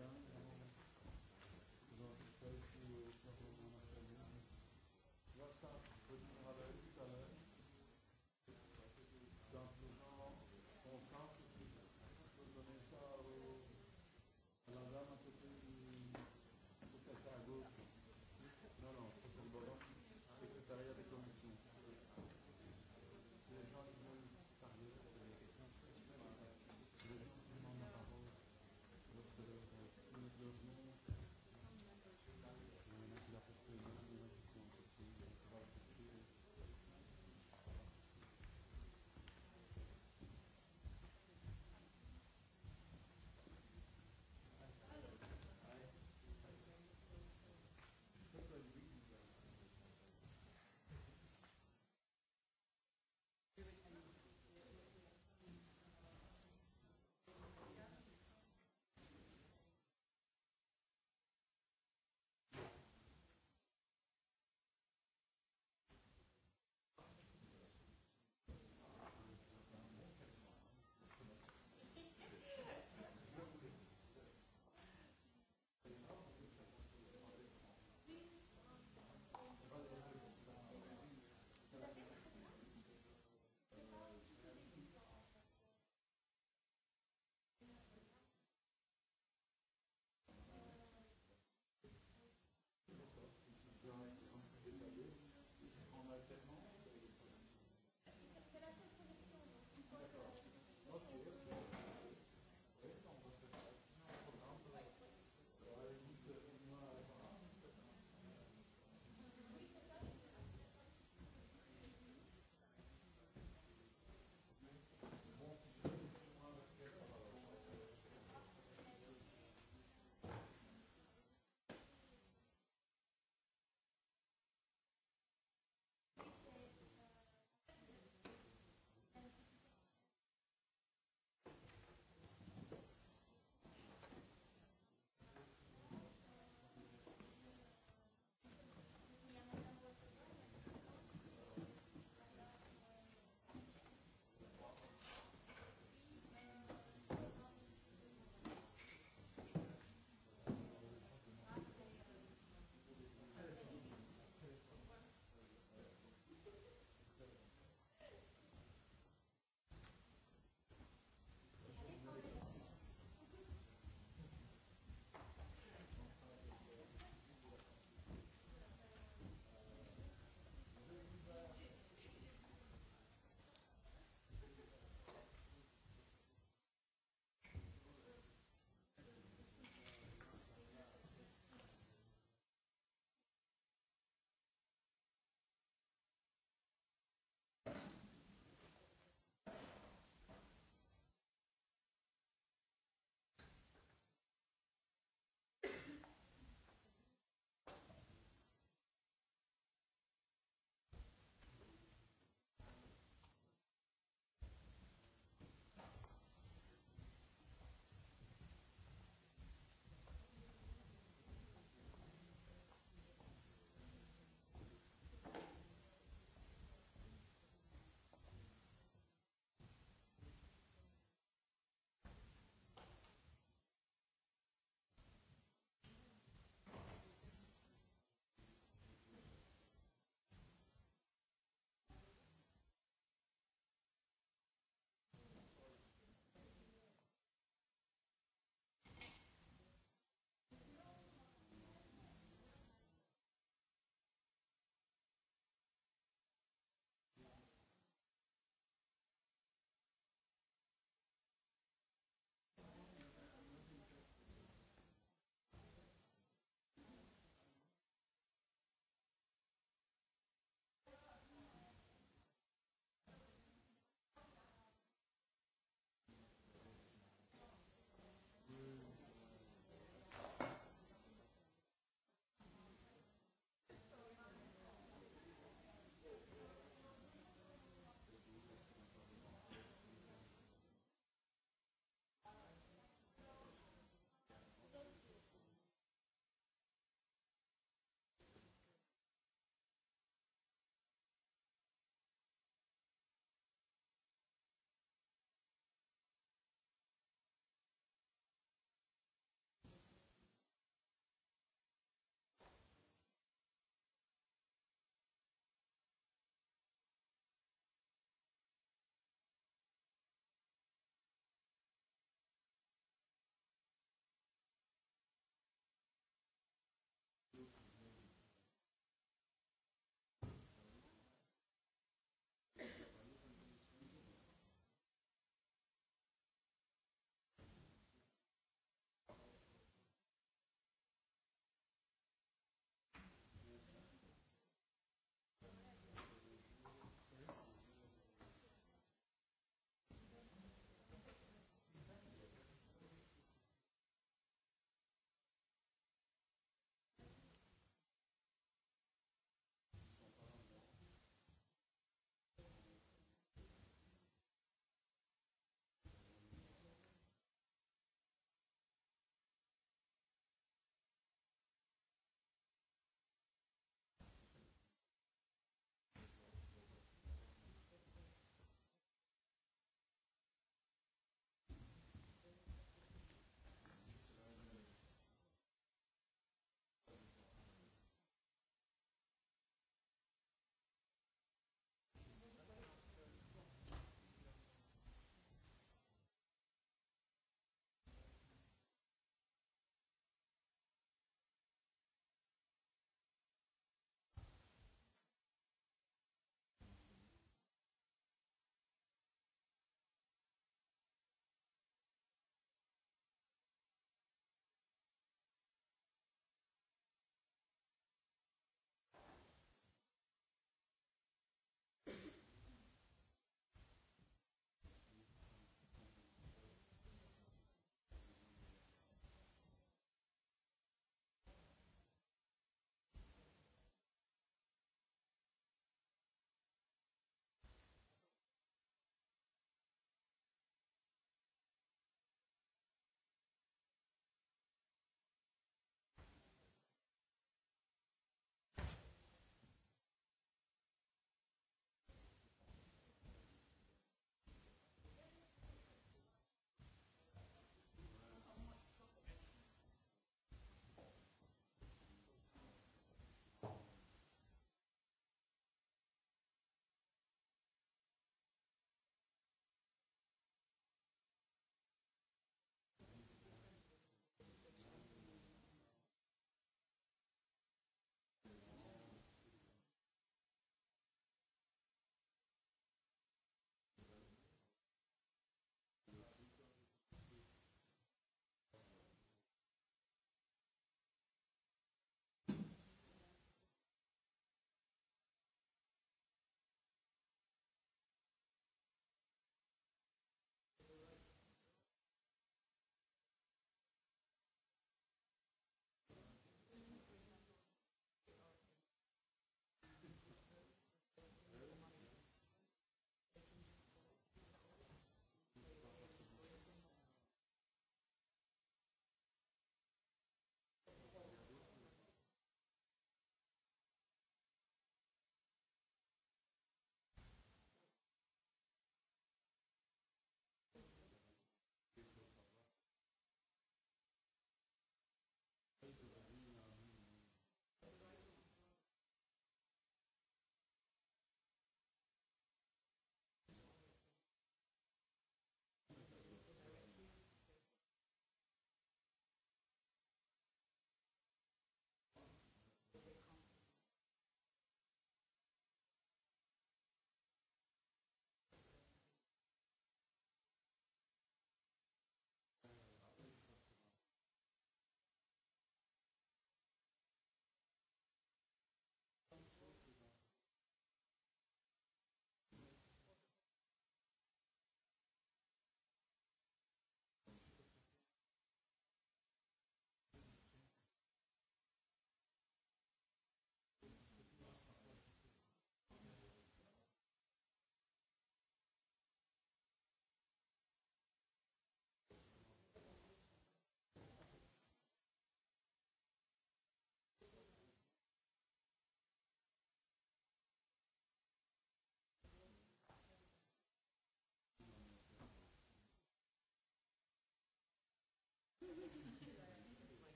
certainement.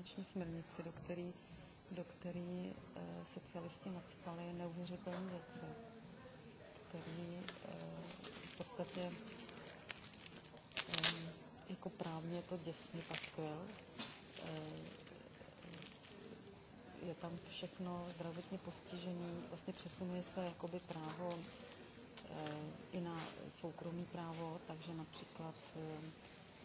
finanční směrnici, do který, do který e, socialisti nacpali neuvěřitelné věci, který e, eh, v podstatě e, jako právně to děsně paskvěl. E, je tam všechno zdravotně postižení, vlastně přesunuje se jakoby právo e, i na soukromý právo, takže například e,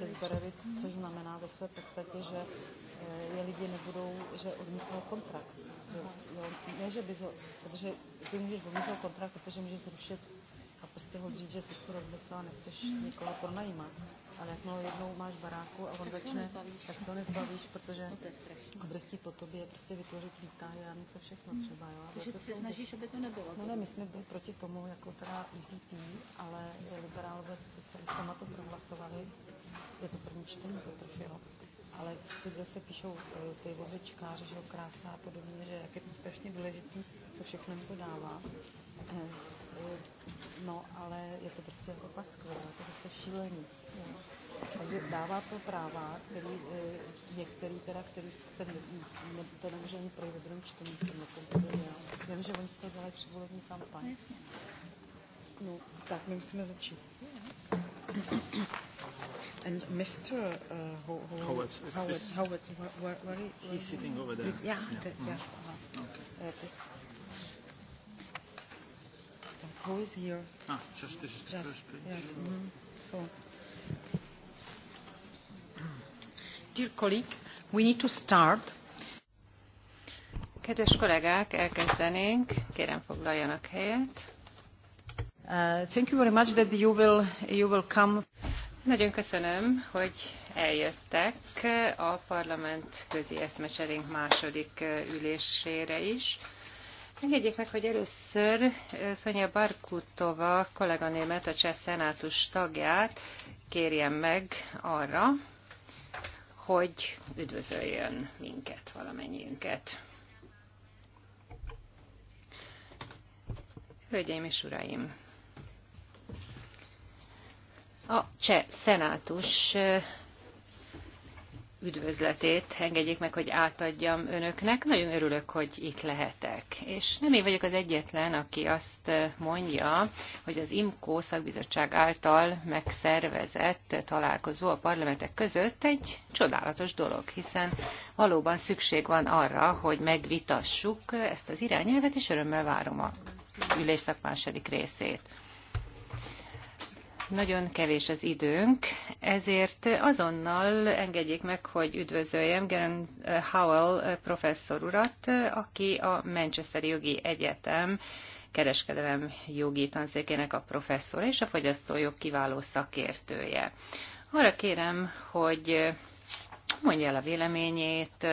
Bezberevic, což znamená ve své podstatě, že eh, je lidi nebudou, že odmítnou kontrakt. Jo, ne, že bys ho, protože ty můžeš odmítnout kontrakt, protože můžeš zrušit a prostě ho říct, že jsi to rozmyslela, nechceš hmm. nikoho pronajímat. Ale jakmile jednou máš baráku a on začne, tak se ho nezbavíš, protože a bude chtít po tobě je prostě vytvořit výtahy a něco všechno hmm. třeba. Jo? Takže ty se snažíš, aby to nebylo. No ne, my jsme byli proti tomu, jako teda EPP, ale liberálové se socialistama to prohlasovali. Je to první čtení, Petr Filo ale teď zase píšou e, ty vozečkáři, že ho krása a podobně, že jak je to strašně důležitý, co všechno jim to dává. No, ale je to prostě jako paskvěl, je to prostě šílený. Jo. Takže dává to práva, který, eh, některý teda, který se ne, ne, to nemůže ani projít ve druhém čtení, to nekontroluje. Vím, že oni z toho dělají předvolební kampaň. No, tak my musíme začít. And Mr. Uh, Ho Ho Howard, Howard, Howard, where, where, where, where he's sitting over there. Yeah, yeah. The, yeah. Uh okay. uh, Who is here? Ah, just this is the just, first page. Yes, mm -hmm. so. Dear colleague, we need to start. Kedves kollégák, elkezdenénk. Kérem foglaljanak helyet. Uh, thank you very much that you will, you will come. Nagyon köszönöm, hogy eljöttek a parlament közi eszmecserénk második uh, ülésére is. Engedjék meg, hogy először eh, Szonya Barkutova kolléganémet, a cseh szenátus tagját kérjem meg arra, hogy üdvözöljön minket, valamennyiünket. Hölgyeim és uraim! A cseh szenátus eh, üdvözletét engedjék meg, hogy átadjam önöknek. Nagyon örülök, hogy itt lehetek. És nem én vagyok az egyetlen, aki azt mondja, hogy az IMKO szakbizottság által megszervezett találkozó a parlamentek között egy csodálatos dolog, hiszen valóban szükség van arra, hogy megvitassuk ezt az irányelvet, és örömmel várom a ülésszak második részét. Nagyon kevés az időnk, ezért azonnal engedjék meg, hogy üdvözöljem Geron eh, Howell eh, professzor urat, eh, aki a Manchester Jogi Egyetem kereskedelem jogi tanszékének a professzor és a fogyasztójog kiváló szakértője. Arra kérem, hogy mondja el a véleményét,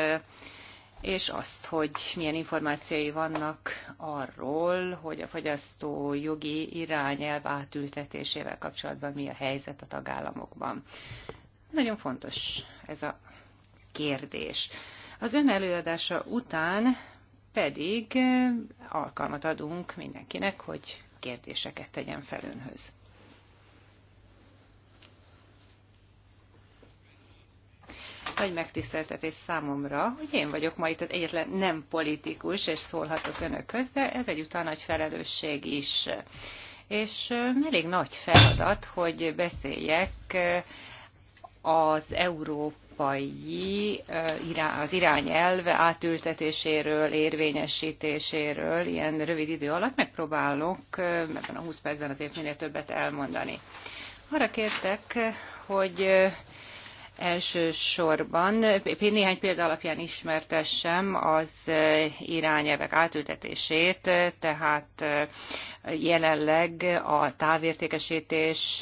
és azt, hogy milyen információi vannak arról, hogy a fogyasztó jogi irányelv átültetésével kapcsolatban mi a helyzet a tagállamokban. Nagyon fontos ez a kérdés. Az ön előadása után pedig alkalmat adunk mindenkinek, hogy kérdéseket tegyen fel önhöz. nagy megtiszteltetés számomra, hogy én vagyok ma itt az egyetlen nem politikus, és szólhatok önökhöz, de ez egyúttal nagy felelősség is. És elég nagy feladat, hogy beszéljek az európai az irányelv átültetéséről, érvényesítéséről ilyen rövid idő alatt megpróbálok ebben a 20 percben azért minél többet elmondani. Arra kértek, hogy Elsősorban néhány példa alapján ismertessem az irányelvek átültetését, tehát jelenleg a távértékesítés,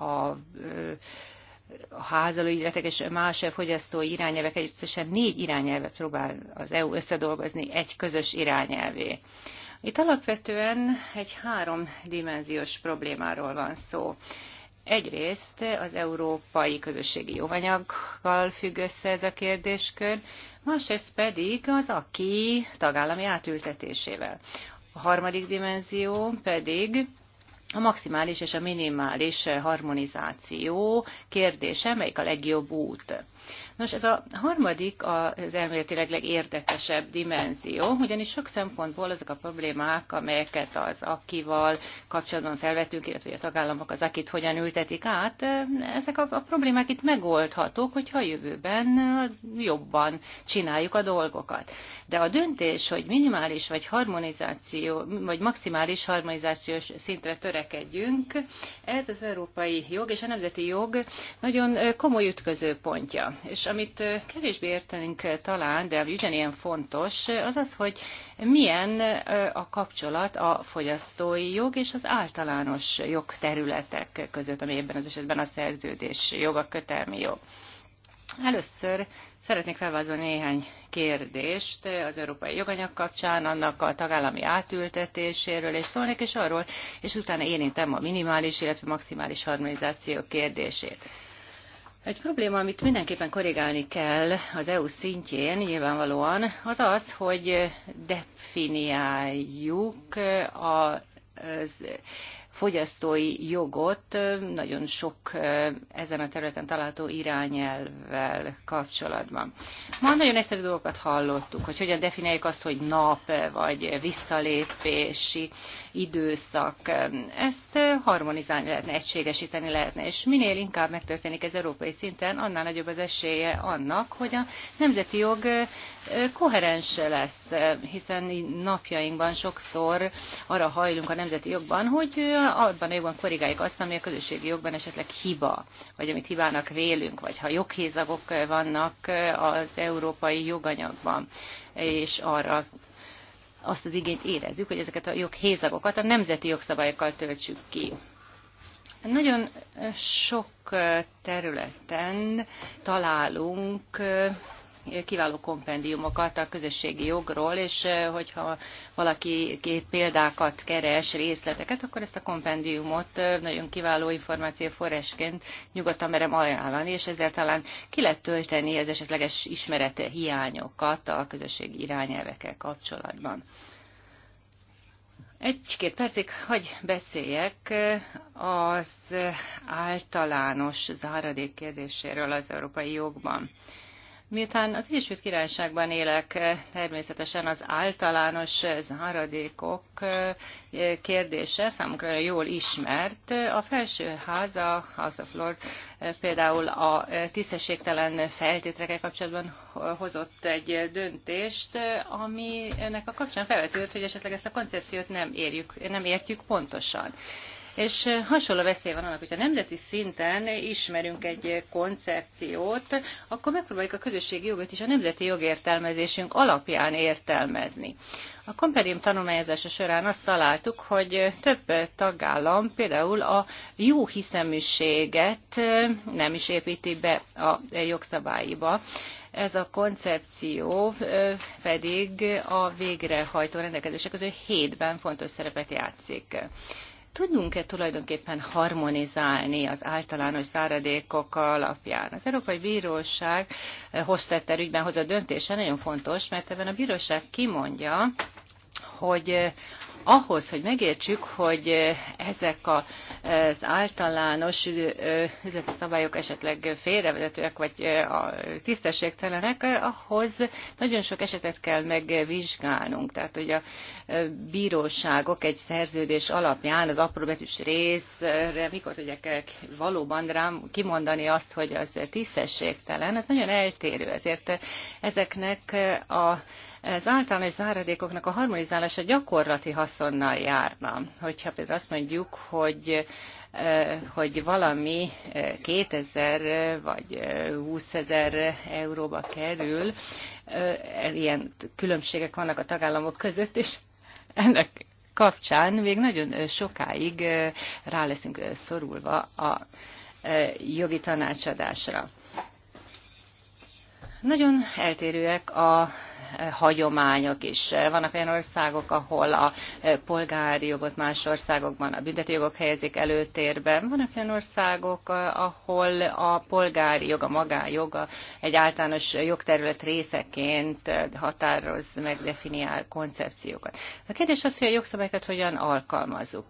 a a házaügyletek és más fogyasztó irányelvek együttesen négy irányelvet próbál az EU összedolgozni egy közös irányelvé. Itt alapvetően egy háromdimenziós problémáról van szó. Egyrészt az európai közösségi joganyaggal függ össze ez a kérdéskör, másrészt pedig az aki tagállami átültetésével. A harmadik dimenzió pedig a maximális és a minimális harmonizáció kérdése, melyik a legjobb út. Nos, ez a harmadik az elméletileg legérdekesebb dimenzió, ugyanis sok szempontból azok a problémák, amelyeket az akival kapcsolatban felvetünk, illetve a tagállamok az akit hogyan ültetik át, ezek a, a problémák itt megoldhatók, hogyha a jövőben jobban csináljuk a dolgokat. De a döntés, hogy minimális vagy harmonizáció, vagy maximális harmonizációs szintre törekedjünk, ez az európai jog és a nemzeti jog nagyon komoly ütközőpontja. És amit kevésbé értenünk talán, de ami ugyanilyen fontos, az az, hogy milyen a kapcsolat a fogyasztói jog és az általános jogterületek között, ami ebben az esetben a szerződés jog, a kötelmi jog. Először Szeretnék felvázolni néhány kérdést az európai joganyag kapcsán, annak a tagállami átültetéséről, és szólnék is arról, és utána érintem a minimális, illetve maximális harmonizáció kérdését. Egy probléma, amit mindenképpen korrigálni kell az EU szintjén nyilvánvalóan, az az, hogy definiáljuk az fogyasztói jogot nagyon sok ezen a területen található irányelvvel kapcsolatban. Ma nagyon egyszerű dolgokat hallottuk, hogy hogyan definiáljuk azt, hogy nap vagy visszalépési időszak. Ezt harmonizálni lehetne, egységesíteni lehetne, és minél inkább megtörténik ez európai szinten, annál nagyobb az esélye annak, hogy a nemzeti jog koherens lesz, hiszen napjainkban sokszor arra hajlunk a nemzeti jogban, hogy abban a jogban korrigáljuk azt, ami a közösségi jogban esetleg hiba, vagy amit hibának vélünk, vagy ha joghézagok vannak az európai joganyagban és arra azt az igényt érezzük, hogy ezeket a joghézagokat a nemzeti jogszabályokkal töltsük ki. Nagyon eh, sok eh, területen találunk eh, kiváló kompendiumokat a közösségi jogról, és hogyha valaki példákat keres, részleteket, akkor ezt a kompendiumot nagyon kiváló információforrásként nyugodtan merem ajánlani, és ezzel talán ki lehet tölteni az esetleges ismerete hiányokat a közösségi irányelvekkel kapcsolatban. Egy-két percig hogy beszéljek az általános záradék kérdéséről az európai jogban. Miután az Egyesült Királyságban élek, eh, természetesen az általános eh, záradékok eh, kérdése számunkra jól ismert. A felsőház, a House of Lords például a tisztességtelen feltételekkel kapcsolatban hozott egy döntést, ami ennek a kapcsán felvetődött, hogy esetleg ezt a koncepciót nem, érjük, nem értjük pontosan. És hasonló veszély van annak, hogyha nemzeti szinten ismerünk egy koncepciót, akkor megpróbáljuk a közösségi jogot is a nemzeti jogértelmezésünk alapján értelmezni. A Komperium tanulmányozása során azt találtuk, hogy több tagállam például a jó hiszeműséget nem is építi be a jogszabályba. Ez a koncepció pedig a végrehajtó rendelkezések közül hétben fontos szerepet játszik tudjunk e tulajdonképpen harmonizálni az általános záradékok alapján? Az Európai Bíróság eh, Hostetter ügyben hozott döntése nagyon fontos, mert ebben a bíróság kimondja, hogy eh, ahhoz, hogy megértsük, hogy eh, ezek eh, az általános üzleti szabályok esetleg félrevezetőek vagy tisztességtelenek, ahhoz nagyon sok esetet kell megvizsgálnunk. Tehát, hogy a bíróságok egy szerződés alapján az apróbetűs részre mikor tudják valóban rám kimondani azt, hogy az tisztességtelen, ez nagyon eltérő. Ezért ezeknek a az általános záradékoknak a harmonizálása gyakorlati haszonnal járna. Hogyha például azt mondjuk, hogy eh, hogy valami 2000 eh, eh, vagy 20 ezer euróba kerül, ilyen különbségek vannak a tagállamok között, és ennek kapcsán még nagyon sokáig rá leszünk szorulva a jogi tanácsadásra. Nagyon eltérőek a e, hagyományok is. Vannak olyan országok, ahol a e, polgári jogot más országokban a jogok helyezik előtérben. Vannak olyan országok, e, ahol a polgári jog, a magájoga egy általános jogterület részeként határoz meg, definiál koncepciókat. A kérdés az, hogy a jogszabályokat hogyan alkalmazzuk.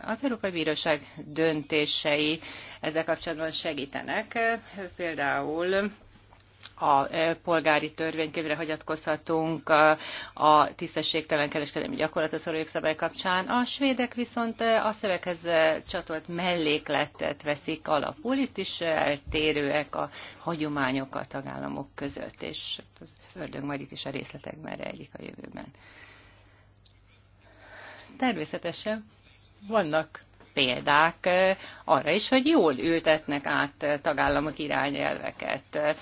Az Európai Bíróság döntései ezzel kapcsolatban segítenek. Például a e, polgári törvénykönyvre hagyatkozhatunk a tisztességtelen kereskedelmi gyakorlatot szorulók szabály kapcsán. A svédek viszont e, a szöveghez e, csatolt mellékletet veszik alapul, itt is eltérőek a hagyományok a tagállamok között, és hát az ördög majd itt is a részletekben rejlik a jövőben. Természetesen vannak példák arra is, hogy jól ültetnek át tagállamok irányelveket.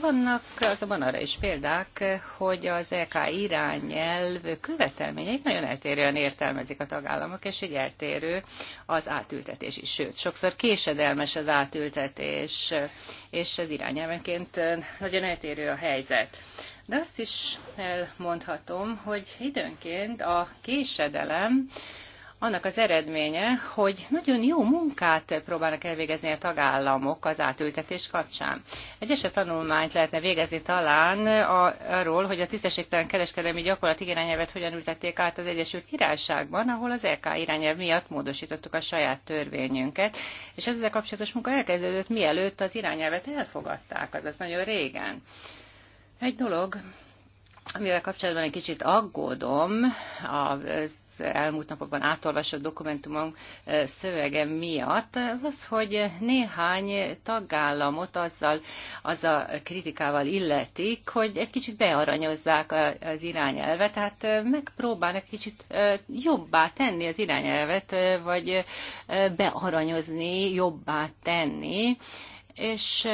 Vannak azonban arra is példák, hogy az EK irányelv követelményeit nagyon eltérően értelmezik a tagállamok, és így eltérő az átültetés is. Sőt, sokszor késedelmes az átültetés, és az irányelvenként nagyon eltérő a helyzet. De azt is elmondhatom, hogy időnként a késedelem annak az eredménye, hogy nagyon jó munkát próbálnak elvégezni a tagállamok az átültetés kapcsán. Egy tanulmányt lehetne végezni talán a, arról, hogy a tisztességtelen kereskedelmi gyakorlat irányelvet hogyan ültették át az Egyesült Királyságban, ahol az LK irányelv miatt módosítottuk a saját törvényünket, és ezzel kapcsolatos munka elkezdődött, mielőtt az irányelvet elfogadták, azaz nagyon régen. Egy dolog, amivel kapcsolatban egy kicsit aggódom, az elmúlt napokban átolvasott dokumentumom szövege miatt, az az, hogy néhány tagállamot azzal, az a kritikával illetik, hogy egy kicsit bearanyozzák az irányelvet, tehát megpróbálnak kicsit jobbá tenni az irányelvet, vagy bearanyozni, jobbá tenni, és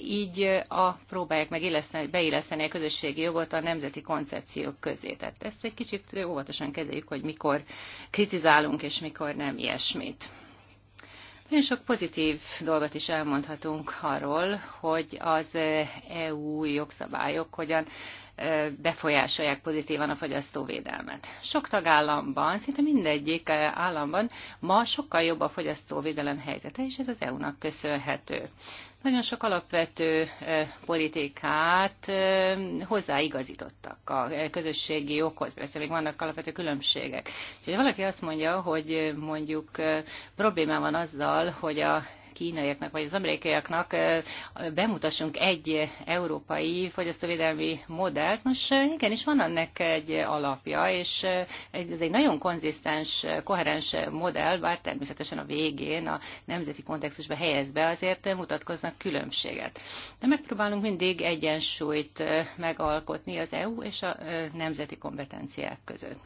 így a, próbálják meg beilleszteni a közösségi jogot a nemzeti koncepciók közé. Tehát ezt egy kicsit óvatosan kezeljük, hogy mikor kritizálunk és mikor nem ilyesmit. Nagyon sok pozitív dolgot is elmondhatunk arról, hogy az EU jogszabályok hogyan befolyásolják pozitívan a fogyasztóvédelmet. Sok tagállamban, szinte mindegyik államban ma sokkal jobb a fogyasztóvédelem helyzete, és ez az EU-nak köszönhető nagyon sok alapvető e, politikát e, hozzáigazítottak a e, közösségi okhoz. Persze még vannak alapvető különbségek. Úgyhogy valaki azt mondja, hogy mondjuk problémám van azzal, hogy a kínaiaknak vagy az amerikaiaknak bemutassunk egy európai fogyasztóvédelmi modellt. Nos, és van ennek egy alapja, és ez egy nagyon konzisztens, koherens modell, bár természetesen a végén a nemzeti kontextusba helyezve azért mutatkoznak különbséget. De megpróbálunk mindig egyensúlyt megalkotni az EU és a nemzeti kompetenciák között.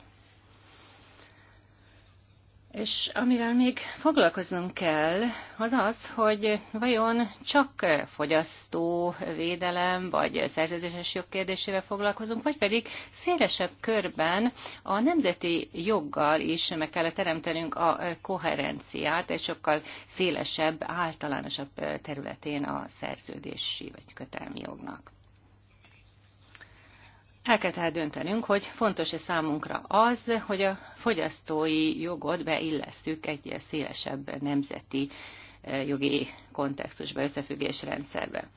És amivel még foglalkoznunk kell, az az, hogy vajon csak fogyasztóvédelem vagy szerződéses jog kérdésével foglalkozunk, vagy pedig szélesebb körben a nemzeti joggal is meg kell teremtenünk a koherenciát egy sokkal szélesebb, általánosabb területén a szerződési vagy kötelmi jognak. El kell tehát döntenünk, hogy fontos-e számunkra az, hogy a fogyasztói jogot beillesszük egy szélesebb nemzeti e, jogi kontextusba, összefüggésrendszerbe.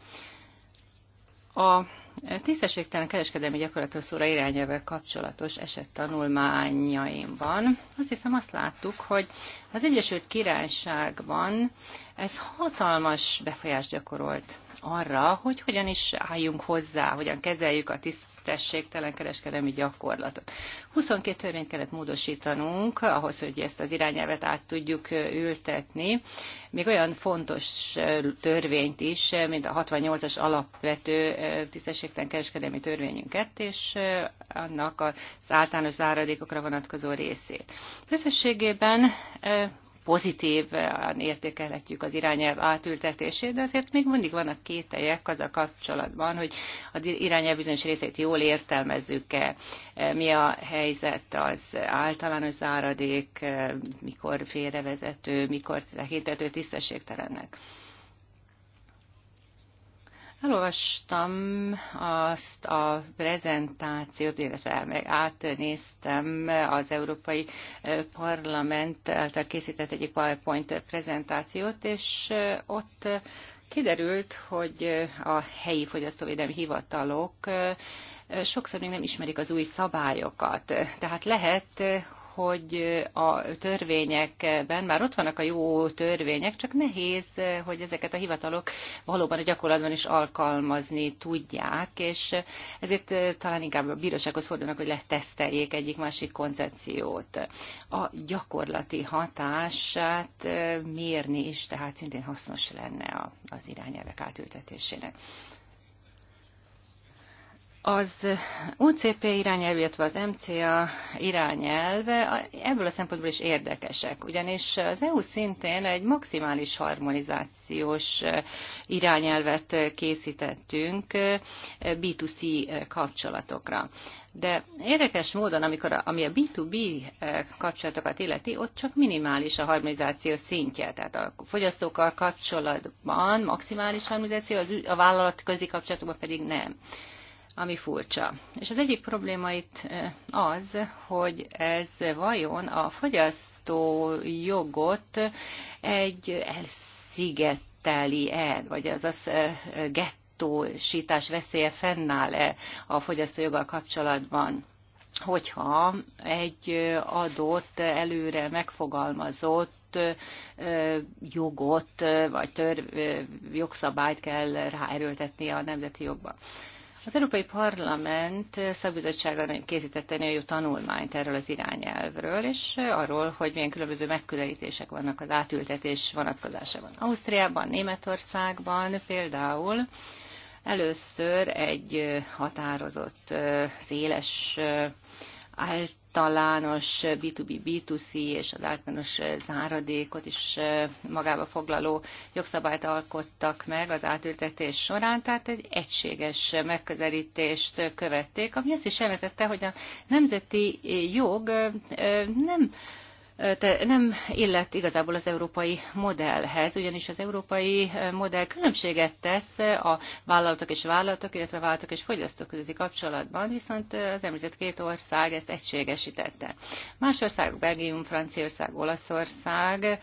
A tisztességtelen kereskedelmi gyakorlatos szóra irányelvvel kapcsolatos esettanulmányaimban azt hiszem azt láttuk, hogy az Egyesült Királyságban ez hatalmas befolyást gyakorolt arra, hogy hogyan is álljunk hozzá, hogyan kezeljük a tiszt tisztességtelen kereskedelmi gyakorlatot. 22 törvényt kellett módosítanunk ahhoz, hogy ezt az irányelvet át tudjuk ültetni. Még olyan fontos törvényt is, mint a 68-as alapvető tisztességtelen kereskedelmi törvényünket, és annak az általános záradékokra vonatkozó részét. Összességében pozitívan értékelhetjük az irányelv átültetését, de azért még mindig vannak kételjek az a kapcsolatban, hogy az irányelv bizonyos részét jól értelmezzük-e, e, mi a helyzet az általános záradék, e, mikor félrevezető, mikor tekintető tisztességtelennek. Elolvastam azt a prezentációt, illetve átnéztem az Európai Parlament által készített egyik PowerPoint prezentációt, és ott kiderült, hogy a helyi fogyasztóvédelmi hivatalok sokszor még nem ismerik az új szabályokat. Tehát lehet, hogy a törvényekben már ott vannak a jó törvények, csak nehéz, hogy ezeket a hivatalok valóban a gyakorlatban is alkalmazni tudják, és ezért talán inkább a bírósághoz fordulnak, hogy leteszteljék egyik-másik koncepciót. A gyakorlati hatását eh, mérni is, tehát szintén hasznos lenne az irányelvek átültetésének. Az UCP irányelv, illetve az MCA irányelve ebből a szempontból is érdekesek, ugyanis az EU szintén egy maximális harmonizációs irányelvet készítettünk B2C kapcsolatokra. De érdekes módon, amikor a, ami a B2B kapcsolatokat illeti, ott csak minimális a harmonizáció szintje. Tehát a fogyasztókkal kapcsolatban maximális harmonizáció, az, a vállalat közi kapcsolatokban pedig nem ami furcsa. És az egyik probléma itt az, hogy ez vajon a fogyasztó jogot egy elszigeteli-e, vagy azaz gettósítás veszélye fennáll-e a fogyasztójoggal kapcsolatban hogyha egy adott, előre megfogalmazott jogot vagy törv, jogszabályt kell ráerőltetni a nemzeti jogba. Az Európai Parlament szakbizottsága készítette egy jó tanulmányt erről az irányelvről, és arról, hogy milyen különböző megközelítések vannak az átültetés vonatkozásában. Ausztriában, Németországban például először egy határozott, széles általános B2B, B2C és az általános záradékot is magába foglaló jogszabályt alkottak meg az átültetés során, tehát egy egységes megközelítést követték, ami azt is jelentette, hogy a nemzeti jog nem nem illet igazából az európai modellhez, ugyanis az európai modell különbséget tesz a vállalatok és vállalatok, illetve vállalatok és fogyasztók közötti kapcsolatban, viszont az említett két ország ezt egységesítette. Más országok, Belgium, Franciaország, Olaszország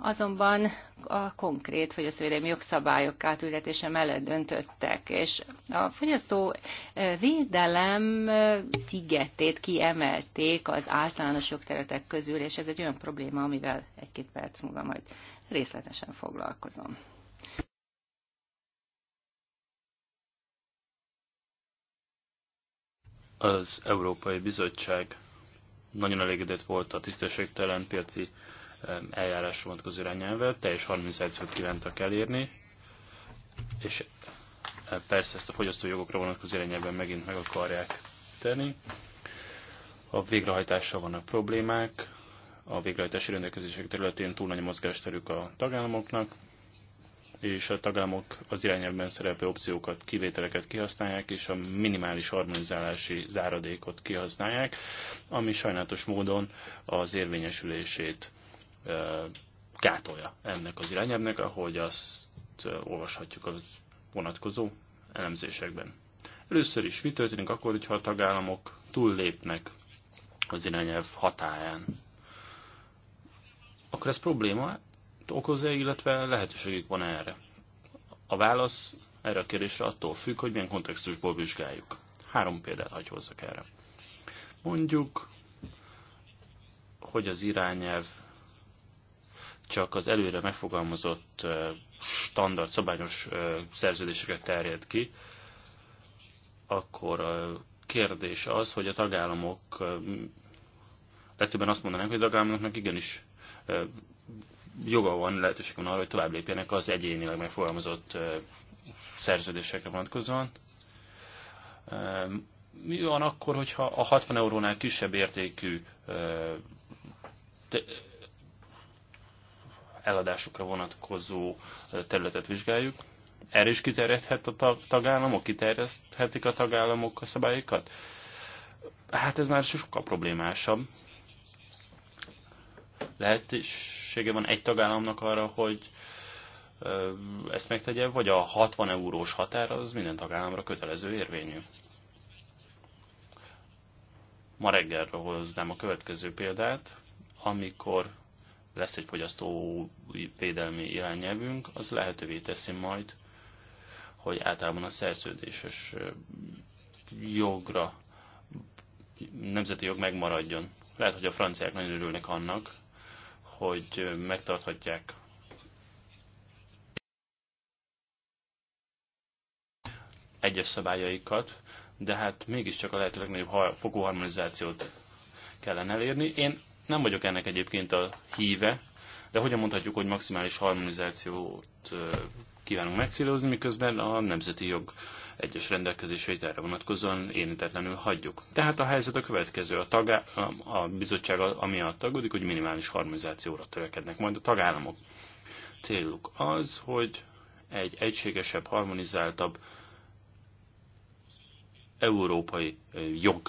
azonban a konkrét fogyasztóvédelmi jogszabályok átültetése mellett döntöttek, és a fogyasztó eh, védelem eh, szigetét kiemelték az általános jogterületek közül, és ez egy olyan probléma, amivel egy-két perc múlva majd részletesen foglalkozom. Az Európai Bizottság nagyon elégedett volt a tisztességtelen piaci eljárásra vonatkozó irányelvet, teljes harmonizációt kívántak elérni, és e, persze ezt a fogyasztói jogokra vonatkozó irányelvben megint meg akarják tenni. A végrehajtással vannak problémák, a végrehajtási rendelkezések területén túl nagy mozgásterük a tagállamoknak, és a tagállamok az irányelvben szereplő opciókat, kivételeket kihasználják, és a minimális harmonizálási záradékot kihasználják, ami sajnálatos módon az érvényesülését gátolja ennek az irányelvnek, ahogy azt olvashatjuk az vonatkozó elemzésekben. Először is mi történik akkor, hogyha a tagállamok túllépnek az irányelv hatáján? Akkor ez probléma okoz-e, illetve lehetőségük van -e erre? A válasz erre a kérdésre attól függ, hogy milyen kontextusból vizsgáljuk. Három példát hagy hozzak erre. Mondjuk, hogy az irányelv csak az előre megfogalmazott standard, szabályos szerződésekre terjed ki, akkor a kérdés az, hogy a tagállamok legtöbben azt mondanánk, hogy a tagállamoknak igenis joga van, lehetőség van arra, hogy tovább lépjenek az egyénileg megfogalmazott szerződésekre vonatkozóan. Mi van akkor, hogyha a 60 eurónál kisebb értékű eladásokra vonatkozó területet vizsgáljuk. Erre is kiterjedhet a tagállamok? Kiterjeszthetik a tagállamok a szabályokat? Hát ez már sokkal problémásabb. Lehetősége van egy tagállamnak arra, hogy ezt megtegye, vagy a 60 eurós határ az minden tagállamra kötelező érvényű. Ma reggelről hoznám a következő példát, amikor lesz egy fogyasztói védelmi irányelvünk, az lehetővé teszi majd, hogy általában a szerződéses jogra, nemzeti jog megmaradjon. Lehet, hogy a franciák nagyon örülnek annak, hogy megtarthatják egyes szabályaikat, de hát mégiscsak a lehető legnagyobb fokú harmonizációt kellene elérni. Én nem vagyok ennek egyébként a híve, de hogyan mondhatjuk, hogy maximális harmonizációt kívánunk megcélozni, miközben a nemzeti jog egyes rendelkezéseit erre vonatkozóan érintetlenül hagyjuk. Tehát a helyzet a következő. A, tagá- a bizottság amiatt tagodik, hogy minimális harmonizációra törekednek majd a tagállamok. Céluk az, hogy egy egységesebb, harmonizáltabb európai jog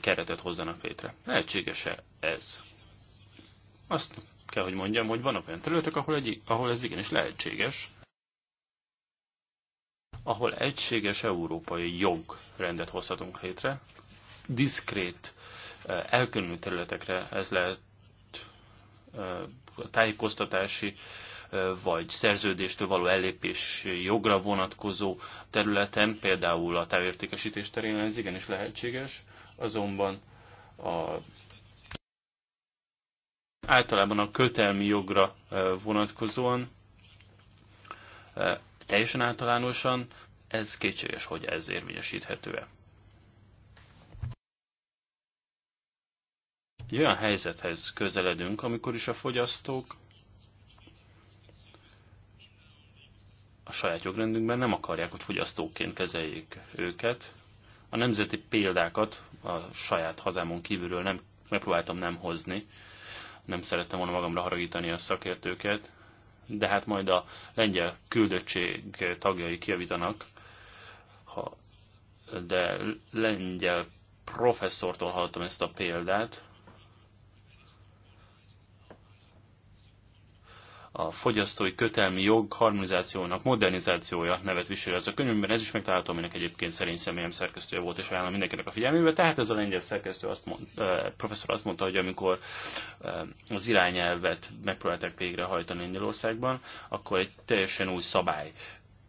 keretet hozzanak létre. Lehetséges-e ez. Azt kell, hogy mondjam, hogy vannak olyan területek, ahol, egy, ahol ez igenis lehetséges, ahol egységes európai jogrendet hozhatunk létre, diszkrét, eh, elkülönült területekre ez lehet eh, a tájékoztatási eh, vagy szerződéstől való ellépés jogra vonatkozó területen, például a távértékesítés terén ez igenis lehetséges, azonban a általában a kötelmi jogra e, vonatkozóan e, teljesen általánosan, ez kétséges, hogy ez érvényesíthető-e. Egy olyan helyzethez közeledünk, amikor is a fogyasztók a saját jogrendünkben nem akarják, hogy fogyasztóként kezeljék őket. A nemzeti példákat a saját hazámon kívülről nem megpróbáltam nem hozni, nem szerettem volna magamra haragítani a szakértőket, de hát majd a lengyel küldöttség tagjai kiavítanak, ha, de lengyel professzortól hallottam ezt a példát, a fogyasztói kötelmi jog harmonizációnak, modernizációja nevet viseli ez a könyvben. Ez is megtalálható, aminek egyébként szerény személyem szerkesztője volt, és ajánlom mindenkinek a figyelmébe. Tehát ez a lengyel szerkesztő, azt mond, eh, professzor azt mondta, hogy amikor eh, az irányelvet megpróbálták végrehajtani Lengyelországban, akkor egy teljesen új szabály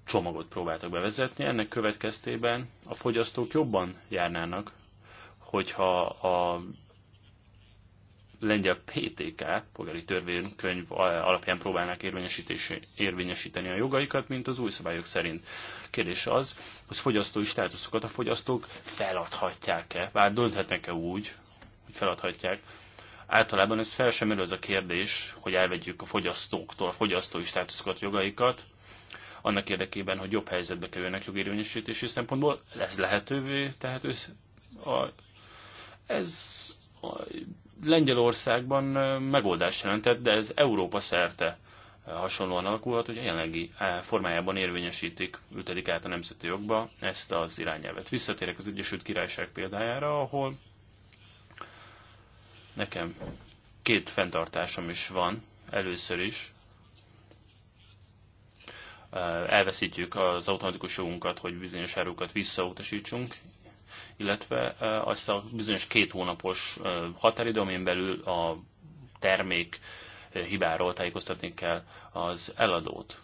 csomagot próbáltak bevezetni. Ennek következtében a fogyasztók jobban járnának, hogyha a lengyel PTK, polgári törvénykönyv alapján próbálnák érvényesíteni a jogaikat, mint az új szabályok szerint. Kérdés az, hogy fogyasztói státuszokat a fogyasztók feladhatják-e, bár dönthetnek-e úgy, hogy feladhatják. Általában ez fel sem az a kérdés, hogy elvegyük a fogyasztóktól a fogyasztói státuszokat, jogaikat, annak érdekében, hogy jobb helyzetbe kerüljenek jogérvényesítési szempontból, ez lehetővé Tehát, A, ez a Lengyelországban megoldást jelentett, de ez Európa szerte hasonlóan alakulhat, hogy a jelenlegi formájában érvényesítik, ültetik át a nemzeti jogba ezt az irányelvet. Visszatérek az Egyesült Királyság példájára, ahol nekem két fenntartásom is van, először is. Elveszítjük az automatikus jogunkat, hogy bizonyos árukat visszautasítsunk, illetve azt a bizonyos két hónapos határidő, amin belül a termék hibáról tájékoztatni kell az eladót.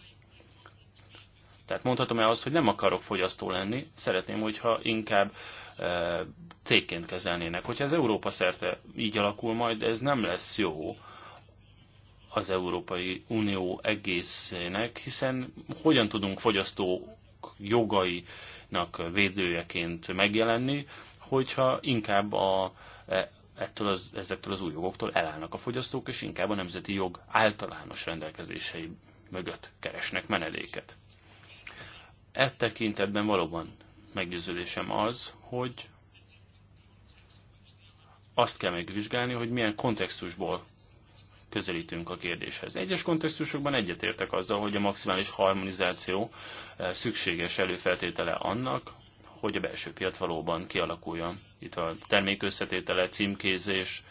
Tehát mondhatom el azt, hogy nem akarok fogyasztó lenni, szeretném, hogyha inkább e, cégként kezelnének. Hogyha ez Európa szerte így alakul majd, ez nem lesz jó az Európai Unió egészének, hiszen hogyan tudunk fogyasztók jogai nak védőjeként megjelenni, hogyha inkább a, e, ettől az, ezektől az új jogoktól elállnak a fogyasztók, és inkább a nemzeti jog általános rendelkezései mögött keresnek menedéket. E tekintetben valóban meggyőződésem az, hogy azt kell megvizsgálni, hogy milyen kontextusból közelítünk a kérdéshez. Egyes kontextusokban egyetértek azzal, hogy a maximális harmonizáció eh, szükséges előfeltétele annak, hogy a belső piac valóban kialakuljon. Itt a termék összetétele, címkézés,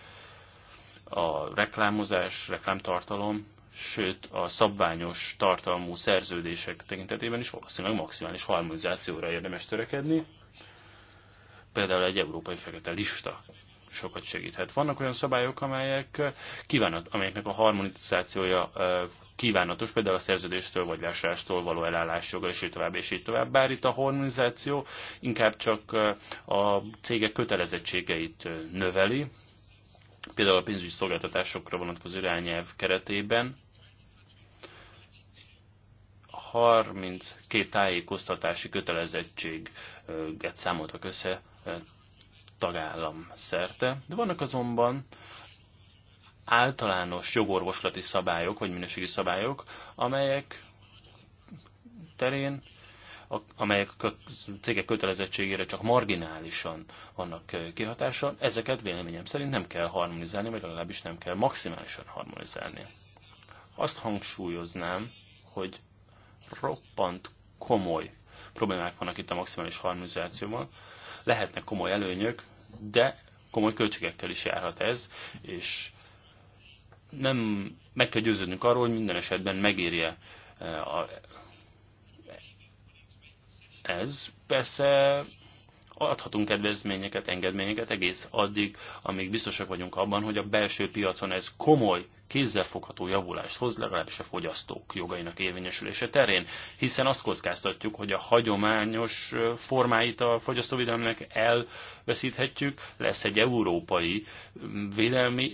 a reklámozás, reklámtartalom, sőt a szabványos tartalmú szerződések tekintetében is valószínűleg maximális harmonizációra érdemes törekedni. Például egy európai fekete lista sokat segíthet. Vannak olyan szabályok, amelyek kívánat, amelyeknek a harmonizációja kívánatos, például a szerződéstől vagy vásárlástól való elállás joga, és így tovább, és így tovább. Bár itt a harmonizáció inkább csak a cégek kötelezettségeit növeli, például a pénzügyi szolgáltatásokra vonatkozó irányelv keretében, 32 tájékoztatási kötelezettséget számoltak össze tagállam szerte, de vannak azonban általános jogorvoslati szabályok, vagy minőségi szabályok, amelyek terén, amelyek a cégek kötelezettségére csak marginálisan vannak eh, kihatással, ezeket véleményem szerint nem kell harmonizálni, vagy legalábbis nem kell maximálisan harmonizálni. Azt hangsúlyoznám, hogy roppant komoly problémák vannak itt a maximális harmonizációval, Lehetnek komoly előnyök, de komoly költségekkel is járhat ez, és nem meg kell győződnünk arról, hogy minden esetben megérje eh, a, ez. Persze adhatunk kedvezményeket, engedményeket egész addig, amíg biztosak vagyunk abban, hogy a belső piacon ez komoly, kézzelfogható javulást hoz legalábbis a fogyasztók jogainak érvényesülése terén, hiszen azt kockáztatjuk, hogy a hagyományos formáit a fogyasztóvédelmnek elveszíthetjük, lesz egy európai védelmi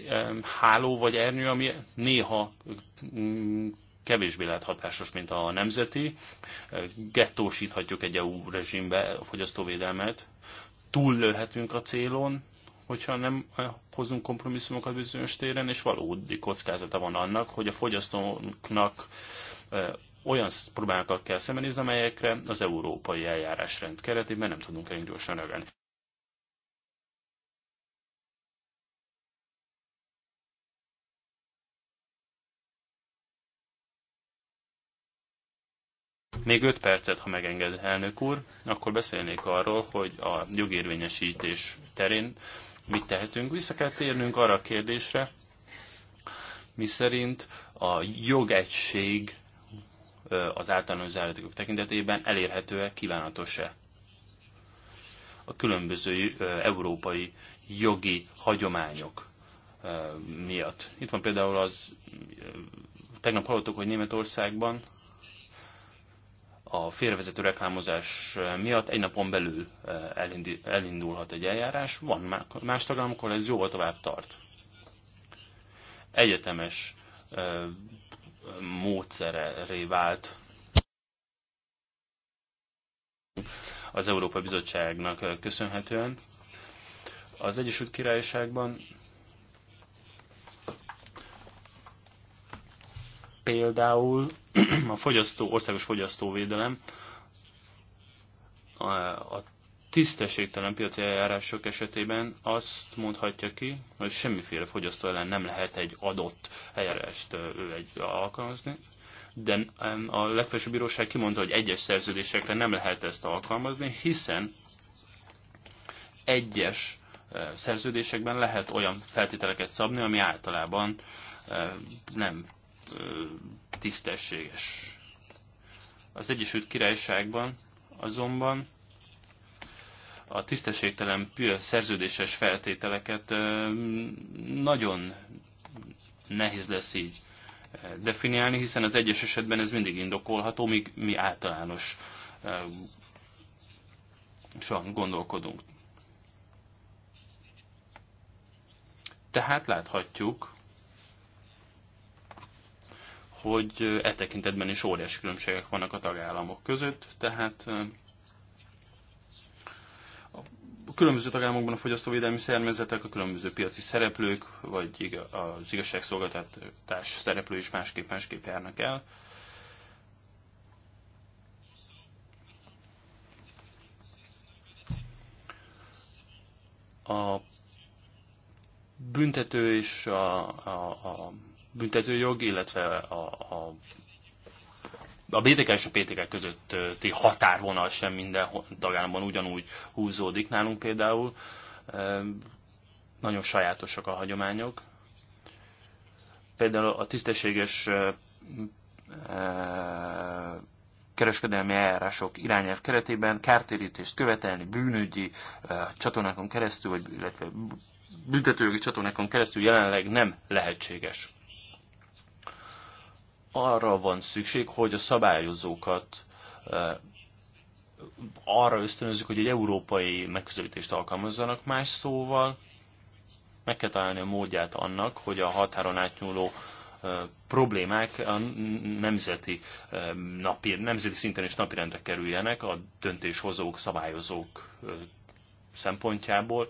háló vagy ernyő, ami néha kevésbé lehet hatásos, mint a nemzeti. Gettósíthatjuk egy EU rezsimbe a fogyasztóvédelmet, túllőhetünk a célon, hogyha nem hozunk kompromisszumokat bizonyos téren, és valódi kockázata van annak, hogy a fogyasztóknak olyan problémákat kell szembenézni, amelyekre az európai eljárásrend keretében nem tudunk elég gyorsan reagálni. Még 5 percet, ha megenged elnök úr, akkor beszélnék arról, hogy a jogérvényesítés terén mit tehetünk. Vissza kell térnünk arra a kérdésre, mi szerint a jogegység az általános záratok tekintetében elérhető-e, kívánatos-e? A különböző európai jogi hagyományok miatt. Itt van például az, tegnap hallottuk, hogy Németországban a félrevezető reklámozás eh, miatt egy napon belül eh, elindulhat egy eljárás. Van más tagállam, ahol ez jóval tovább tart. Egyetemes eh, módszerre vált az Európa Bizottságnak köszönhetően. Az Egyesült Királyságban például a fogyasztó, országos fogyasztóvédelem a tisztességtelen piaci eljárások esetében azt mondhatja ki, hogy semmiféle fogyasztó ellen nem lehet egy adott eljárást ő egy alkalmazni, de a legfelsőbb bíróság kimondta, hogy egyes szerződésekre nem lehet ezt alkalmazni, hiszen egyes szerződésekben lehet olyan feltételeket szabni, ami általában nem tisztességes. Az Egyesült Királyságban azonban a tisztességtelen szerződéses feltételeket nagyon nehéz lesz így definiálni, hiszen az egyes esetben ez mindig indokolható, míg mi általános gondolkodunk. Tehát láthatjuk, hogy e tekintetben is óriási különbségek vannak a tagállamok között, tehát a különböző tagállamokban a fogyasztóvédelmi szervezetek, a különböző piaci szereplők, vagy az igazságszolgáltatás szereplő is másképp-másképp járnak el. A büntető és a, a, a büntetőjog, illetve a, a a BTK és a PTK közötti határvonal sem minden tagállamban ugyanúgy húzódik nálunk például. Nagyon sajátosak a hagyományok. Például a tisztességes kereskedelmi eljárások irányelv keretében kártérítést követelni bűnügyi csatornákon keresztül, vagy illetve büntetőjogi csatornákon keresztül jelenleg nem lehetséges arra van szükség, hogy a szabályozókat eh, arra ösztönözzük, hogy egy európai megközelítést alkalmazzanak. Más szóval meg kell találni a módját annak, hogy a határon átnyúló eh, problémák a nemzeti, eh, napi, nemzeti szinten is napirendre kerüljenek a döntéshozók, szabályozók szempontjából,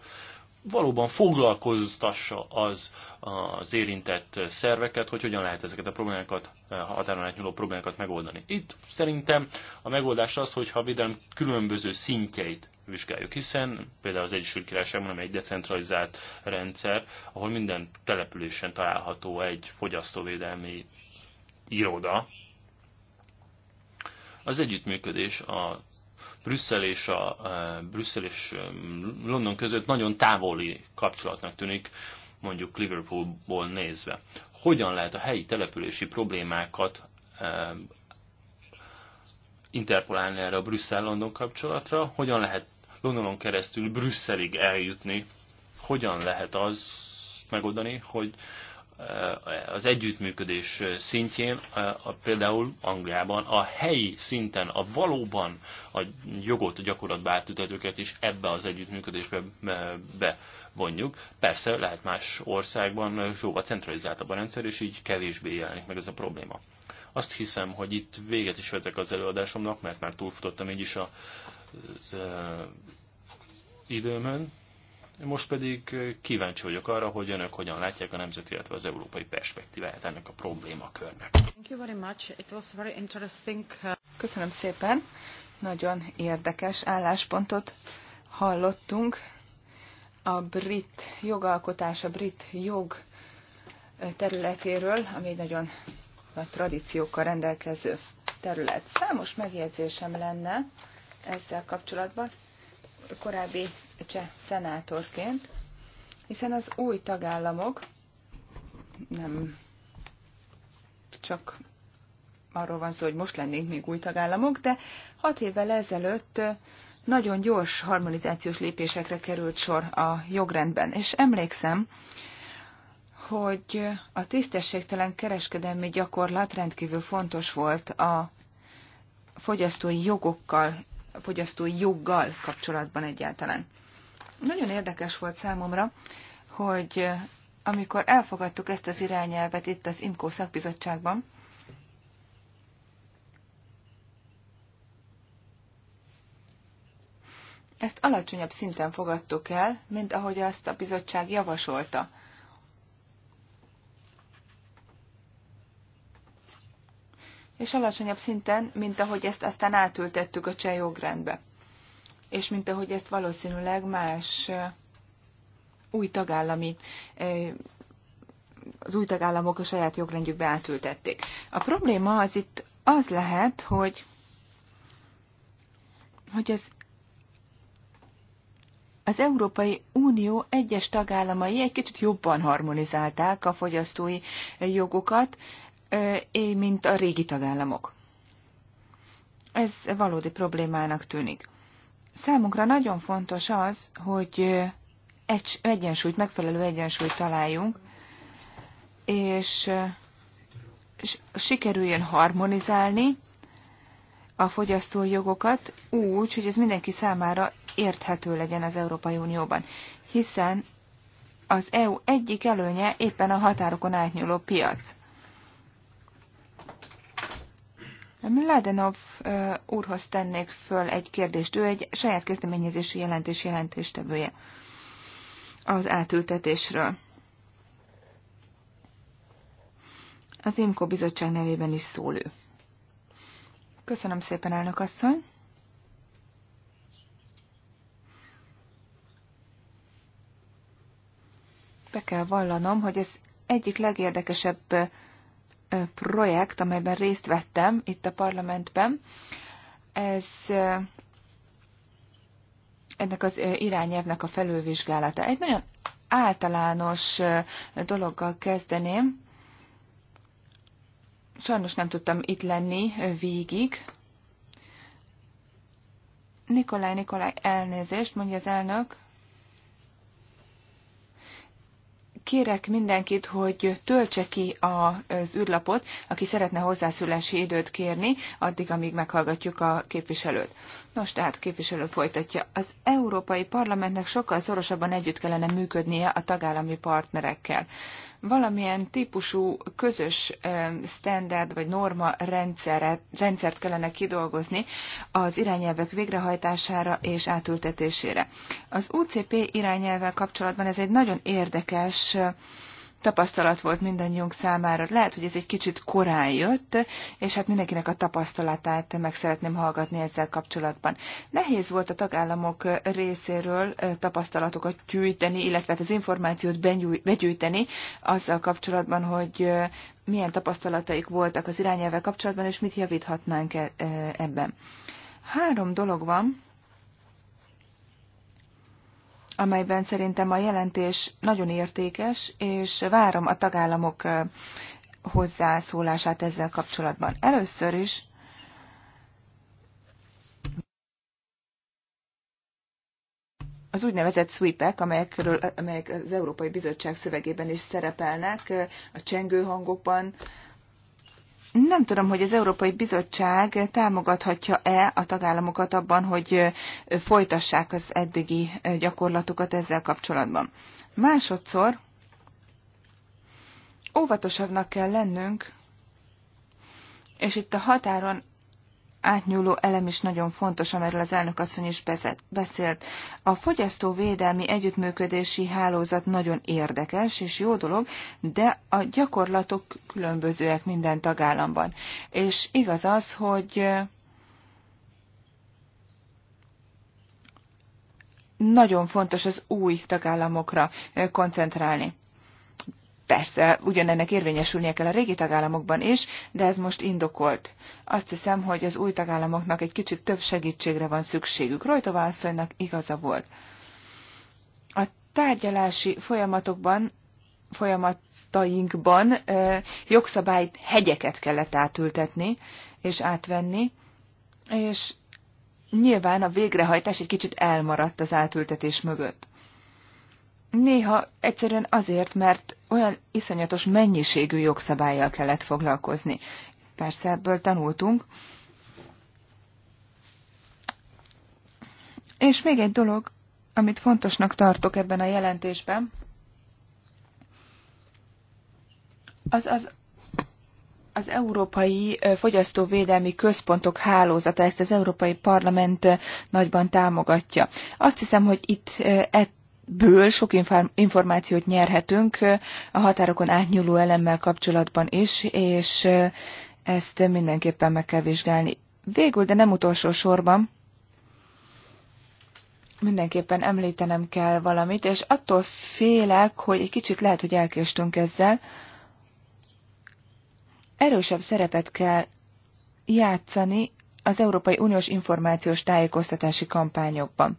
valóban foglalkoztassa az az érintett szerveket, hogy hogyan lehet ezeket a problémákat, eh, határon átnyúló problémákat megoldani. Itt szerintem a megoldás az, hogyha a védelem különböző szintjeit vizsgáljuk, hiszen például az Egyesült Királyságban nem egy decentralizált rendszer, ahol minden településen található egy fogyasztóvédelmi iroda. Az együttműködés a Brüsszel és, a, e, Brüsszel és e, London között nagyon távoli kapcsolatnak tűnik, mondjuk Liverpoolból nézve. Hogyan lehet a helyi települési problémákat e, interpolálni erre a Brüsszel-London kapcsolatra? Hogyan lehet Londonon keresztül Brüsszelig eljutni? Hogyan lehet az megoldani, hogy Eh, az együttműködés eh, szintjén, eh, például Angliában a helyi szinten, a valóban a jogot, a gyakorlatba átütetőket is ebbe az együttműködésbe bevonjuk. Persze lehet más országban jóval centralizáltabb a rendszer, és így kevésbé jelenik meg ez a probléma. Azt hiszem, hogy itt véget is vetek az előadásomnak, mert már túlfutottam így is a, az, az, az időmön most pedig kíváncsi vagyok arra, hogy önök hogyan látják a nemzeti, illetve az európai perspektíváját ennek a problémakörnek. Uh, Köszönöm szépen. Nagyon érdekes álláspontot hallottunk. A brit jogalkotás, a brit jog területéről, ami egy nagyon nagy tradíciókkal rendelkező terület. Számos megjegyzésem lenne ezzel kapcsolatban korábbi cseh szenátorként, hiszen az új tagállamok nem csak arról van szó, hogy most lennénk még új tagállamok, de hat évvel ezelőtt nagyon gyors harmonizációs lépésekre került sor a jogrendben. És emlékszem, hogy a tisztességtelen kereskedelmi gyakorlat rendkívül fontos volt a fogyasztói jogokkal fogyasztói joggal kapcsolatban egyáltalán. Nagyon érdekes volt számomra, hogy eh, amikor elfogadtuk ezt az irányelvet itt az IMKO szakbizottságban, ezt alacsonyabb szinten fogadtuk el, mint ahogy azt a bizottság javasolta. és alacsonyabb szinten, mint ahogy ezt aztán átültettük a cseh jogrendbe, és mint ahogy ezt valószínűleg más új tagállami az új tagállamok a saját jogrendjükbe átültették. A probléma az itt az lehet, hogy, hogy az, az Európai Unió egyes tagállamai egy kicsit jobban harmonizálták a fogyasztói jogokat, mint a régi tagállamok. Ez valódi problémának tűnik. Számunkra nagyon fontos az, hogy egy, egyensúlyt, megfelelő egyensúlyt találjunk, és sikerüljön harmonizálni a fogyasztói jogokat úgy, hogy ez mindenki számára érthető legyen az Európai Unióban, hiszen az EU egyik előnye éppen a határokon átnyúló piac. Mladenov úrhoz tennék föl egy kérdést. Ő egy saját kezdeményezési jelentés jelentéstevője az átültetésről. Az IMKO bizottság nevében is szól ő. Köszönöm szépen, elnök asszony! Be kell vallanom, hogy ez egyik legérdekesebb projekt, amelyben részt vettem itt a parlamentben. Ez ennek az irányelvnek a felülvizsgálata. Egy nagyon általános dologgal kezdeném. Sajnos nem tudtam itt lenni végig. Nikolaj, Nikolaj, elnézést, mondja az elnök. Kérek mindenkit, hogy töltse ki az űrlapot, aki szeretne hozzászólási időt kérni, addig, amíg meghallgatjuk a képviselőt. Nos, tehát képviselő folytatja. Az Európai Parlamentnek sokkal szorosabban együtt kellene működnie a tagállami partnerekkel valamilyen típusú közös standard vagy norma rendszeret, rendszert kellene kidolgozni az irányelvek végrehajtására és átültetésére. Az UCP irányelvvel kapcsolatban ez egy nagyon érdekes tapasztalat volt mindannyiunk számára. Lehet, hogy ez egy kicsit korán jött, és hát mindenkinek a tapasztalatát meg szeretném hallgatni ezzel kapcsolatban. Nehéz volt a tagállamok részéről tapasztalatokat gyűjteni, illetve hát az információt begyűjteni azzal kapcsolatban, hogy milyen tapasztalataik voltak az irányelvek kapcsolatban, és mit javíthatnánk e, ebben. Három dolog van, amelyben szerintem a jelentés nagyon értékes, és várom a tagállamok hozzászólását ezzel kapcsolatban. Először is az úgynevezett sweepek, amelyekről, amelyek az Európai Bizottság szövegében is szerepelnek, a csengő hangokban, nem tudom, hogy az Európai Bizottság támogathatja-e a tagállamokat abban, hogy folytassák az eddigi gyakorlatukat ezzel kapcsolatban. Másodszor óvatosabbnak kell lennünk, és itt a határon átnyúló elem is nagyon fontos, amiről az elnök asszony is beszélt. A fogyasztóvédelmi együttműködési hálózat nagyon érdekes és jó dolog, de a gyakorlatok különbözőek minden tagállamban. És igaz az, hogy nagyon fontos az új tagállamokra koncentrálni. Persze, ugyanennek érvényesülnie kell a régi tagállamokban is, de ez most indokolt. Azt hiszem, hogy az új tagállamoknak egy kicsit több segítségre van szükségük. Rojtova asszonynak igaza volt. A tárgyalási folyamatokban, folyamatainkban jogszabály hegyeket kellett átültetni és átvenni, és nyilván a végrehajtás egy kicsit elmaradt az átültetés mögött. Néha egyszerűen azért, mert olyan iszonyatos mennyiségű jogszabályjal kellett foglalkozni. Persze ebből tanultunk. És még egy dolog, amit fontosnak tartok ebben a jelentésben, az az, az Európai Fogyasztóvédelmi Központok hálózata, ezt az Európai Parlament nagyban támogatja. Azt hiszem, hogy itt e- ből sok információt nyerhetünk a határokon átnyúló elemmel kapcsolatban is, és ezt mindenképpen meg kell vizsgálni. Végül, de nem utolsó sorban, mindenképpen említenem kell valamit, és attól félek, hogy egy kicsit lehet, hogy elkéstünk ezzel. Erősebb szerepet kell játszani az Európai Uniós információs tájékoztatási kampányokban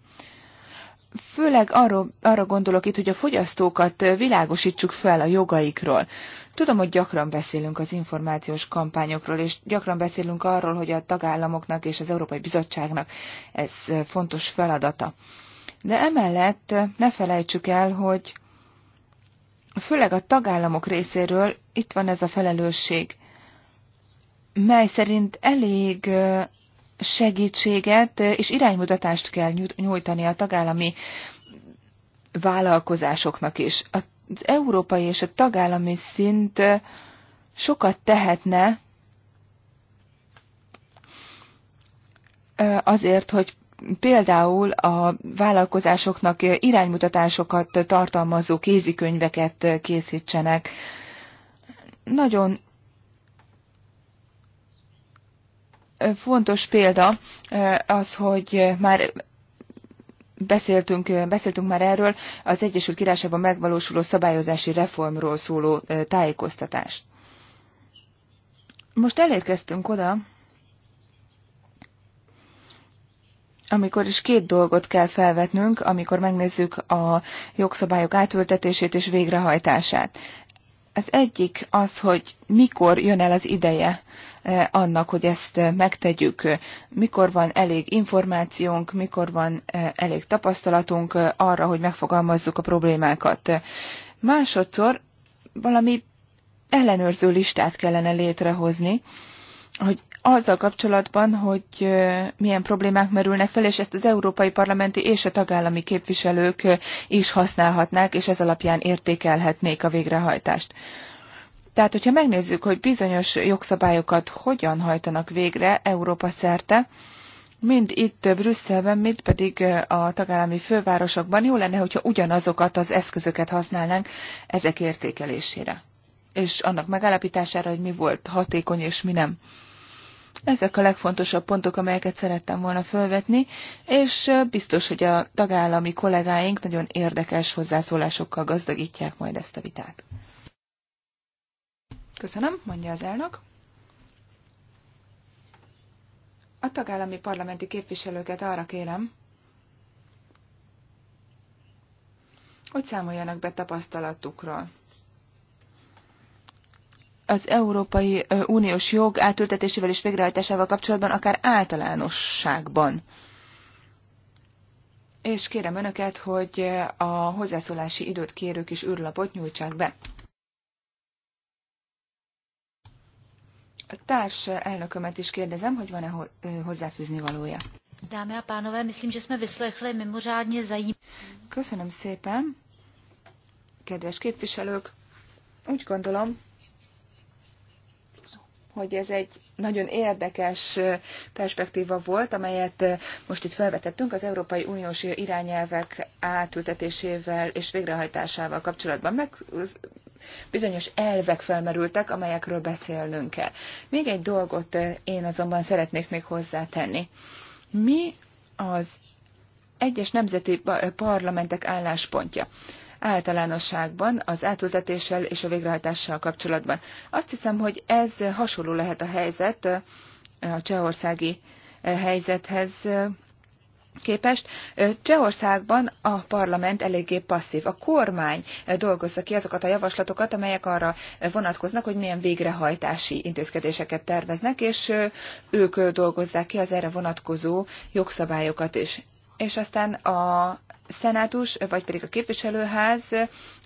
főleg arra, arra gondolok itt, hogy a fogyasztókat világosítsuk fel a jogaikról. Tudom, hogy gyakran beszélünk az információs kampányokról, és gyakran beszélünk arról, hogy a tagállamoknak és az Európai Bizottságnak ez fontos feladata. De emellett ne felejtsük el, hogy főleg a tagállamok részéről itt van ez a felelősség, mely szerint elég segítséget és iránymutatást kell nyújtani a tagállami vállalkozásoknak is. Az európai és a tagállami szint sokat tehetne azért, hogy például a vállalkozásoknak iránymutatásokat tartalmazó kézikönyveket készítsenek. Nagyon fontos példa az, hogy már beszéltünk, beszéltünk már erről az Egyesült Királyságban megvalósuló szabályozási reformról szóló tájékoztatást. Most elérkeztünk oda, amikor is két dolgot kell felvetnünk, amikor megnézzük a jogszabályok átültetését és végrehajtását. Az egyik az, hogy mikor jön el az ideje eh, annak, hogy ezt eh, megtegyük, mikor van elég információnk, mikor van eh, elég tapasztalatunk arra, hogy megfogalmazzuk a problémákat. Másodszor valami ellenőrző listát kellene létrehozni, hogy azzal kapcsolatban, hogy milyen problémák merülnek fel, és ezt az európai parlamenti és a tagállami képviselők is használhatnák, és ez alapján értékelhetnék a végrehajtást. Tehát, hogyha megnézzük, hogy bizonyos jogszabályokat hogyan hajtanak végre Európa szerte, mind itt Brüsszelben, mind pedig a tagállami fővárosokban jó lenne, hogyha ugyanazokat az eszközöket használnánk ezek értékelésére, és annak megállapítására, hogy mi volt hatékony és mi nem. Ezek a legfontosabb pontok, amelyeket szerettem volna fölvetni, és biztos, hogy a tagállami kollégáink nagyon érdekes hozzászólásokkal gazdagítják majd ezt a vitát. Köszönöm, mondja az elnök. A tagállami parlamenti képviselőket arra kérem, hogy számoljanak be tapasztalatukról az Európai Uniós jog átültetésével és végrehajtásával kapcsolatban, akár általánosságban. És kérem Önöket, hogy a hozzászólási időt kérők is űrlapot nyújtsák be. A társ elnökömet is kérdezem, hogy van-e hozzáfűzni valója. Dámy a pánové, myslím, že jsme vyslechli mimořádně zajímavé. Köszönöm szépen, kedves képviselők. Úgy gondolom, hogy ez egy nagyon érdekes perspektíva volt, amelyet most itt felvetettünk az Európai Uniós irányelvek átültetésével és végrehajtásával kapcsolatban. Meg bizonyos elvek felmerültek, amelyekről beszélnünk kell. Még egy dolgot én azonban szeretnék még hozzátenni. Mi az egyes nemzeti parlamentek álláspontja? általánosságban az átültetéssel és a végrehajtással kapcsolatban. Azt hiszem, hogy ez hasonló lehet a helyzet a csehországi eh, helyzethez eh, képest eh, Csehországban a parlament eléggé passzív. A kormány dolgozza ki azokat a javaslatokat, amelyek arra vonatkoznak, hogy milyen végrehajtási intézkedéseket terveznek, és ők dolgozzák ki az erre vonatkozó jogszabályokat is. És aztán a szenátus, vagy pedig a képviselőház,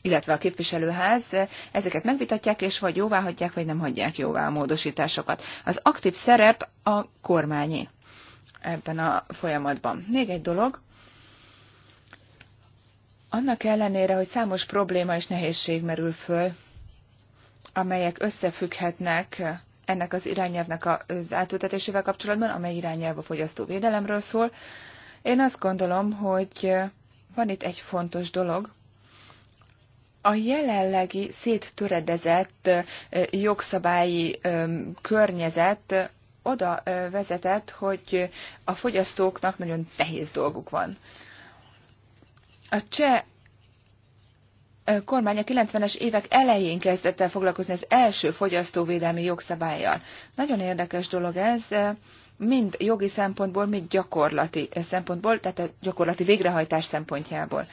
illetve a képviselőház ezeket megvitatják, és vagy jóvá hagyják, vagy nem hagyják jóvá a módosításokat. Az aktív szerep a kormányi ebben a folyamatban. Még egy dolog, annak ellenére, hogy számos probléma és nehézség merül föl, amelyek összefügghetnek ennek az irányelvnek az átültetésével kapcsolatban, amely irányelv a fogyasztóvédelemről szól, én azt gondolom, hogy van itt egy fontos dolog. A jelenlegi széttöredezett jogszabályi környezet oda vezetett, hogy a fogyasztóknak nagyon nehéz dolguk van. A cseh kormány a 90-es évek elején kezdett el foglalkozni az első fogyasztóvédelmi jogszabályjal. Nagyon érdekes dolog ez, mind jogi szempontból, mind gyakorlati szempontból, tehát a gyakorlati végrehajtás szempontjából.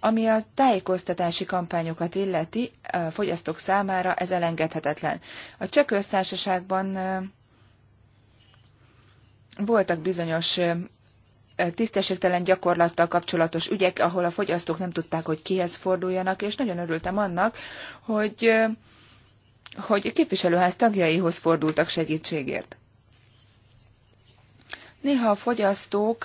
Ami a tájékoztatási kampányokat illeti, a fogyasztók számára ez elengedhetetlen. A cseh köztársaságban voltak bizonyos tisztességtelen gyakorlattal kapcsolatos ügyek, ahol a fogyasztók nem tudták, hogy kihez forduljanak, és nagyon örültem annak, hogy, hogy a képviselőház tagjaihoz fordultak segítségért. Néha a fogyasztók,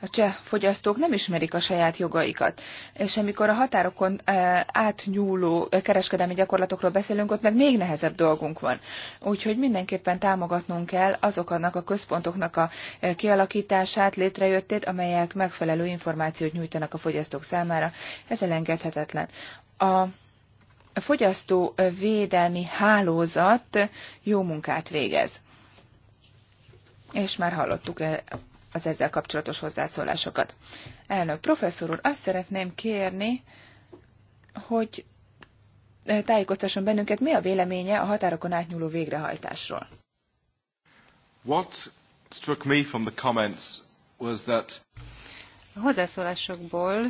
a cseh fogyasztók nem ismerik a saját jogaikat, és amikor a határokon átnyúló kereskedelmi gyakorlatokról beszélünk, ott meg még nehezebb dolgunk van. Úgyhogy mindenképpen támogatnunk kell azoknak a központoknak a kialakítását, létrejöttét, amelyek megfelelő információt nyújtanak a fogyasztók számára. Ez elengedhetetlen. A fogyasztóvédelmi hálózat jó munkát végez és már hallottuk eh, az ezzel kapcsolatos hozzászólásokat. Elnök professzor úr, azt szeretném kérni, hogy eh, tájékoztasson bennünket, mi a véleménye a határokon átnyúló végrehajtásról. What struck me from the comments was that a hozzászólásokból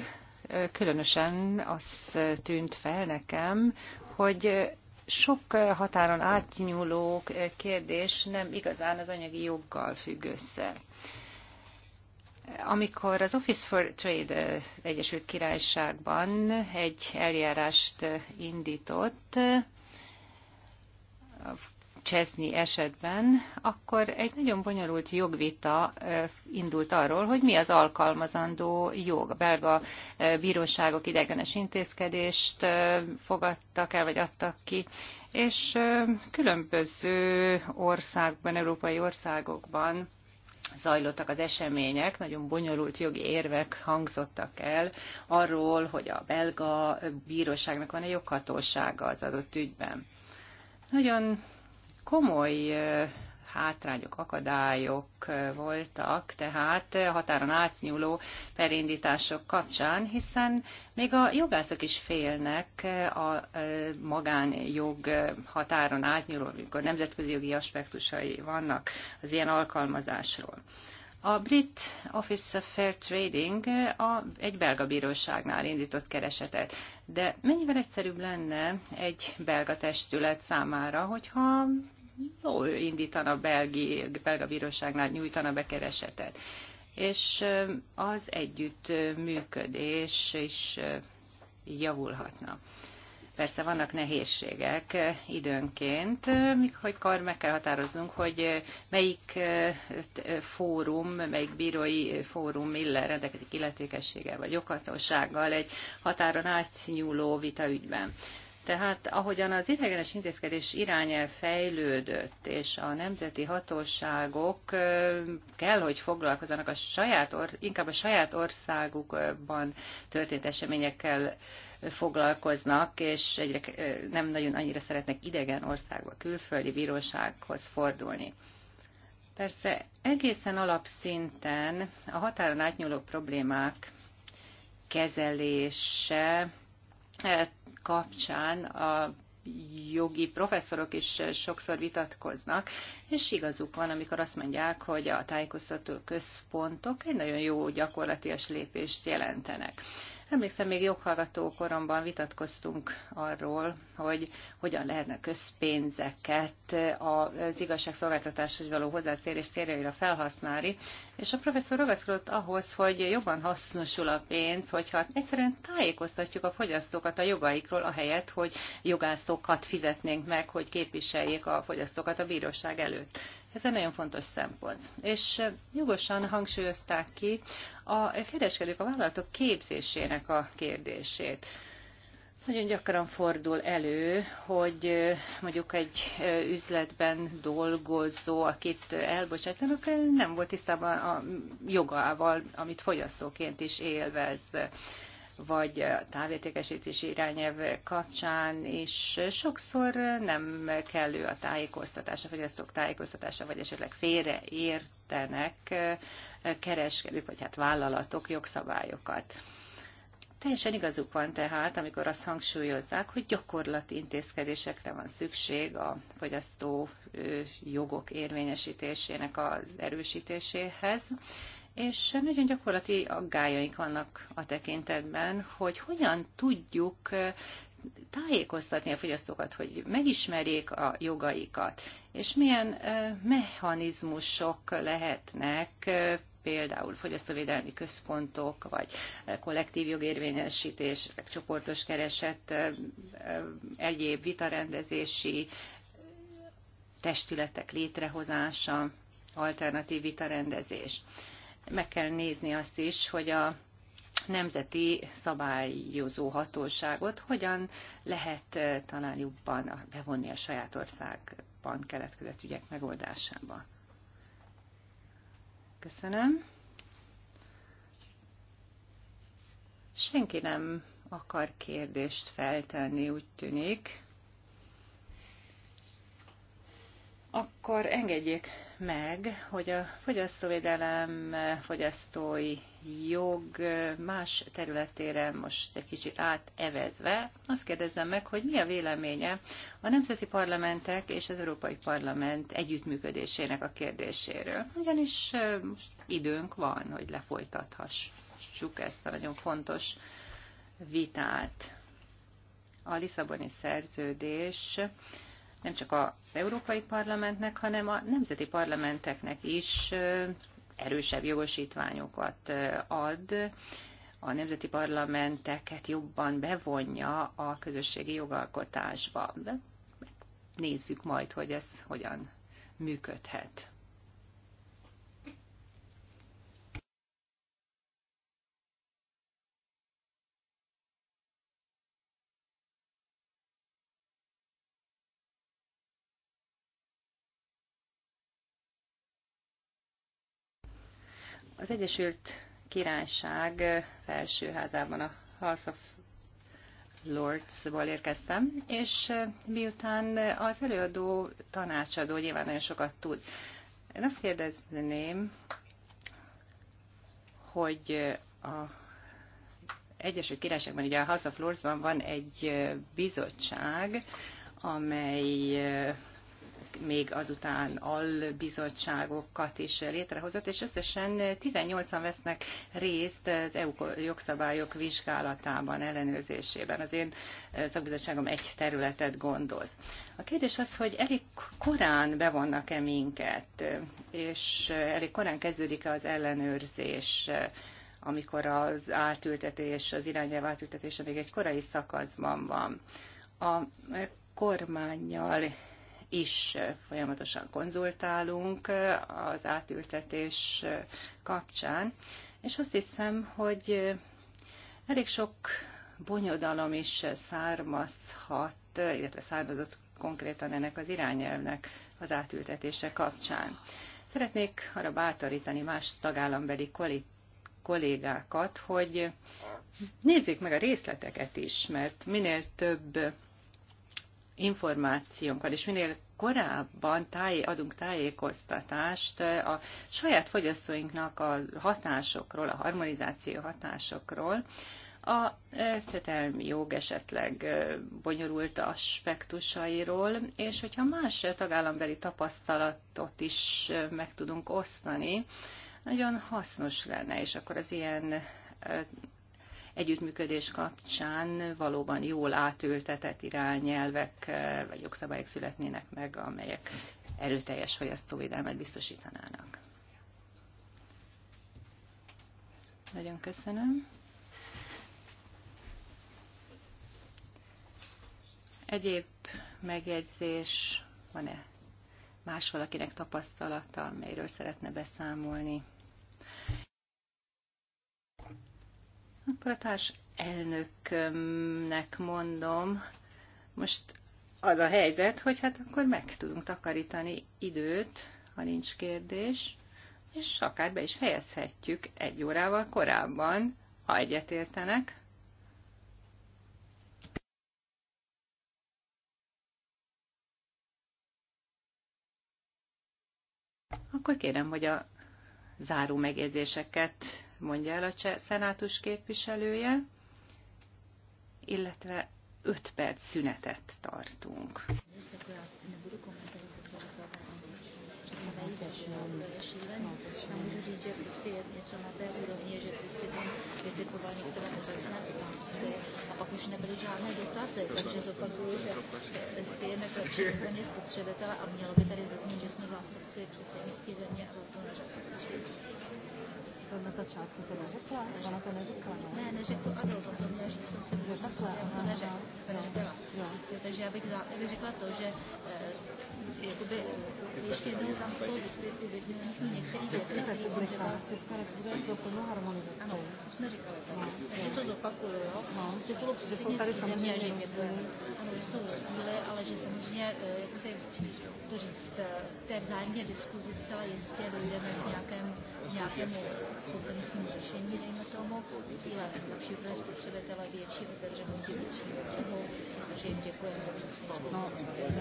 eh, különösen az tűnt fel nekem, hogy sok eh, határon átnyúló eh, kérdés nem igazán az anyagi joggal függ össze. Amikor az Office for Trade eh, Egyesült Királyságban egy eljárást indított, Cseszni esetben, akkor egy nagyon bonyolult jogvita indult arról, hogy mi az alkalmazandó jog. A belga bíróságok idegenes intézkedést fogadtak el, vagy adtak ki, és különböző országban, európai országokban zajlottak az események, nagyon bonyolult jogi érvek hangzottak el arról, hogy a belga bíróságnak van-e joghatósága az adott ügyben. Nagyon komoly hátrányok, akadályok voltak, tehát határon átnyúló perindítások kapcsán, hiszen még a jogászok is félnek a magánjog határon átnyúló, amikor nemzetközi jogi aspektusai vannak az ilyen alkalmazásról. A Brit Office of Fair Trading a, egy belga bíróságnál indított keresetet, de mennyivel egyszerűbb lenne egy belga testület számára, hogyha ó, ő indítana belgi, belga bíróságnál, nyújtana keresetet. És az együttműködés is javulhatna. Persze vannak nehézségek időnként, mikor meg kell határoznunk, hogy melyik fórum, melyik bírói fórum ille rendelkezik illetékességgel vagy joghatósággal egy határon átnyúló vita ügyben. Tehát ahogyan az idegenes intézkedés irányel fejlődött, és a nemzeti hatóságok kell, hogy foglalkozzanak a saját or, inkább a saját országukban történt eseményekkel foglalkoznak, és egyre nem nagyon annyira szeretnek idegen országba, külföldi bírósághoz fordulni. Persze egészen alapszinten a határon átnyúló problémák kezelése E, kapcsán a jogi professzorok is sokszor vitatkoznak, és igazuk van, amikor azt mondják, hogy a tájékoztató központok egy nagyon jó gyakorlatias lépést jelentenek. Emlékszem, még joghallgató koromban vitatkoztunk arról, hogy hogyan lehetne közpénzeket az igazságszolgáltatáshoz való hozzáférés céljaira felhasználni, és a professzor ragaszkodott ahhoz, hogy jobban hasznosul a pénz, hogyha egyszerűen tájékoztatjuk a fogyasztókat a jogaikról, ahelyett, hogy jogászokat fizetnénk meg, hogy képviseljék a fogyasztókat a bíróság előtt. Ez egy nagyon fontos szempont. És nyugosan hangsúlyozták ki a kereskedők, a vállalatok képzésének a kérdését. Nagyon gyakran fordul elő, hogy mondjuk egy üzletben dolgozó, akit elbocsátanak, nem volt tisztában a jogával, amit fogyasztóként is élvez vagy a távértékesítési irányelv kapcsán is sokszor nem kellő a tájékoztatása, szok tájékoztatása, vagy esetleg félreértenek eh, kereskedők, vagy hát vállalatok jogszabályokat. Teljesen igazuk van tehát, amikor azt hangsúlyozzák, hogy gyakorlati intézkedésekre van szükség a fogyasztó eh, jogok érvényesítésének az erősítéséhez, és nagyon gyakorlati aggájaink vannak a tekintetben, hogy hogyan tudjuk tájékoztatni a fogyasztókat, hogy megismerjék a jogaikat, és milyen mechanizmusok lehetnek, például fogyasztóvédelmi központok, vagy kollektív jogérvényesítés, csoportos kereset, egyéb vitarendezési testületek létrehozása, alternatív vitarendezés. rendezés meg kell nézni azt is, hogy a nemzeti szabályozó hatóságot hogyan lehet talán jobban bevonni a saját országban keletkezett ügyek megoldásába. Köszönöm. Senki nem akar kérdést feltenni, úgy tűnik. Akkor engedjék meg, hogy a fogyasztóvédelem, fogyasztói jog más területére most egy kicsit átevezve, azt kérdezem meg, hogy mi a véleménye a nemzeti parlamentek és az Európai Parlament együttműködésének a kérdéséről. Ugyanis most időnk van, hogy lefolytathassuk ezt a nagyon fontos vitát. A Lisszaboni szerződés nem csak az Európai Parlamentnek, hanem a nemzeti parlamenteknek is erősebb jogosítványokat ad, a nemzeti parlamenteket jobban bevonja a közösségi jogalkotásba. De nézzük majd, hogy ez hogyan működhet. Az Egyesült Királyság felsőházában a House of Lords-ból érkeztem, és eh, miután az előadó tanácsadó nyilván nagyon sokat tud, én azt kérdezném, hogy eh, a Egyesült Királyságban, ugye a House of Lords-ban van egy eh, bizottság, amely még azután albizottságokat is létrehozott, és összesen 18-an vesznek részt az EU jogszabályok vizsgálatában, ellenőrzésében. Az én eh, szakbizottságom egy területet gondoz. A kérdés az, hogy elég korán bevonnak-e minket, és elég korán kezdődik az ellenőrzés, amikor az átültetés, az irányelv átültetése még egy korai szakaszban van. A eh, kormányjal is folyamatosan konzultálunk az átültetés kapcsán, és azt hiszem, hogy elég sok bonyodalom is származhat, illetve származott konkrétan ennek az irányelvnek az átültetése kapcsán. Szeretnék arra bátorítani más tagállambeli kollégákat, hogy nézzék meg a részleteket is, mert minél több információnkkal, és minél korábban tájé, adunk tájékoztatást eh, a saját fogyasztóinknak a hatásokról, a harmonizáció hatásokról, a eh, fetelmi jog esetleg eh, bonyolult aspektusairól, és hogyha más tagállambeli tapasztalatot is meg tudunk osztani, nagyon hasznos lenne, és akkor az ilyen együttműködés kapcsán valóban jól átültetett irányelvek eh, vagy jogszabályok születnének meg, amelyek erőteljes fogyasztóvédelmet biztosítanának. Nagyon köszönöm. Egyéb megjegyzés van-e más valakinek tapasztalata, amelyről szeretne beszámolni? Akkor a társ elnökömnek mondom, most az a helyzet, hogy hát akkor meg tudunk takarítani időt, ha nincs kérdés, és akár be is fejezhetjük egy órával korábban, ha egyetértenek. Akkor kérem, hogy a záró megjegyzéseket mondja el a szenátus képviselője, illetve 5 perc szünetet tartunk. To na začátku teda řekla, ona to neřekla. Ne, ne neřekla, ano, to mě, že jsem se že takhle, to neřekla, neřekla. Jo. Jo, takže já bych, za, já bych řekla to, že eh, jakoby ještě jednou tam jsou některé věci. Česká republika, Česká republika je pro plnou harmonizaci. Ano, jsme říkali to. No, takže to zopakuju, jo. No, z titulu že jsou tady samozřejmě země, že, ano, že jsou rozdíly, ale že samozřejmě, e, jak se to říct, eh, té vzájemně diskuzi zcela jistě dojdeme k nějakému, nějakému kompromisnímu řešení, dejme tomu, s cílem lepší pro spotřebitele, větší otevřenosti vnitřního trhu, takže jim děkujeme za příspěvek.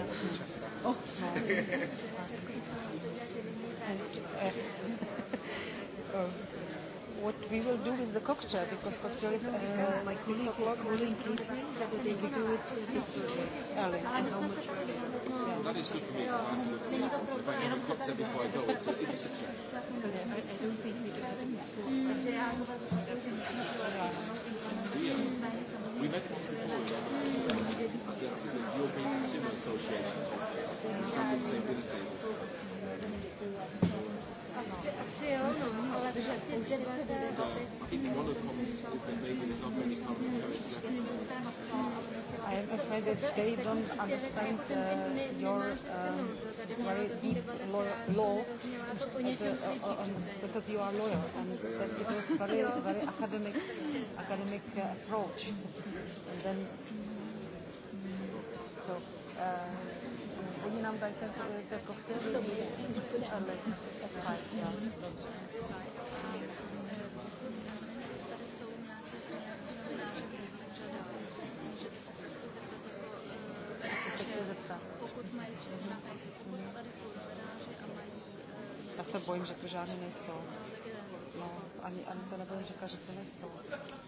what we will do with the cocktail, because cocktail is uh, uh my colleague is calling will do it early. And how much That is good for me. If I have a cocktail before I go, it's a, it's a success. we uh, we met once before, at the, the European Consumer Association sat at the same dinner table. I am afraid that they don't understand uh, your um, very deep law, as a, uh, uh, um, because you are a lawyer and that it was very very academic academic uh, approach and then so. Uh, Oni nám dají ten, eh, ten koktejl a lek. Tady a Já se bojím, že to žádný nejsou. No, ani, ani to nebudu říkat, že to nejsou.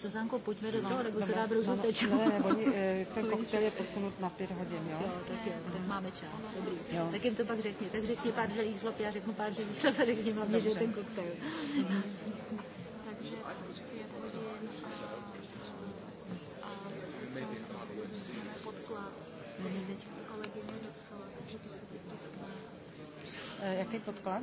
Suzanko, pojďme do nebo se dá brzo teď. Ne, ne, oni, eh, ten koktejl je posunut na pět hodin, jo? Jo, tak jo, tak máme čas, dobrý. Jo. Tak jim to pak řekni, tak řekni pár želých zlob, já řeknu pár želých zlob a řekni hlavně, že je ten koktejl. Takže pět hodin Jaký podklad?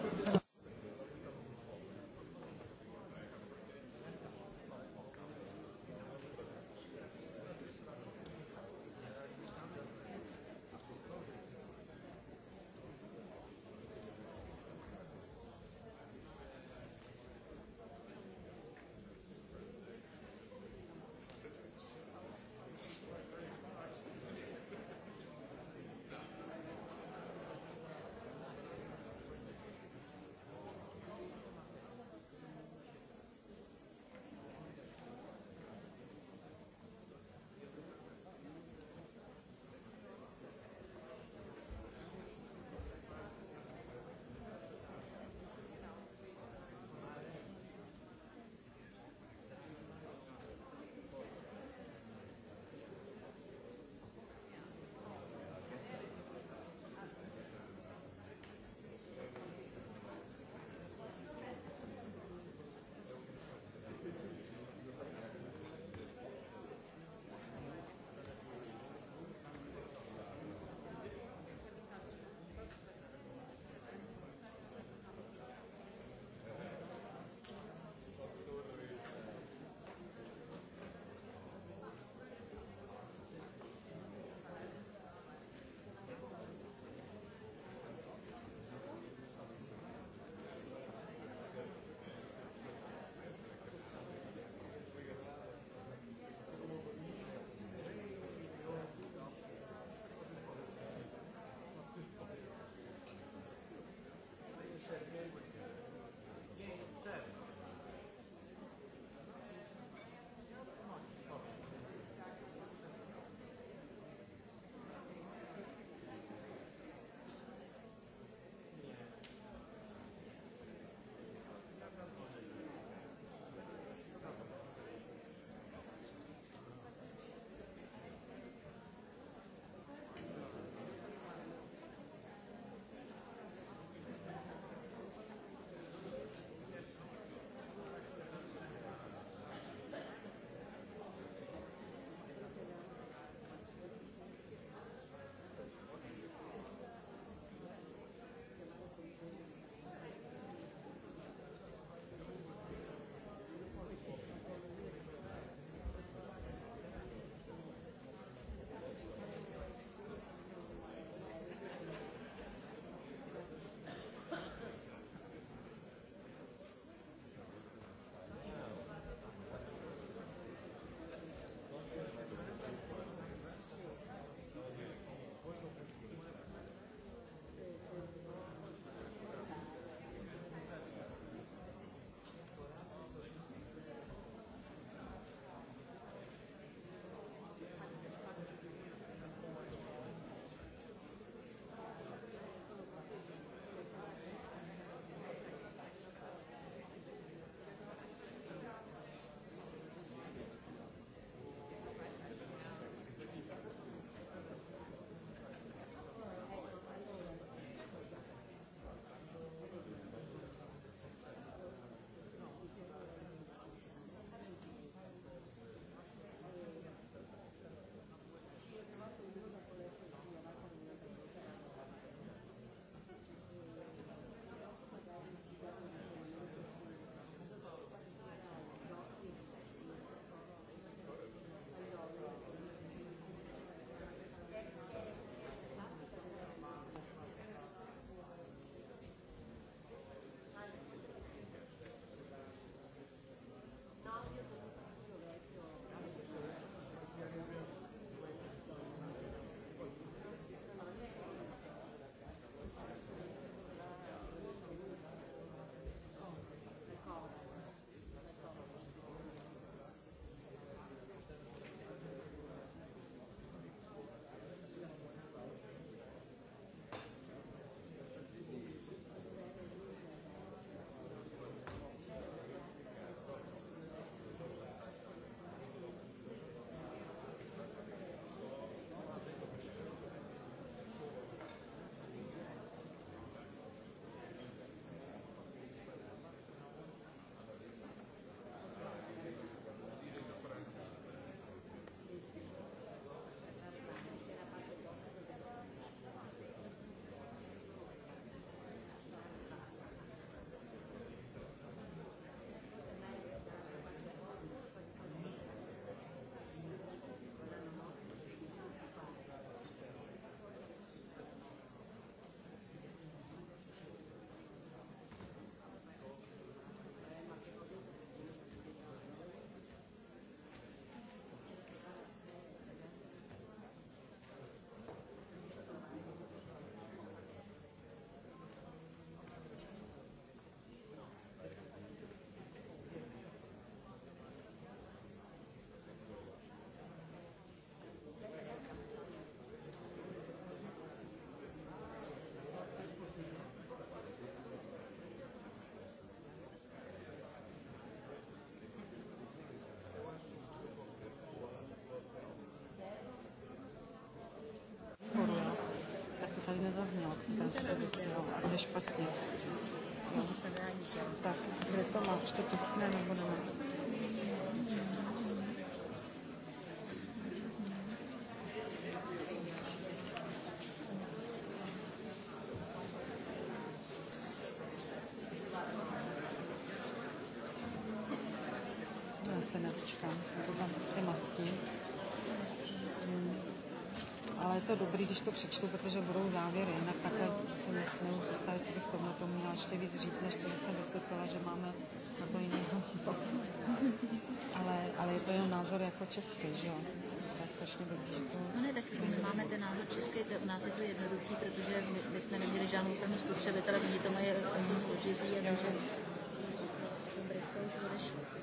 наш пакет. Так, говорит, что-то с нами будем. Ale je to dobrý, když to přečtu, protože budou závěry, jinak také nemohu zůstavit, co bych tomu tomu měla ještě víc říct, než to, že jsem vysvětlila, že máme na to jiný ale, ale je to jenom názor jako český, že jo? To strašně to... No ne, tak my máme ten názor český, to u nás je to jednoduchý, protože my, my jsme neměli žádnou první spotřebitele, oni to mají jako složitý, takže... Dobrý, to už odešlo.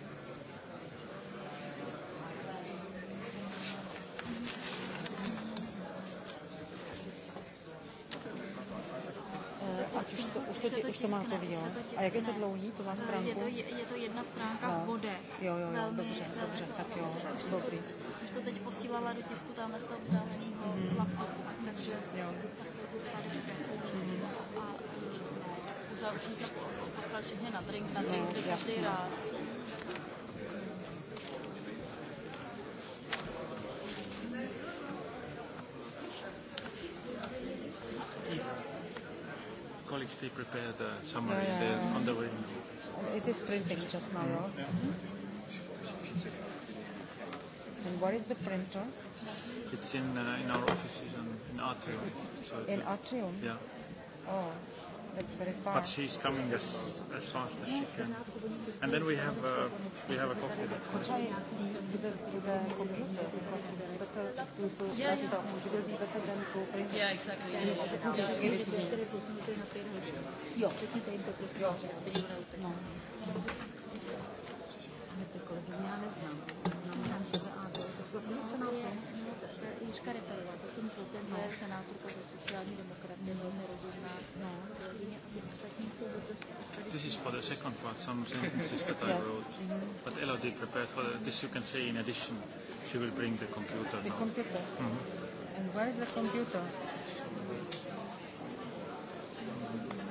máte v jo. A jak je to dlouhý, to má stránku? Je to, je to jedna stránka no. v bodech. Jo, jo, jo, velmi, dobře, velmi dobře, tak jo, dobrý. Už to teď posílala do tisku tamhle z toho vzdáleného mm. laptopu, takže jo. tak to tady Mm. A e, uzavřít a poslal všechny na drink, na drink, no, každý rád. actually prepared a summary. Yeah, yeah, on the way It is printing just now. Mm -hmm. And what is the printer? It's in uh, in our offices in, in Atrium. So in Atrium. Yeah. Oh. That's very far. But she's coming as, as fast as she can. And then we have a uh, we have a coffee. Yeah, yeah. yeah exactly. Yeah, yeah. Yeah mișcare pe relație, că niciodată nu este na turcă de sociální velmi rozumná. No. This is for the second part, some sentences that I yes. wrote. Mm -hmm. But Elodie prepared for this, you can say in addition, she will bring the computer the now. The computer? Mm -hmm. And where is the computer? Mm -hmm.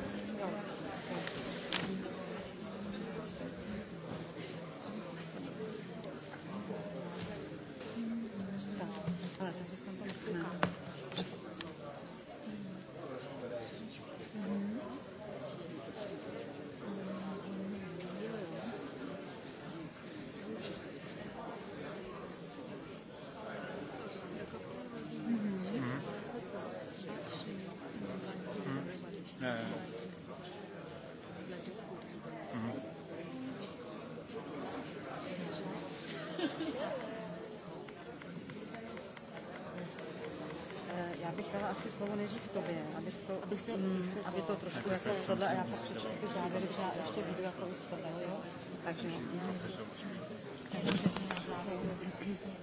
aby se, se mm. aby to trošku jako tohle, já závěry, že já ještě budu jako u jo? Takže,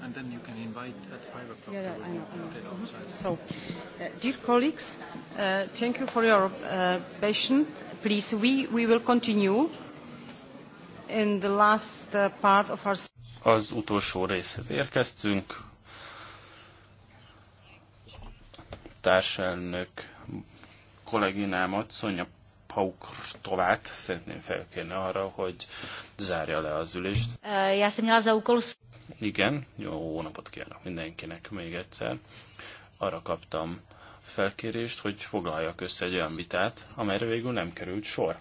And then you can invite at o'clock. Yeah, yeah, I know, I know. Mm -hmm. So, uh, dear colleagues, uh, thank you for your uh, patience. Please, we, we will continue in the last uh, part of our... Az utolsó részhez érkeztünk. társelnök kolléginámat, Szonya Pauktovát szeretném felkérni arra, hogy zárja le az ülést. Ja jsem měla za úkol... Igen, jó napot kívánok mindenkinek még egyszer. Arra kaptam felkérést, hogy foglaljak össze egy olyan vitát, amelyre végül nem került sor.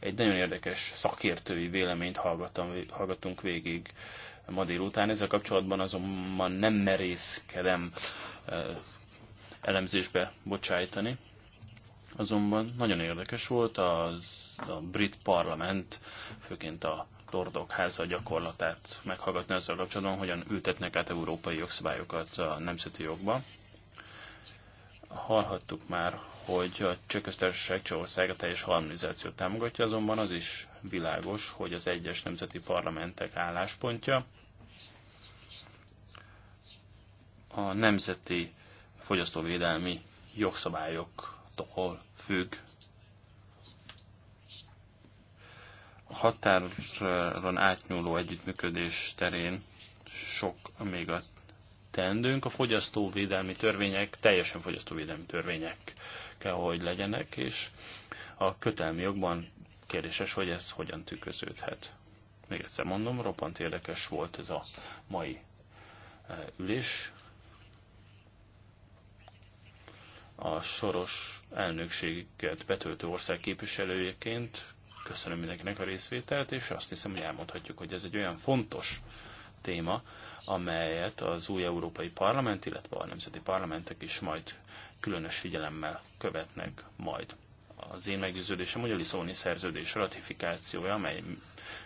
Egy nagyon érdekes szakértői véleményt hallgattam, hallgatunk végig ma délután. Ezzel kapcsolatban azonban nem merészkedem elemzésbe bocsájtani azonban nagyon érdekes volt az, a brit parlament, főként a Lordok háza gyakorlatát meghallgatni azzal kapcsolatban, hogyan ültetnek át európai jogszabályokat a nemzeti jogba. Hallhattuk már, hogy a Csökköztársaság Csehország a teljes harmonizációt támogatja, azonban az is világos, hogy az egyes nemzeti parlamentek álláspontja a nemzeti fogyasztóvédelmi jogszabályok attól függ, a határon átnyúló együttműködés terén sok még a teendőnk. A fogyasztóvédelmi törvények teljesen fogyasztóvédelmi törvények kell, hogy legyenek, és a kötelmi jogban kérdéses, hogy ez hogyan tükröződhet. Még egyszer mondom, roppant érdekes volt ez a mai eh, ülés. A soros elnökséget betöltő ország képviselőjeként köszönöm mindenkinek a részvételt, és azt hiszem, hogy elmondhatjuk, hogy ez egy olyan fontos téma, amelyet az új Európai Parlament, illetve a nemzeti parlamentek is majd különös figyelemmel követnek majd. Az én meggyőződésem, hogy a Lisszóni szerződés ratifikációja, amely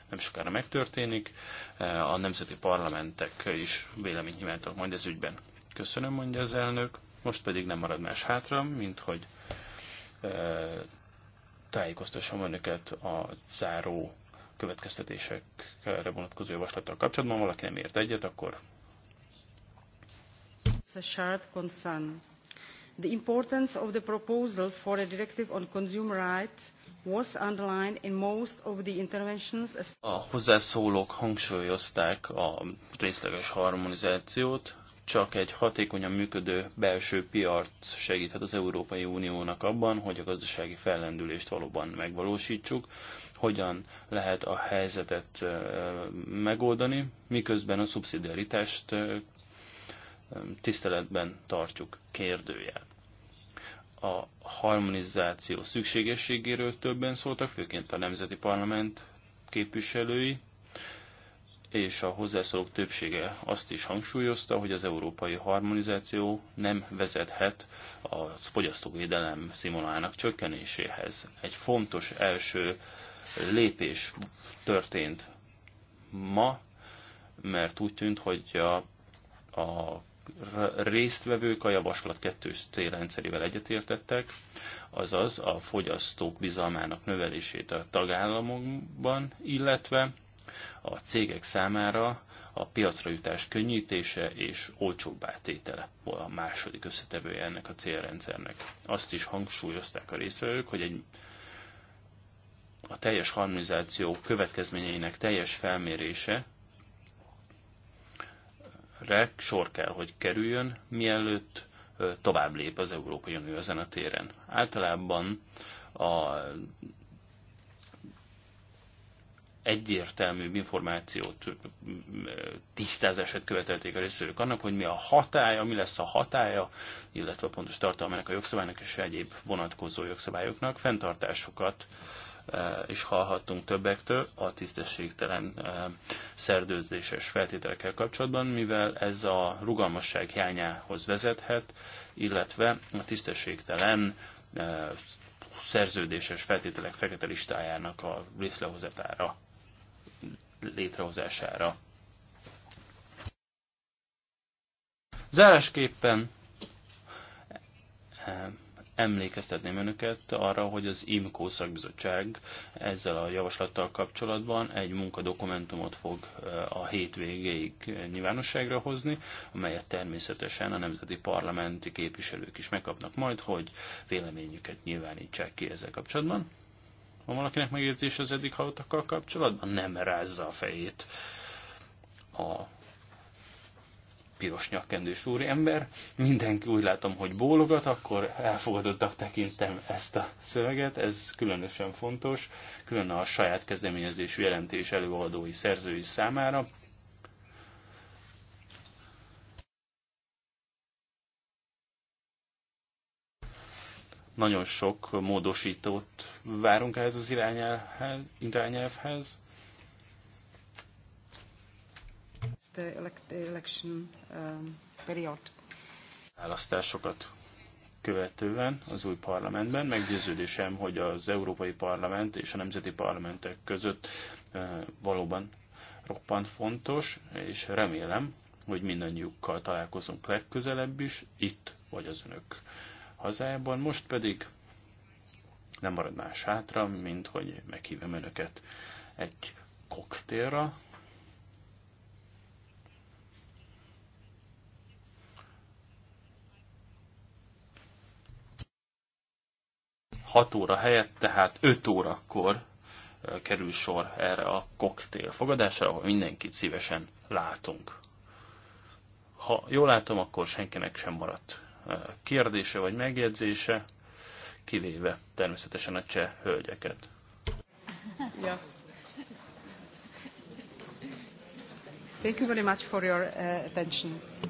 nem sokára megtörténik, a nemzeti parlamentek is véleményt nyilvántak majd ez ügyben. Köszönöm, mondja az elnök. Most pedig nem marad más hátra, mint hogy e, tájékoztassam önöket a záró következtetésekre vonatkozó javaslattal kapcsolatban. Ha valaki nem ért egyet, akkor... The importance of the proposal for a directive on consumer rights was underlined in most of the interventions. A hozzászólók hangsúlyozták a részleges harmonizációt, csak egy hatékonyan működő belső piac segíthet az Európai Uniónak abban, hogy a gazdasági fellendülést valóban megvalósítsuk, hogyan lehet a helyzetet megoldani, miközben a szubszidiaritást tiszteletben tartjuk kérdőjel. A harmonizáció szükségességéről többen szóltak, főként a nemzeti parlament képviselői, és a hozzászólók többsége azt is hangsúlyozta, hogy az európai harmonizáció nem vezethet a fogyasztóvédelem színvonalának csökkenéséhez. Egy fontos első lépés történt ma, mert úgy tűnt, hogy a, a résztvevők a javaslat kettős célrendszerével egyetértettek, azaz a fogyasztók bizalmának növelését a tagállamokban, illetve a cégek számára a piacra jutás könnyítése és olcsóbbá tétele a második összetevője ennek a célrendszernek. Azt is hangsúlyozták a részvevők, hogy egy a teljes harmonizáció következményeinek teljes felmérése re sor kell, hogy kerüljön, mielőtt tovább lép az Európai Unió ezen a téren. Általában a egyértelműbb információt, tisztázását követelték a részvevők annak, hogy mi a hatája, mi lesz a hatája, illetve a pontos tartalmának a jogszabálynak és egyéb vonatkozó jogszabályoknak fenntartásokat és e, hallhattunk többektől a tisztességtelen e, szerdőzéses feltételekkel kapcsolatban, mivel ez a rugalmasság hiányához vezethet, illetve a tisztességtelen e, szerződéses feltételek fekete listájának a részlehozatára létrehozására. Zárásképpen eh, emlékeztetném önöket arra, hogy az IMCO szakbizottság ezzel a javaslattal kapcsolatban egy munkadokumentumot fog eh, a hét végéig nyilvánosságra hozni, amelyet természetesen a nemzeti parlamenti képviselők is megkapnak majd, hogy véleményüket nyilvánítsák ki ezzel kapcsolatban. Van valakinek megérzés az eddig hallottakkal kapcsolatban? Nem rázza a fejét a piros nyakkendős úriember. Mindenki úgy látom, hogy bólogat, akkor elfogadottak tekintem ezt a szöveget. Ez különösen fontos, külön a saját kezdeményezésű jelentés előadói szerzői számára. Nagyon sok módosítót várunk ehhez az irányelvhez. irányelvhez. The election um, period. Választásokat követően az új parlamentben. Meggyőződésem, hogy az Európai Parlament és a nemzeti parlamentek között uh, valóban roppant fontos, és remélem, hogy mindannyiukkal találkozunk legközelebb is, itt vagy az önök hazájában, most pedig nem marad más hátra, mint hogy meghívom önöket egy koktélra, Hat óra helyett, tehát öt órakor kerül sor erre a koktél fogadásra, ahol mindenkit szívesen látunk. Ha jól látom, akkor senkinek sem maradt kérdése vagy megjegyzése, kivéve természetesen a cseh hölgyeket. Ja. Thank you very much for your uh, attention.